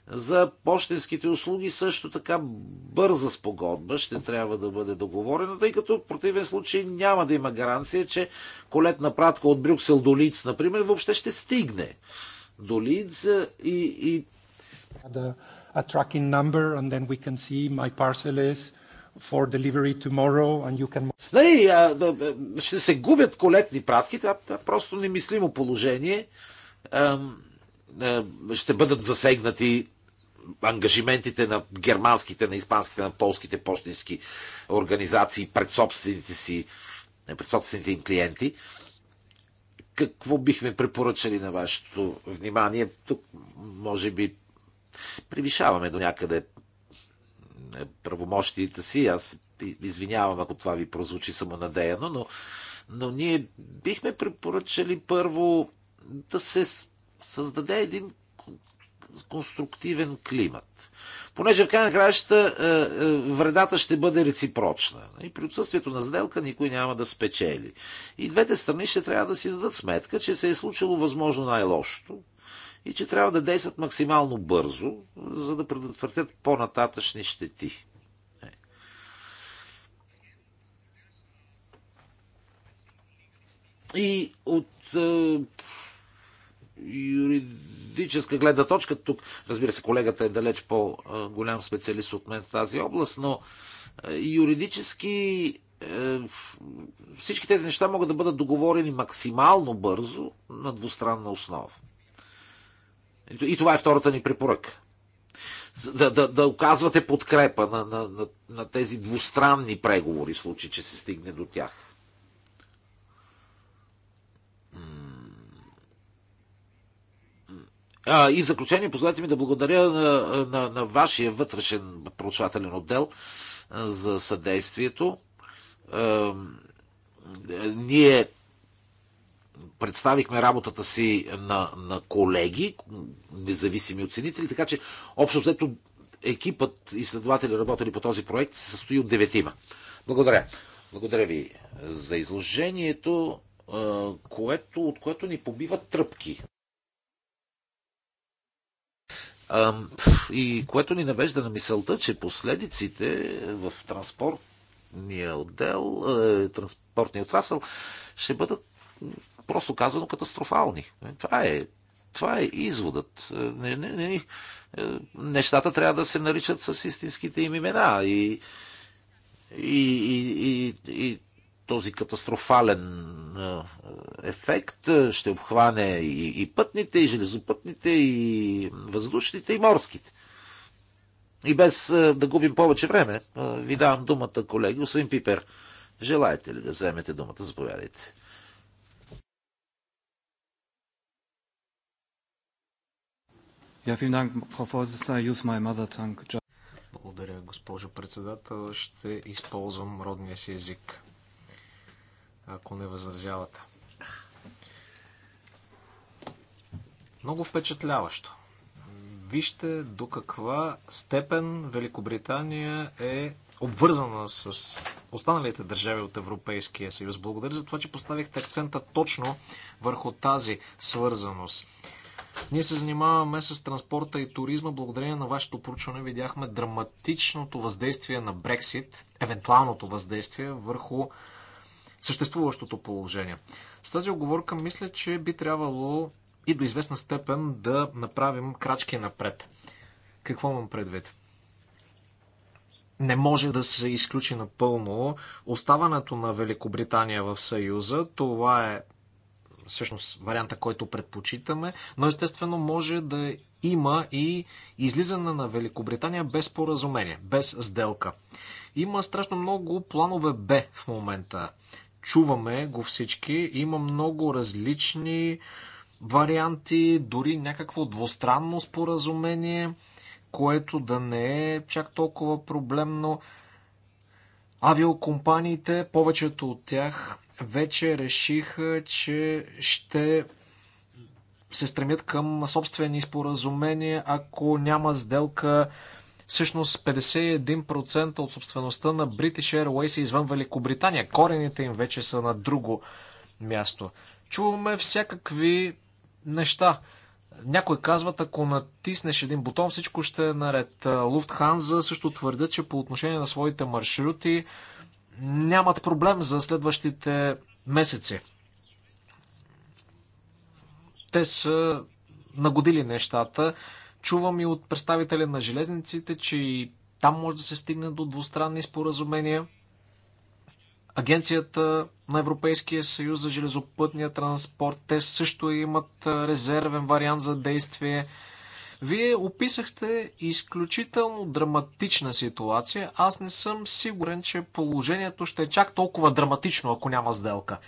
[SPEAKER 2] За почтенските услуги също така бърза спогодба ще трябва да бъде договорена, тъй като в противен случай няма да има гаранция, че колетна пратка от Брюксел до Лиц, например, въобще ще стигне до Лиц и... и... a tracking number and then we can see my parcel is for delivery tomorrow and you can Нали, а, да, ще се губят колетни пратки, това е просто немислимо положение. А, а, ще бъдат засегнати ангажиментите на германските, на испанските, на полските почтенски организации пред собствените си, е, пред собствените им клиенти. Какво бихме препоръчали на вашето внимание? Тук, може би, превишаваме до някъде е, правомощите си. Аз извинявам, ако това ви прозвучи самонадеяно, но, но ние бихме препоръчали първо да се създаде един конструктивен климат. Понеже в край на краища е, е, вредата ще бъде реципрочна. И при отсъствието на сделка никой няма да спечели. И двете страни ще трябва да си дадат сметка, че се е случило възможно най-лошото и че трябва да действат максимално бързо, за да предотвратят по-нататъчни щети. И от е, юридическа гледна точка, тук, разбира се, колегата е далеч по-голям специалист от мен в тази област, но е, юридически е, всички тези неща могат да бъдат договорени максимално бързо на двустранна основа. И това е втората ни препоръка. Да, да, да оказвате подкрепа на, на, на, на тези двустранни преговори, в случай, че се стигне до тях. А, и в заключение, позволете ми да благодаря на, на, на вашия вътрешен проучвателен отдел за съдействието. А, ние представихме работата си на, на колеги, независими оценители, така че общо взето екипът изследователи, работили по този проект, се състои от деветима. Благодаря. Благодаря ви за изложението, което, от което ни побиват тръпки. И което ни навежда на мисълта, че последиците в транспортния отдел, е, транспортния отрасъл, ще бъдат просто казано катастрофални. Е, това е, това е изводът. Е, не, не, не, нещата трябва да се наричат с истинските им имена и, и, и, и, и този катастрофален ефект ще обхване и, и пътните, и железопътните, и въздушните, и морските. И без да губим повече време, ви давам думата, колеги. Господин Пипер, желаете ли да вземете думата? Заповядайте.
[SPEAKER 3] Благодаря, госпожо председател. Ще използвам родния си език ако не възразявате. Много впечатляващо. Вижте до каква степен Великобритания е обвързана с останалите държави от Европейския съюз. Благодаря за това, че поставихте акцента точно върху тази свързаност. Ние се занимаваме с транспорта и туризма. Благодарение на вашето проучване видяхме драматичното въздействие на Брексит, евентуалното въздействие върху съществуващото положение. С тази оговорка мисля, че би трябвало и до известна степен да направим крачки напред. Какво имам предвид? не може да се изключи напълно оставането на Великобритания в Съюза. Това е всъщност варианта, който предпочитаме, но естествено може да има и излизане на Великобритания без поразумение, без сделка. Има страшно много планове Б в момента чуваме го всички. Има много различни варианти, дори някакво двустранно споразумение, което да не е чак толкова проблемно. Авиокомпаниите, повечето от тях, вече решиха, че ще се стремят към собствени споразумения, ако няма сделка Всъщност 51% от собствеността на British Airways е извън Великобритания. Корените им вече са на друго място. Чуваме всякакви неща. Някой казват, ако натиснеш един бутон, всичко ще е наред. Луфтханза също твърдят, че по отношение на своите маршрути нямат проблем за следващите месеци. Те са нагодили нещата. Чувам и от представители на железниците, че и там може да се стигне до двустранни споразумения. Агенцията на Европейския съюз за железопътния транспорт, те също имат резервен вариант за действие. Вие описахте изключително драматична ситуация. Аз не съм сигурен, че положението ще е чак толкова драматично, ако няма сделка.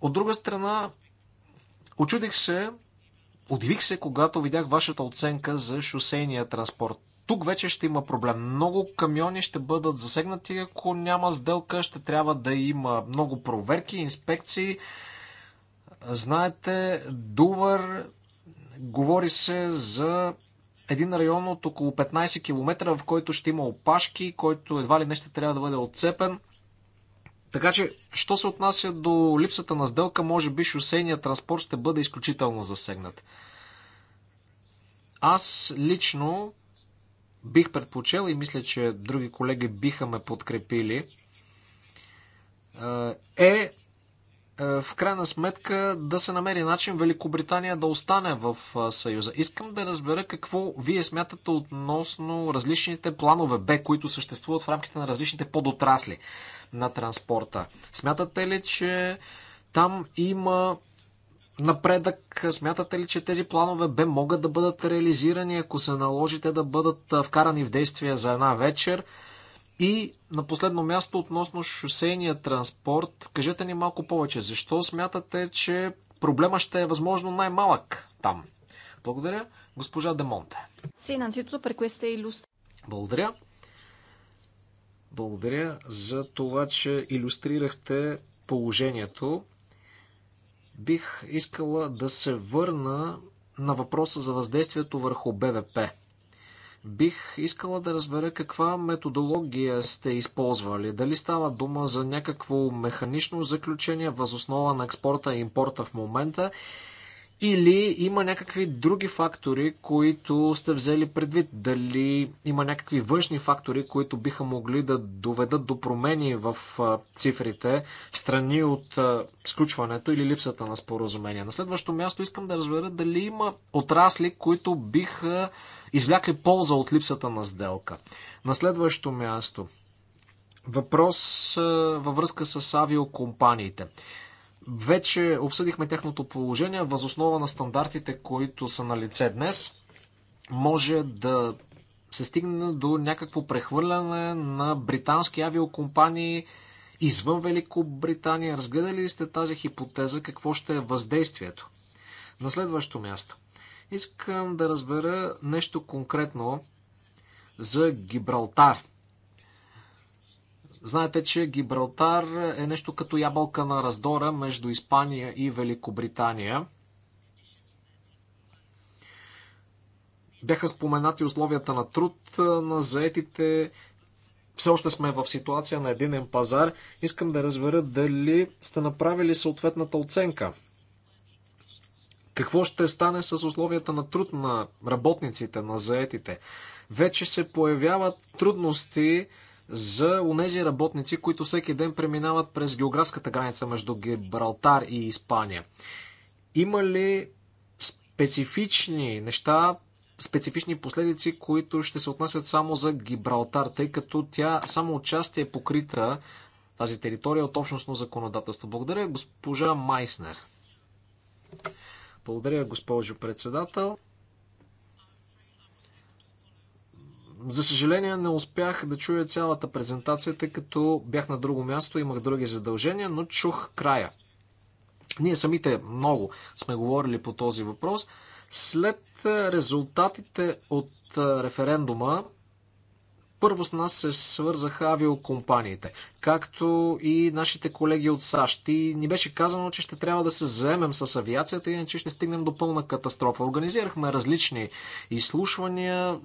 [SPEAKER 3] От друга страна, очудих се Удивих се, когато видях вашата оценка за шосейния транспорт. Тук вече ще има проблем. Много камиони ще бъдат засегнати, ако няма сделка, ще трябва да има много проверки, инспекции. Знаете, Дувър говори се за един район от около 15 км, в който ще има опашки, който едва ли не ще трябва да бъде отцепен. Така че, що се отнася до липсата на сделка, може би шосейния транспорт ще бъде изключително засегнат. Аз лично бих предпочел и мисля, че други колеги биха ме подкрепили, е е, в крайна сметка да се намери начин Великобритания да остане в е, Съюза. Искам да разбера какво вие смятате относно различните планове Б, които съществуват в рамките на различните подотрасли на транспорта. Смятате ли, че там има напредък? Смятате ли, че тези планове Б могат да бъдат реализирани, ако се наложите да бъдат е, вкарани в действие за една вечер? И на последно място относно шосейния транспорт, кажете ни малко повече. Защо смятате, че проблема ще е възможно най-малък там? Благодаря, госпожа Демонте. Благодаря. Благодаря за това, че иллюстрирахте положението. Бих искала да се върна на въпроса за въздействието върху БВП. Бих искала да разбера каква методология сте използвали. Дали става дума за някакво механично заключение възоснова на експорта и импорта в момента или има някакви други фактори, които сте взели предвид? Дали има някакви външни фактори, които биха могли да доведат до промени в цифрите, в страни от сключването или липсата на споразумение? На следващо място искам да разбера дали има отрасли, които биха извлякли полза от липсата на сделка. На следващо място. Въпрос във връзка с авиокомпаниите. Вече обсъдихме техното положение възоснова на стандартите, които са на лице днес. Може да се стигне до някакво прехвърляне на британски авиокомпании извън Великобритания. Разгледали ли сте тази хипотеза? Какво ще е въздействието? На следващо място – Искам да разбера нещо конкретно за Гибралтар. Знаете, че Гибралтар е нещо като ябълка на раздора между Испания и Великобритания. Бяха споменати условията на труд на заетите. Все още сме в ситуация на единен пазар. Искам да разбера дали сте направили съответната оценка какво ще стане с условията на труд на работниците, на заетите? Вече се появяват трудности за унези работници, които всеки ден преминават през географската граница между Гибралтар и Испания. Има ли специфични неща, специфични последици, които ще се отнасят само за Гибралтар, тъй като тя само отчасти е покрита тази територия от общностно законодателство. Благодаря, госпожа Майснер. Благодаря, госпожо председател. За съжаление не успях да чуя цялата презентация, тъй като бях на друго място, имах други задължения, но чух края. Ние самите много сме говорили по този въпрос. След резултатите от референдума първо с нас се свързаха авиокомпаниите, както и нашите колеги от САЩ. И ни беше казано, че ще трябва да се заемем с авиацията, иначе ще стигнем до пълна катастрофа. Организирахме различни изслушвания,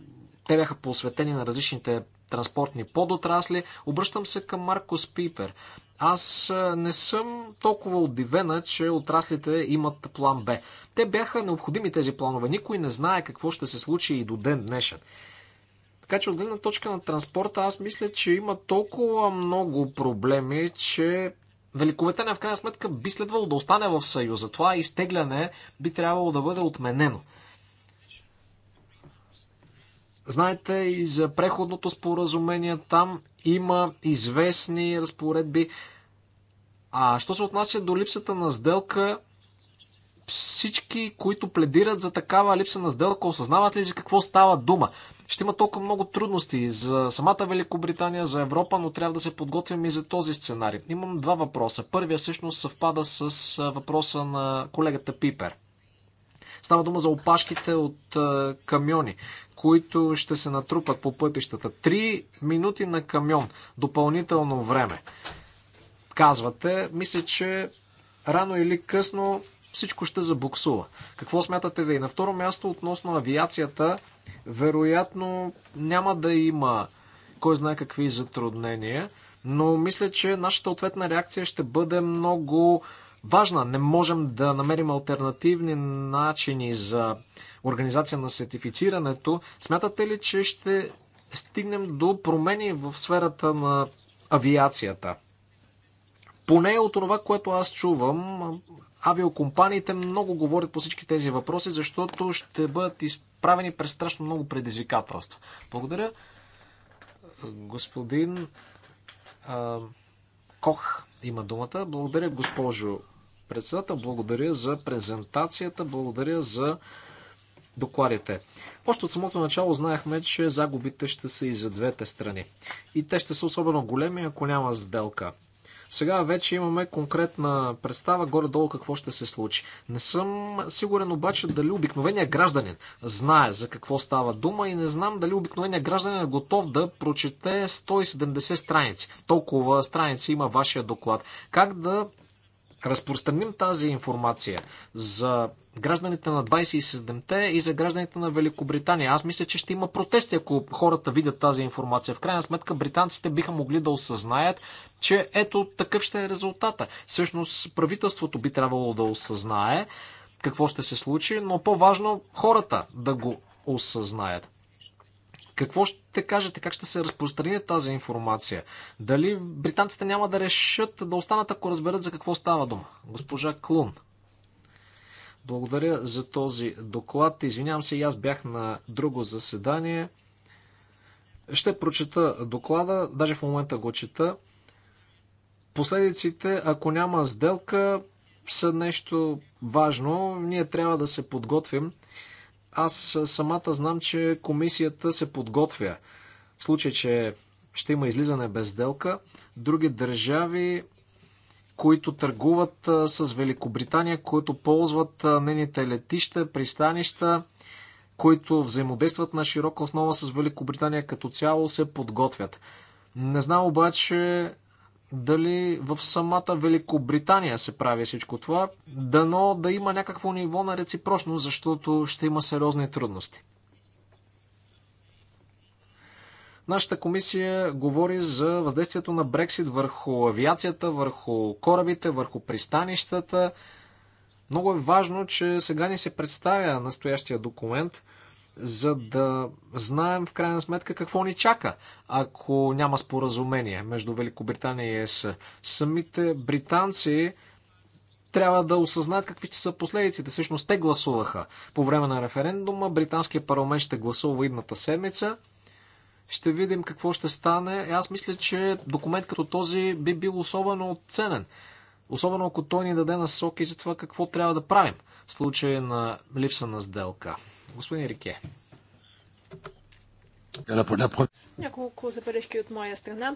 [SPEAKER 3] те бяха посветени на различните транспортни подотрасли. Обръщам се към Маркос Пипер. Аз е, не съм толкова удивена, че отраслите имат план Б. Те бяха необходими тези планове. Никой не знае какво ще се случи и до ден днешен. Така че от гледна точка на транспорта, аз мисля, че има толкова много проблеми, че Великобритания в крайна сметка би следвало да остане в Съюза. Това изтегляне би трябвало да бъде отменено. Знаете и за преходното споразумение, там има известни разпоредби. А що се отнася до липсата на сделка, всички, които пледират за такава липса на сделка, осъзнават ли за какво става дума? ще има толкова много трудности за самата Великобритания, за Европа, но трябва да се подготвим и за този сценарий. Имам два въпроса. Първия всъщност съвпада с въпроса на колегата Пипер. Става дума за опашките от камиони, които ще се натрупат по пътищата. Три минути на камион, допълнително време. Казвате, мисля, че рано или късно всичко ще забуксува. Какво смятате ви? На второ място, относно авиацията, вероятно няма да има кой знае какви затруднения, но мисля, че нашата ответна реакция ще бъде много важна. Не можем да намерим альтернативни начини за организация на сертифицирането. Смятате ли, че ще стигнем до промени в сферата на авиацията? Поне от това, което аз чувам, авиокомпаниите много говорят по всички тези въпроси, защото ще бъдат изправени през страшно много предизвикателства. Благодаря. Господин а, Кох има думата. Благодаря, госпожо председател. Благодаря за презентацията. Благодаря за докладите. Още от самото начало знаехме, че загубите ще са и за двете страни. И те ще са особено големи, ако няма сделка. Сега вече имаме конкретна представа горе-долу какво ще се случи. Не съм сигурен обаче дали обикновения гражданин знае за какво става дума и не знам дали обикновения гражданин е готов да прочете 170 страници. Толкова страници има вашия доклад. Как да разпространим тази информация за гражданите на 27-те и за гражданите на Великобритания. Аз мисля, че ще има протести, ако хората видят тази информация. В крайна сметка британците биха могли да осъзнаят, че ето такъв ще е резултата. Всъщност правителството би трябвало да осъзнае какво ще се случи, но по-важно хората да го осъзнаят. Какво ще кажете? Как ще се разпространи тази информация? Дали британците няма да решат да останат, ако разберат за какво става дума? Госпожа Клун. Благодаря за този доклад. Извинявам се, и аз бях на друго заседание. Ще прочета доклада, даже в момента го чета. Последиците, ако няма сделка, са нещо важно. Ние трябва да се подготвим аз самата знам, че комисията се подготвя. В случай, че ще има излизане без сделка, други държави, които търгуват с Великобритания, които ползват нейните летища, пристанища, които взаимодействат на широка основа с Великобритания като цяло, се подготвят. Не знам обаче дали в самата Великобритания се прави всичко това? Дано да има някакво ниво на реципрочност, защото ще има сериозни трудности. Нашата комисия говори за въздействието на Брексит върху авиацията, върху корабите, върху пристанищата. Много е важно, че сега ни се представя настоящия документ за да знаем в крайна сметка какво ни чака, ако няма споразумение между Великобритания и ЕС. Самите британци трябва да осъзнаят какви ще са последиците. Всъщност те гласуваха по време на референдума. Британския парламент ще гласува идната седмица. Ще видим какво ще стане. Аз мисля, че документ като този би бил особено ценен. Особено ако той ни даде насоки за това какво трябва да правим в случай на липса на сделка. Господин Рике.
[SPEAKER 1] Няколко забележки от моя страна.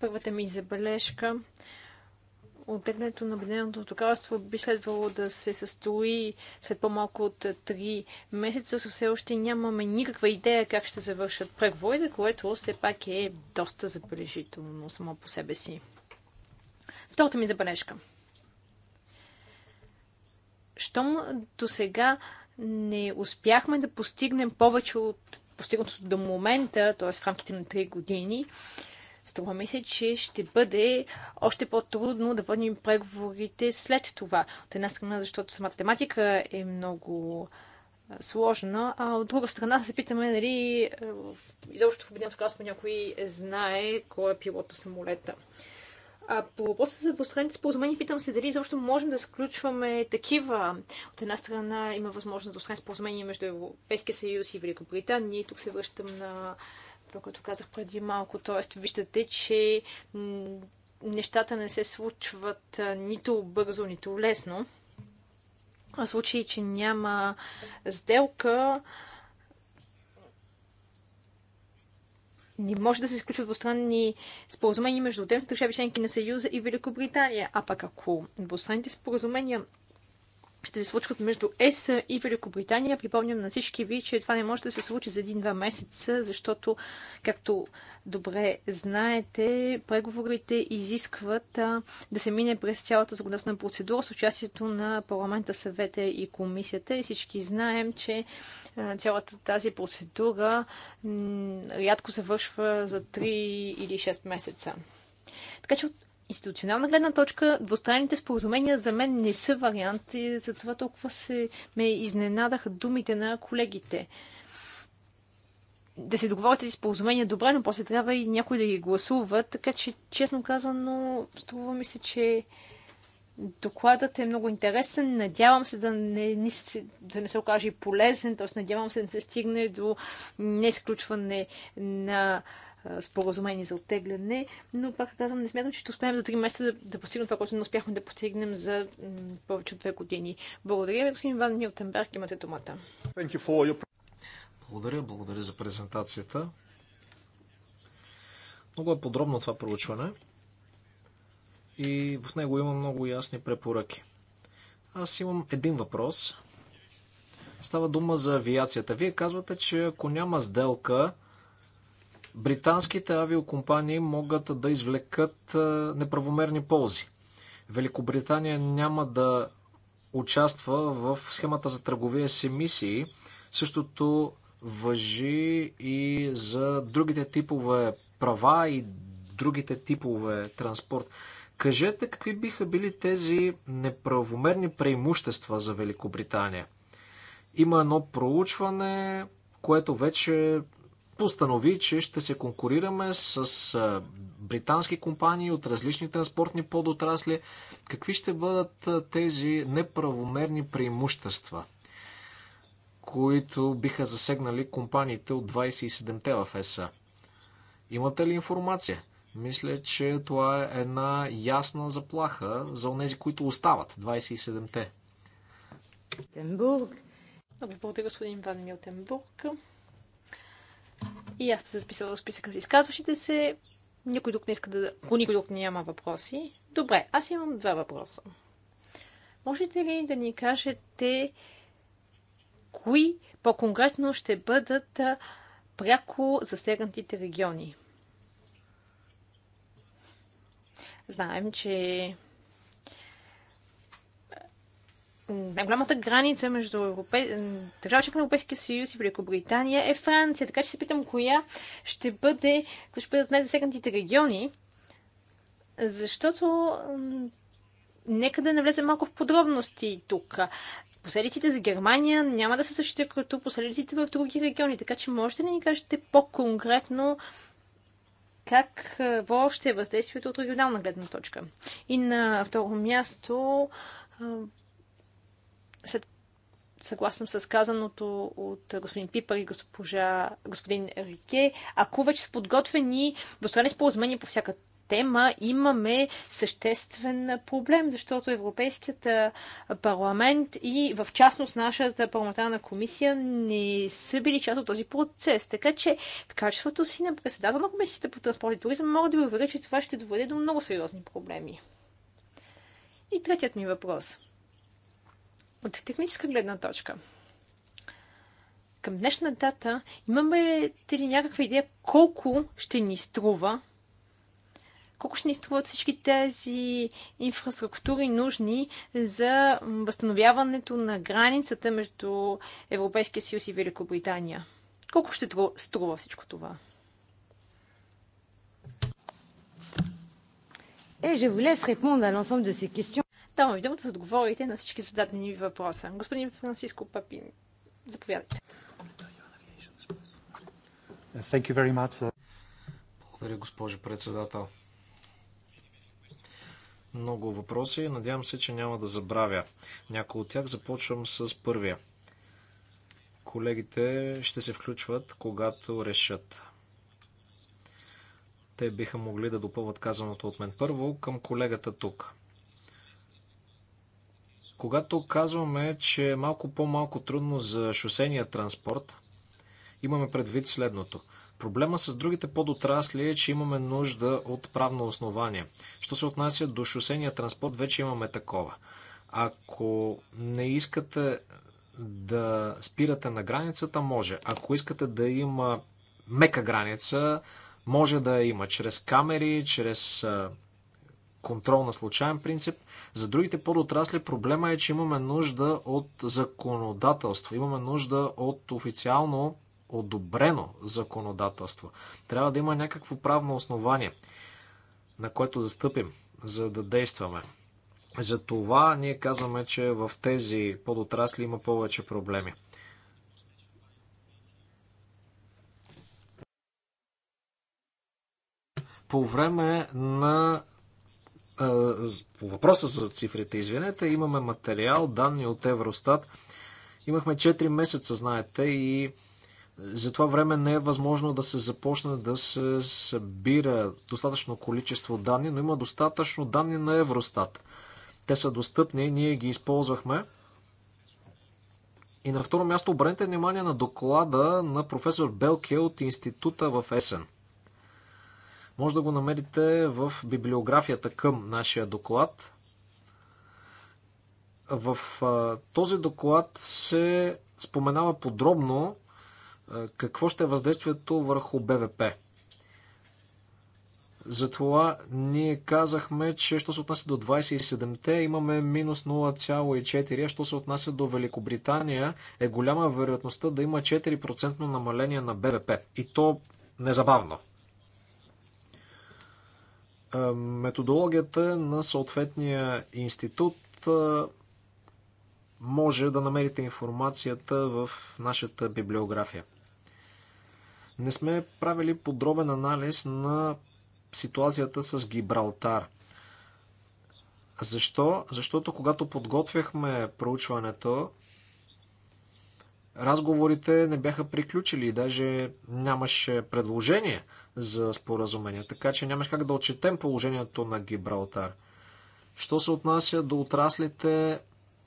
[SPEAKER 1] Първата ми забележка. Отделянето на Обединеното кралство би следвало да се състои след по-малко от 3 месеца. Все още нямаме никаква идея как ще завършат преговорите, което все пак е доста забележително само по себе си. Втората ми забележка – щом до сега не успяхме да постигнем повече от постигнатото до момента, т.е. в рамките на 3 години, Струва ми се, че ще бъде още по-трудно да водим преговорите след това. От една страна, защото самата тематика е много сложна, а от друга страна се питаме нали, изобщо в Обединеното кралство някой знае кой е пилот на самолета. А по въпроса за двустранните споразумения питам се дали изобщо можем да сключваме такива. От една страна има възможност за двустранни споразумения между Европейския съюз и Великобритания. тук се връщам на това, което казах преди малко. Тоест, виждате, че нещата не се случват нито бързо, нито лесно. В случай, че няма сделка, не може да се изключват двустранни споразумения между отделните държави членки на Съюза и Великобритания. А пък ако двустранните споразумения ще се случват между ЕС и Великобритания. Припомням на всички ви, че това не може да се случи за един-два месеца, защото, както добре знаете, преговорите изискват а, да се мине през цялата законодателна процедура с участието на парламента, съвета и комисията. И всички знаем, че цялата тази процедура рядко завършва за 3 или 6 месеца. Така че от институционална гледна точка двустранните споразумения за мен не са вариант и затова толкова се ме изненадаха думите на колегите. Да се договорят тези споразумения добре, но после трябва и някой да ги гласува, така че честно казано, струва ми се, че Докладът е много интересен. Надявам се да не, да не се окаже полезен, т.е. надявам се да се стигне до неизключване на споразумение за оттегляне, но пак казвам, не смятам, че ще успеем за 3 месеца да, да постигнем това, което не успяхме да постигнем за повече от 2 години. Благодаря ви, господин Ван Милтенберг, имате думата.
[SPEAKER 3] Your... Благодаря, благодаря за презентацията. Много е подробно това проучване и в него има много ясни препоръки. Аз имам един въпрос. Става дума за авиацията. Вие казвате, че ако няма сделка, британските авиокомпании могат да извлекат неправомерни ползи. Великобритания няма да участва в схемата за търговия с емисии. Същото въжи и за другите типове права и другите типове транспорт. Кажете какви биха били тези неправомерни преимущества за Великобритания. Има едно проучване, което вече постанови, че ще се конкурираме с британски компании от различни транспортни подотрасли. Какви ще бъдат тези неправомерни преимущества, които биха засегнали компаниите от 27-те в ЕСА? Имате ли информация? Мисля, че това е една ясна заплаха за онези, които остават, 27-те.
[SPEAKER 1] Тенбург. Много благодаря, господин Ван Милтенбург. И аз съм се записала в списъка с изказващите се. Никой друг не иска да... Ако никой друг няма въпроси. Добре, аз имам два въпроса. Можете ли да ни кажете кои по-конкретно ще бъдат пряко засегнатите региони? Знаем, че най-голямата граница между Европе... държавчик на Европейския съюз и Великобритания е Франция. Така че се питам, коя ще бъде, кои ще бъдат най-засегнатите региони, защото нека да навлезе малко в подробности тук. Последиците за Германия няма да са същите като последиците в други региони, така че можете да ни кажете по-конкретно как е, въобще е въздействието от регионална гледна точка. И на второ място, е, след съгласна с казаното от господин Пипър и госпожа, господин Рике, ако вече са подготвени двустранни споразумения по всяка тема имаме съществен проблем, защото Европейският парламент и в частност нашата парламентарна комисия не са били част от този процес. Така че в качеството си на председател на комисията по транспорт и туризъм мога да ви уверя, че това ще доведе до много сериозни проблеми. И третият ми въпрос. От техническа гледна точка към днешна дата имаме ли някаква идея колко ще ни струва колко ще ни струват всички тези инфраструктури нужни за възстановяването на границата между Европейския съюз и Великобритания? Колко ще струва всичко това? Е, je vous laisse répondre à l'ensemble de ces questions. Да, ме думата да отговорите на всички зададени ви въпроса. Господин Франциско Папин, заповядайте.
[SPEAKER 3] Благодаря, госпожо председател много въпроси. Надявам се, че няма да забравя някои от тях. Започвам с първия. Колегите ще се включват, когато решат. Те биха могли да допълват казаното от мен. Първо към колегата тук. Когато казваме, че е малко по-малко трудно за шосения транспорт, имаме предвид следното – Проблема с другите подотрасли е, че имаме нужда от правно основание. Що се отнася до шосения транспорт, вече имаме такова. Ако не искате да спирате на границата, може. Ако искате да има мека граница, може да я има чрез камери, чрез контрол на случайен принцип. За другите подотрасли проблема е, че имаме нужда от законодателство, имаме нужда от официално одобрено законодателство. Трябва да има някакво правно основание, на което да стъпим, за да действаме. За това ние казваме, че в тези подотрасли има повече проблеми. По време на по въпроса за цифрите, извинете, имаме материал, данни от Евростат. Имахме 4 месеца, знаете, и за това време не е възможно да се започне да се събира достатъчно количество данни, но има достатъчно данни на Евростат. Те са достъпни, ние ги използвахме. И на второ място обърнете внимание на доклада на професор Белке от института в Есен. Може да го намерите в библиографията към нашия доклад. В този доклад се споменава подробно какво ще е въздействието върху БВП. Затова ние казахме, че що се отнася до 27-те, имаме минус 0,4, а що се отнася до Великобритания, е голяма вероятността да има 4% намаление на БВП. И то незабавно. Методологията на съответния институт може да намерите информацията в нашата библиография. Не сме правили подробен анализ на ситуацията с Гибралтар. Защо? Защото когато подготвяхме проучването, разговорите не бяха приключили и даже нямаше предложение за споразумение, така че нямаше как да отчетем положението на Гибралтар. Що се отнася до отраслите,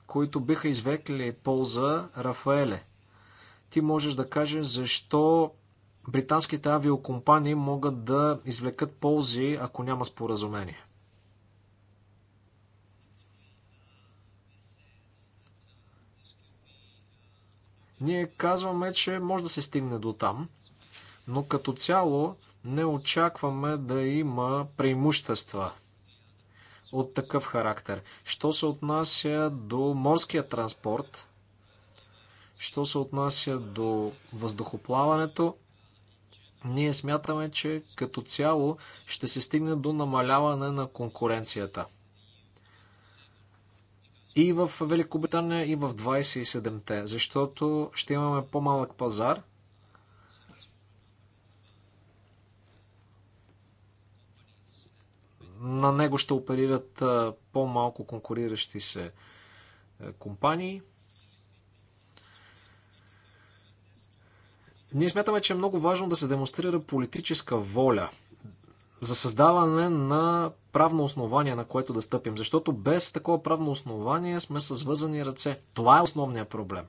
[SPEAKER 3] които биха извекли полза Рафаеле? Ти можеш да кажеш защо британските авиокомпании могат да извлекат ползи, ако няма споразумение. Ние казваме, че може да се стигне до там, но като цяло не очакваме да има преимущества от такъв характер. Що се отнася до морския транспорт, що се отнася до въздухоплаването, ние смятаме, че като цяло ще се стигне до намаляване на конкуренцията. И в Великобритания, и в 27-те, защото ще имаме по-малък пазар. На него ще оперират по-малко конкуриращи се компании. Ние смятаме, че е много важно да се демонстрира политическа воля за създаване на правно основание, на което да стъпим. Защото без такова правно основание сме с вързани ръце. Това е основният проблем.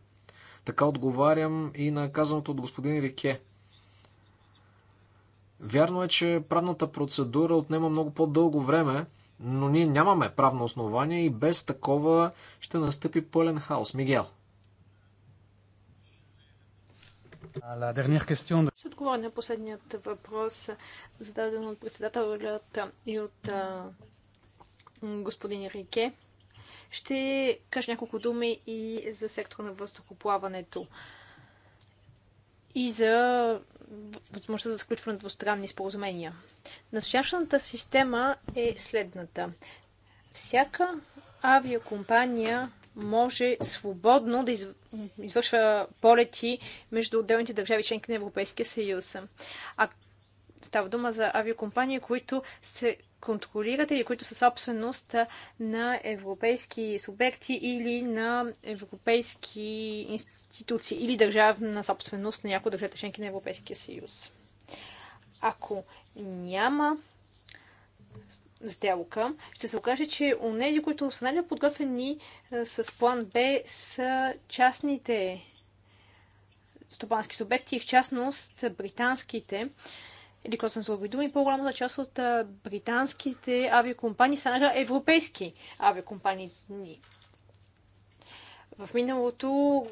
[SPEAKER 3] Така отговарям и на казаното от господин Рике. Вярно е, че правната процедура отнема много по-дълго време, но ние нямаме правно основание и без такова ще настъпи пълен хаос. Мигел.
[SPEAKER 1] Ще отговоря на последният въпрос, зададен от председателът и от а, господин Рике. Ще кажа няколко думи и за сектора на въздухоплаването и за възможността за сключване на двустранни споразумения. Настоящата система е следната. Всяка авиакомпания може свободно да извършва полети между отделните държави членки на Европейския съюз. А става дума за авиокомпании, които се контролират или които са собственост на европейски субекти или на европейски институции или държавна собственост на някои държави членки на Европейския съюз. Ако няма сделка, ще се окаже, че у нези, които са най-подготвени е, с план Б, са частните стопански субекти, в частност британските. Или съм злоби думи, по-голямата част от британските авиокомпании са европейски авиокомпании. В миналото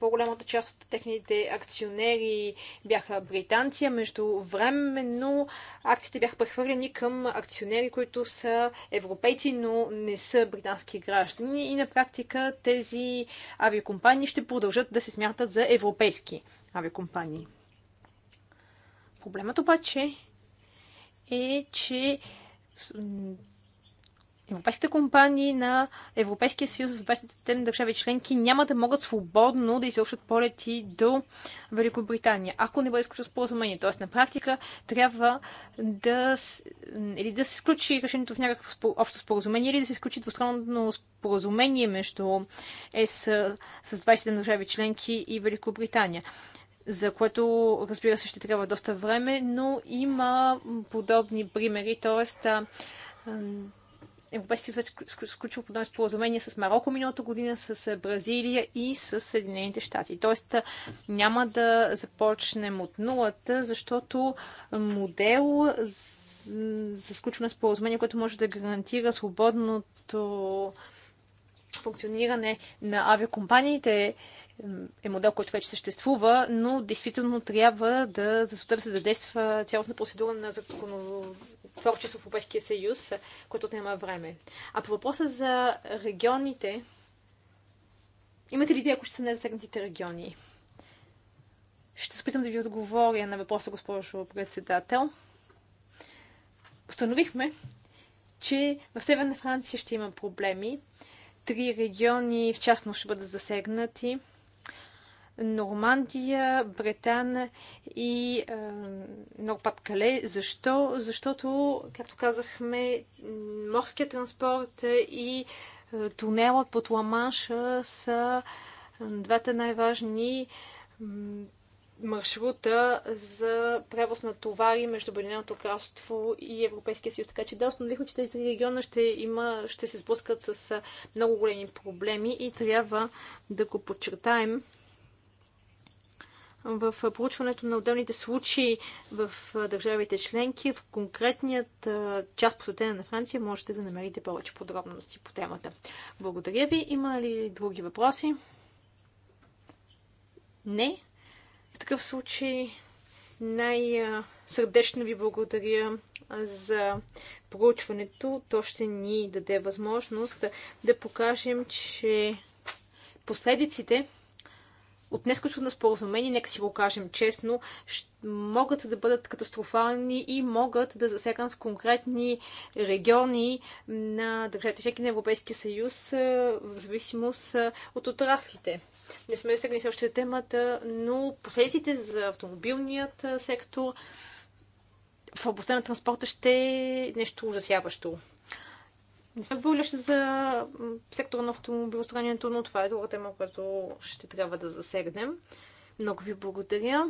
[SPEAKER 1] по-голямата част от техните акционери бяха британци, а между времено акциите бяха прехвърлени към акционери, които са европейци, но не са британски граждани и на практика тези авиакомпании ще продължат да се смятат за европейски авиакомпании. Проблемът обаче е, че европейските компании на Европейския съюз с 27 държави членки няма да могат свободно да извършват полети до Великобритания, ако не бъде изключено споразумение. Тоест, на практика трябва да, или да се включи решението в някакво общо споразумение, или да се изключи двустранно споразумение между ЕС с 27 държави членки и Великобритания за което, разбира се, ще трябва доста време, но има подобни примери, т.е. Европейския съвет сключил подобни споразумения с Марокко миналата година, с Бразилия и с Съединените щати. Тоест няма да започнем от нулата, защото модел за сключване на споразумение, което може да гарантира свободното функциониране на авиакомпаниите е модел, който вече съществува, но действително трябва да, да се задейства цялостна процедура на законотворчество в Европейския съюз, което няма време. А по въпроса за регионите, имате ли идея, ако ще са незасегнатите региони? Ще се опитам да ви отговоря на въпроса, госпожо председател. Установихме, че в Северна Франция ще има проблеми три региони в частност ще бъдат засегнати. Нормандия, Бретан и е, Норпад Кале. Защо? Защото, както казахме, морският транспорт и е, тунелът под Ламанша са двата най-важни маршрута за превоз на товари между Обединеното кралство и Европейския съюз. Така че да, установихме, че тези три региона ще, има, ще се сблъскат с много големи проблеми и трябва да го подчертаем. В проучването на отделните случаи в държавите членки, в конкретният част посветена на Франция, можете да намерите повече подробности по темата. Благодаря ви. Има ли други въпроси? Не. В такъв случай най-сърдечно ви благодаря за проучването. То ще ни даде възможност да покажем, че последиците от нескочно на споразумение, нека си го кажем честно, могат да бъдат катастрофални и могат да в конкретни региони на държавите членки на Европейския съюз е, в зависимост е, от отраслите. Не сме засегнали все още темата, но последиците за автомобилният е, сектор в областта на транспорта ще е нещо ужасяващо. Не се говорила за сектора на автомобилостранието, но това е друга тема, която ще трябва да засегнем. Много ви благодаря.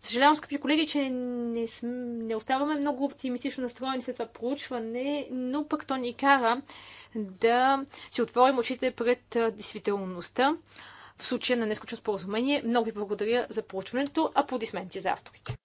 [SPEAKER 1] Съжалявам, скъпи колеги, че не, не оставаме много оптимистично настроени след това проучване, но пък то ни кара да си отворим очите пред действителността в случая на нескочно споразумение. Много ви благодаря за проучването. Аплодисменти за авторите.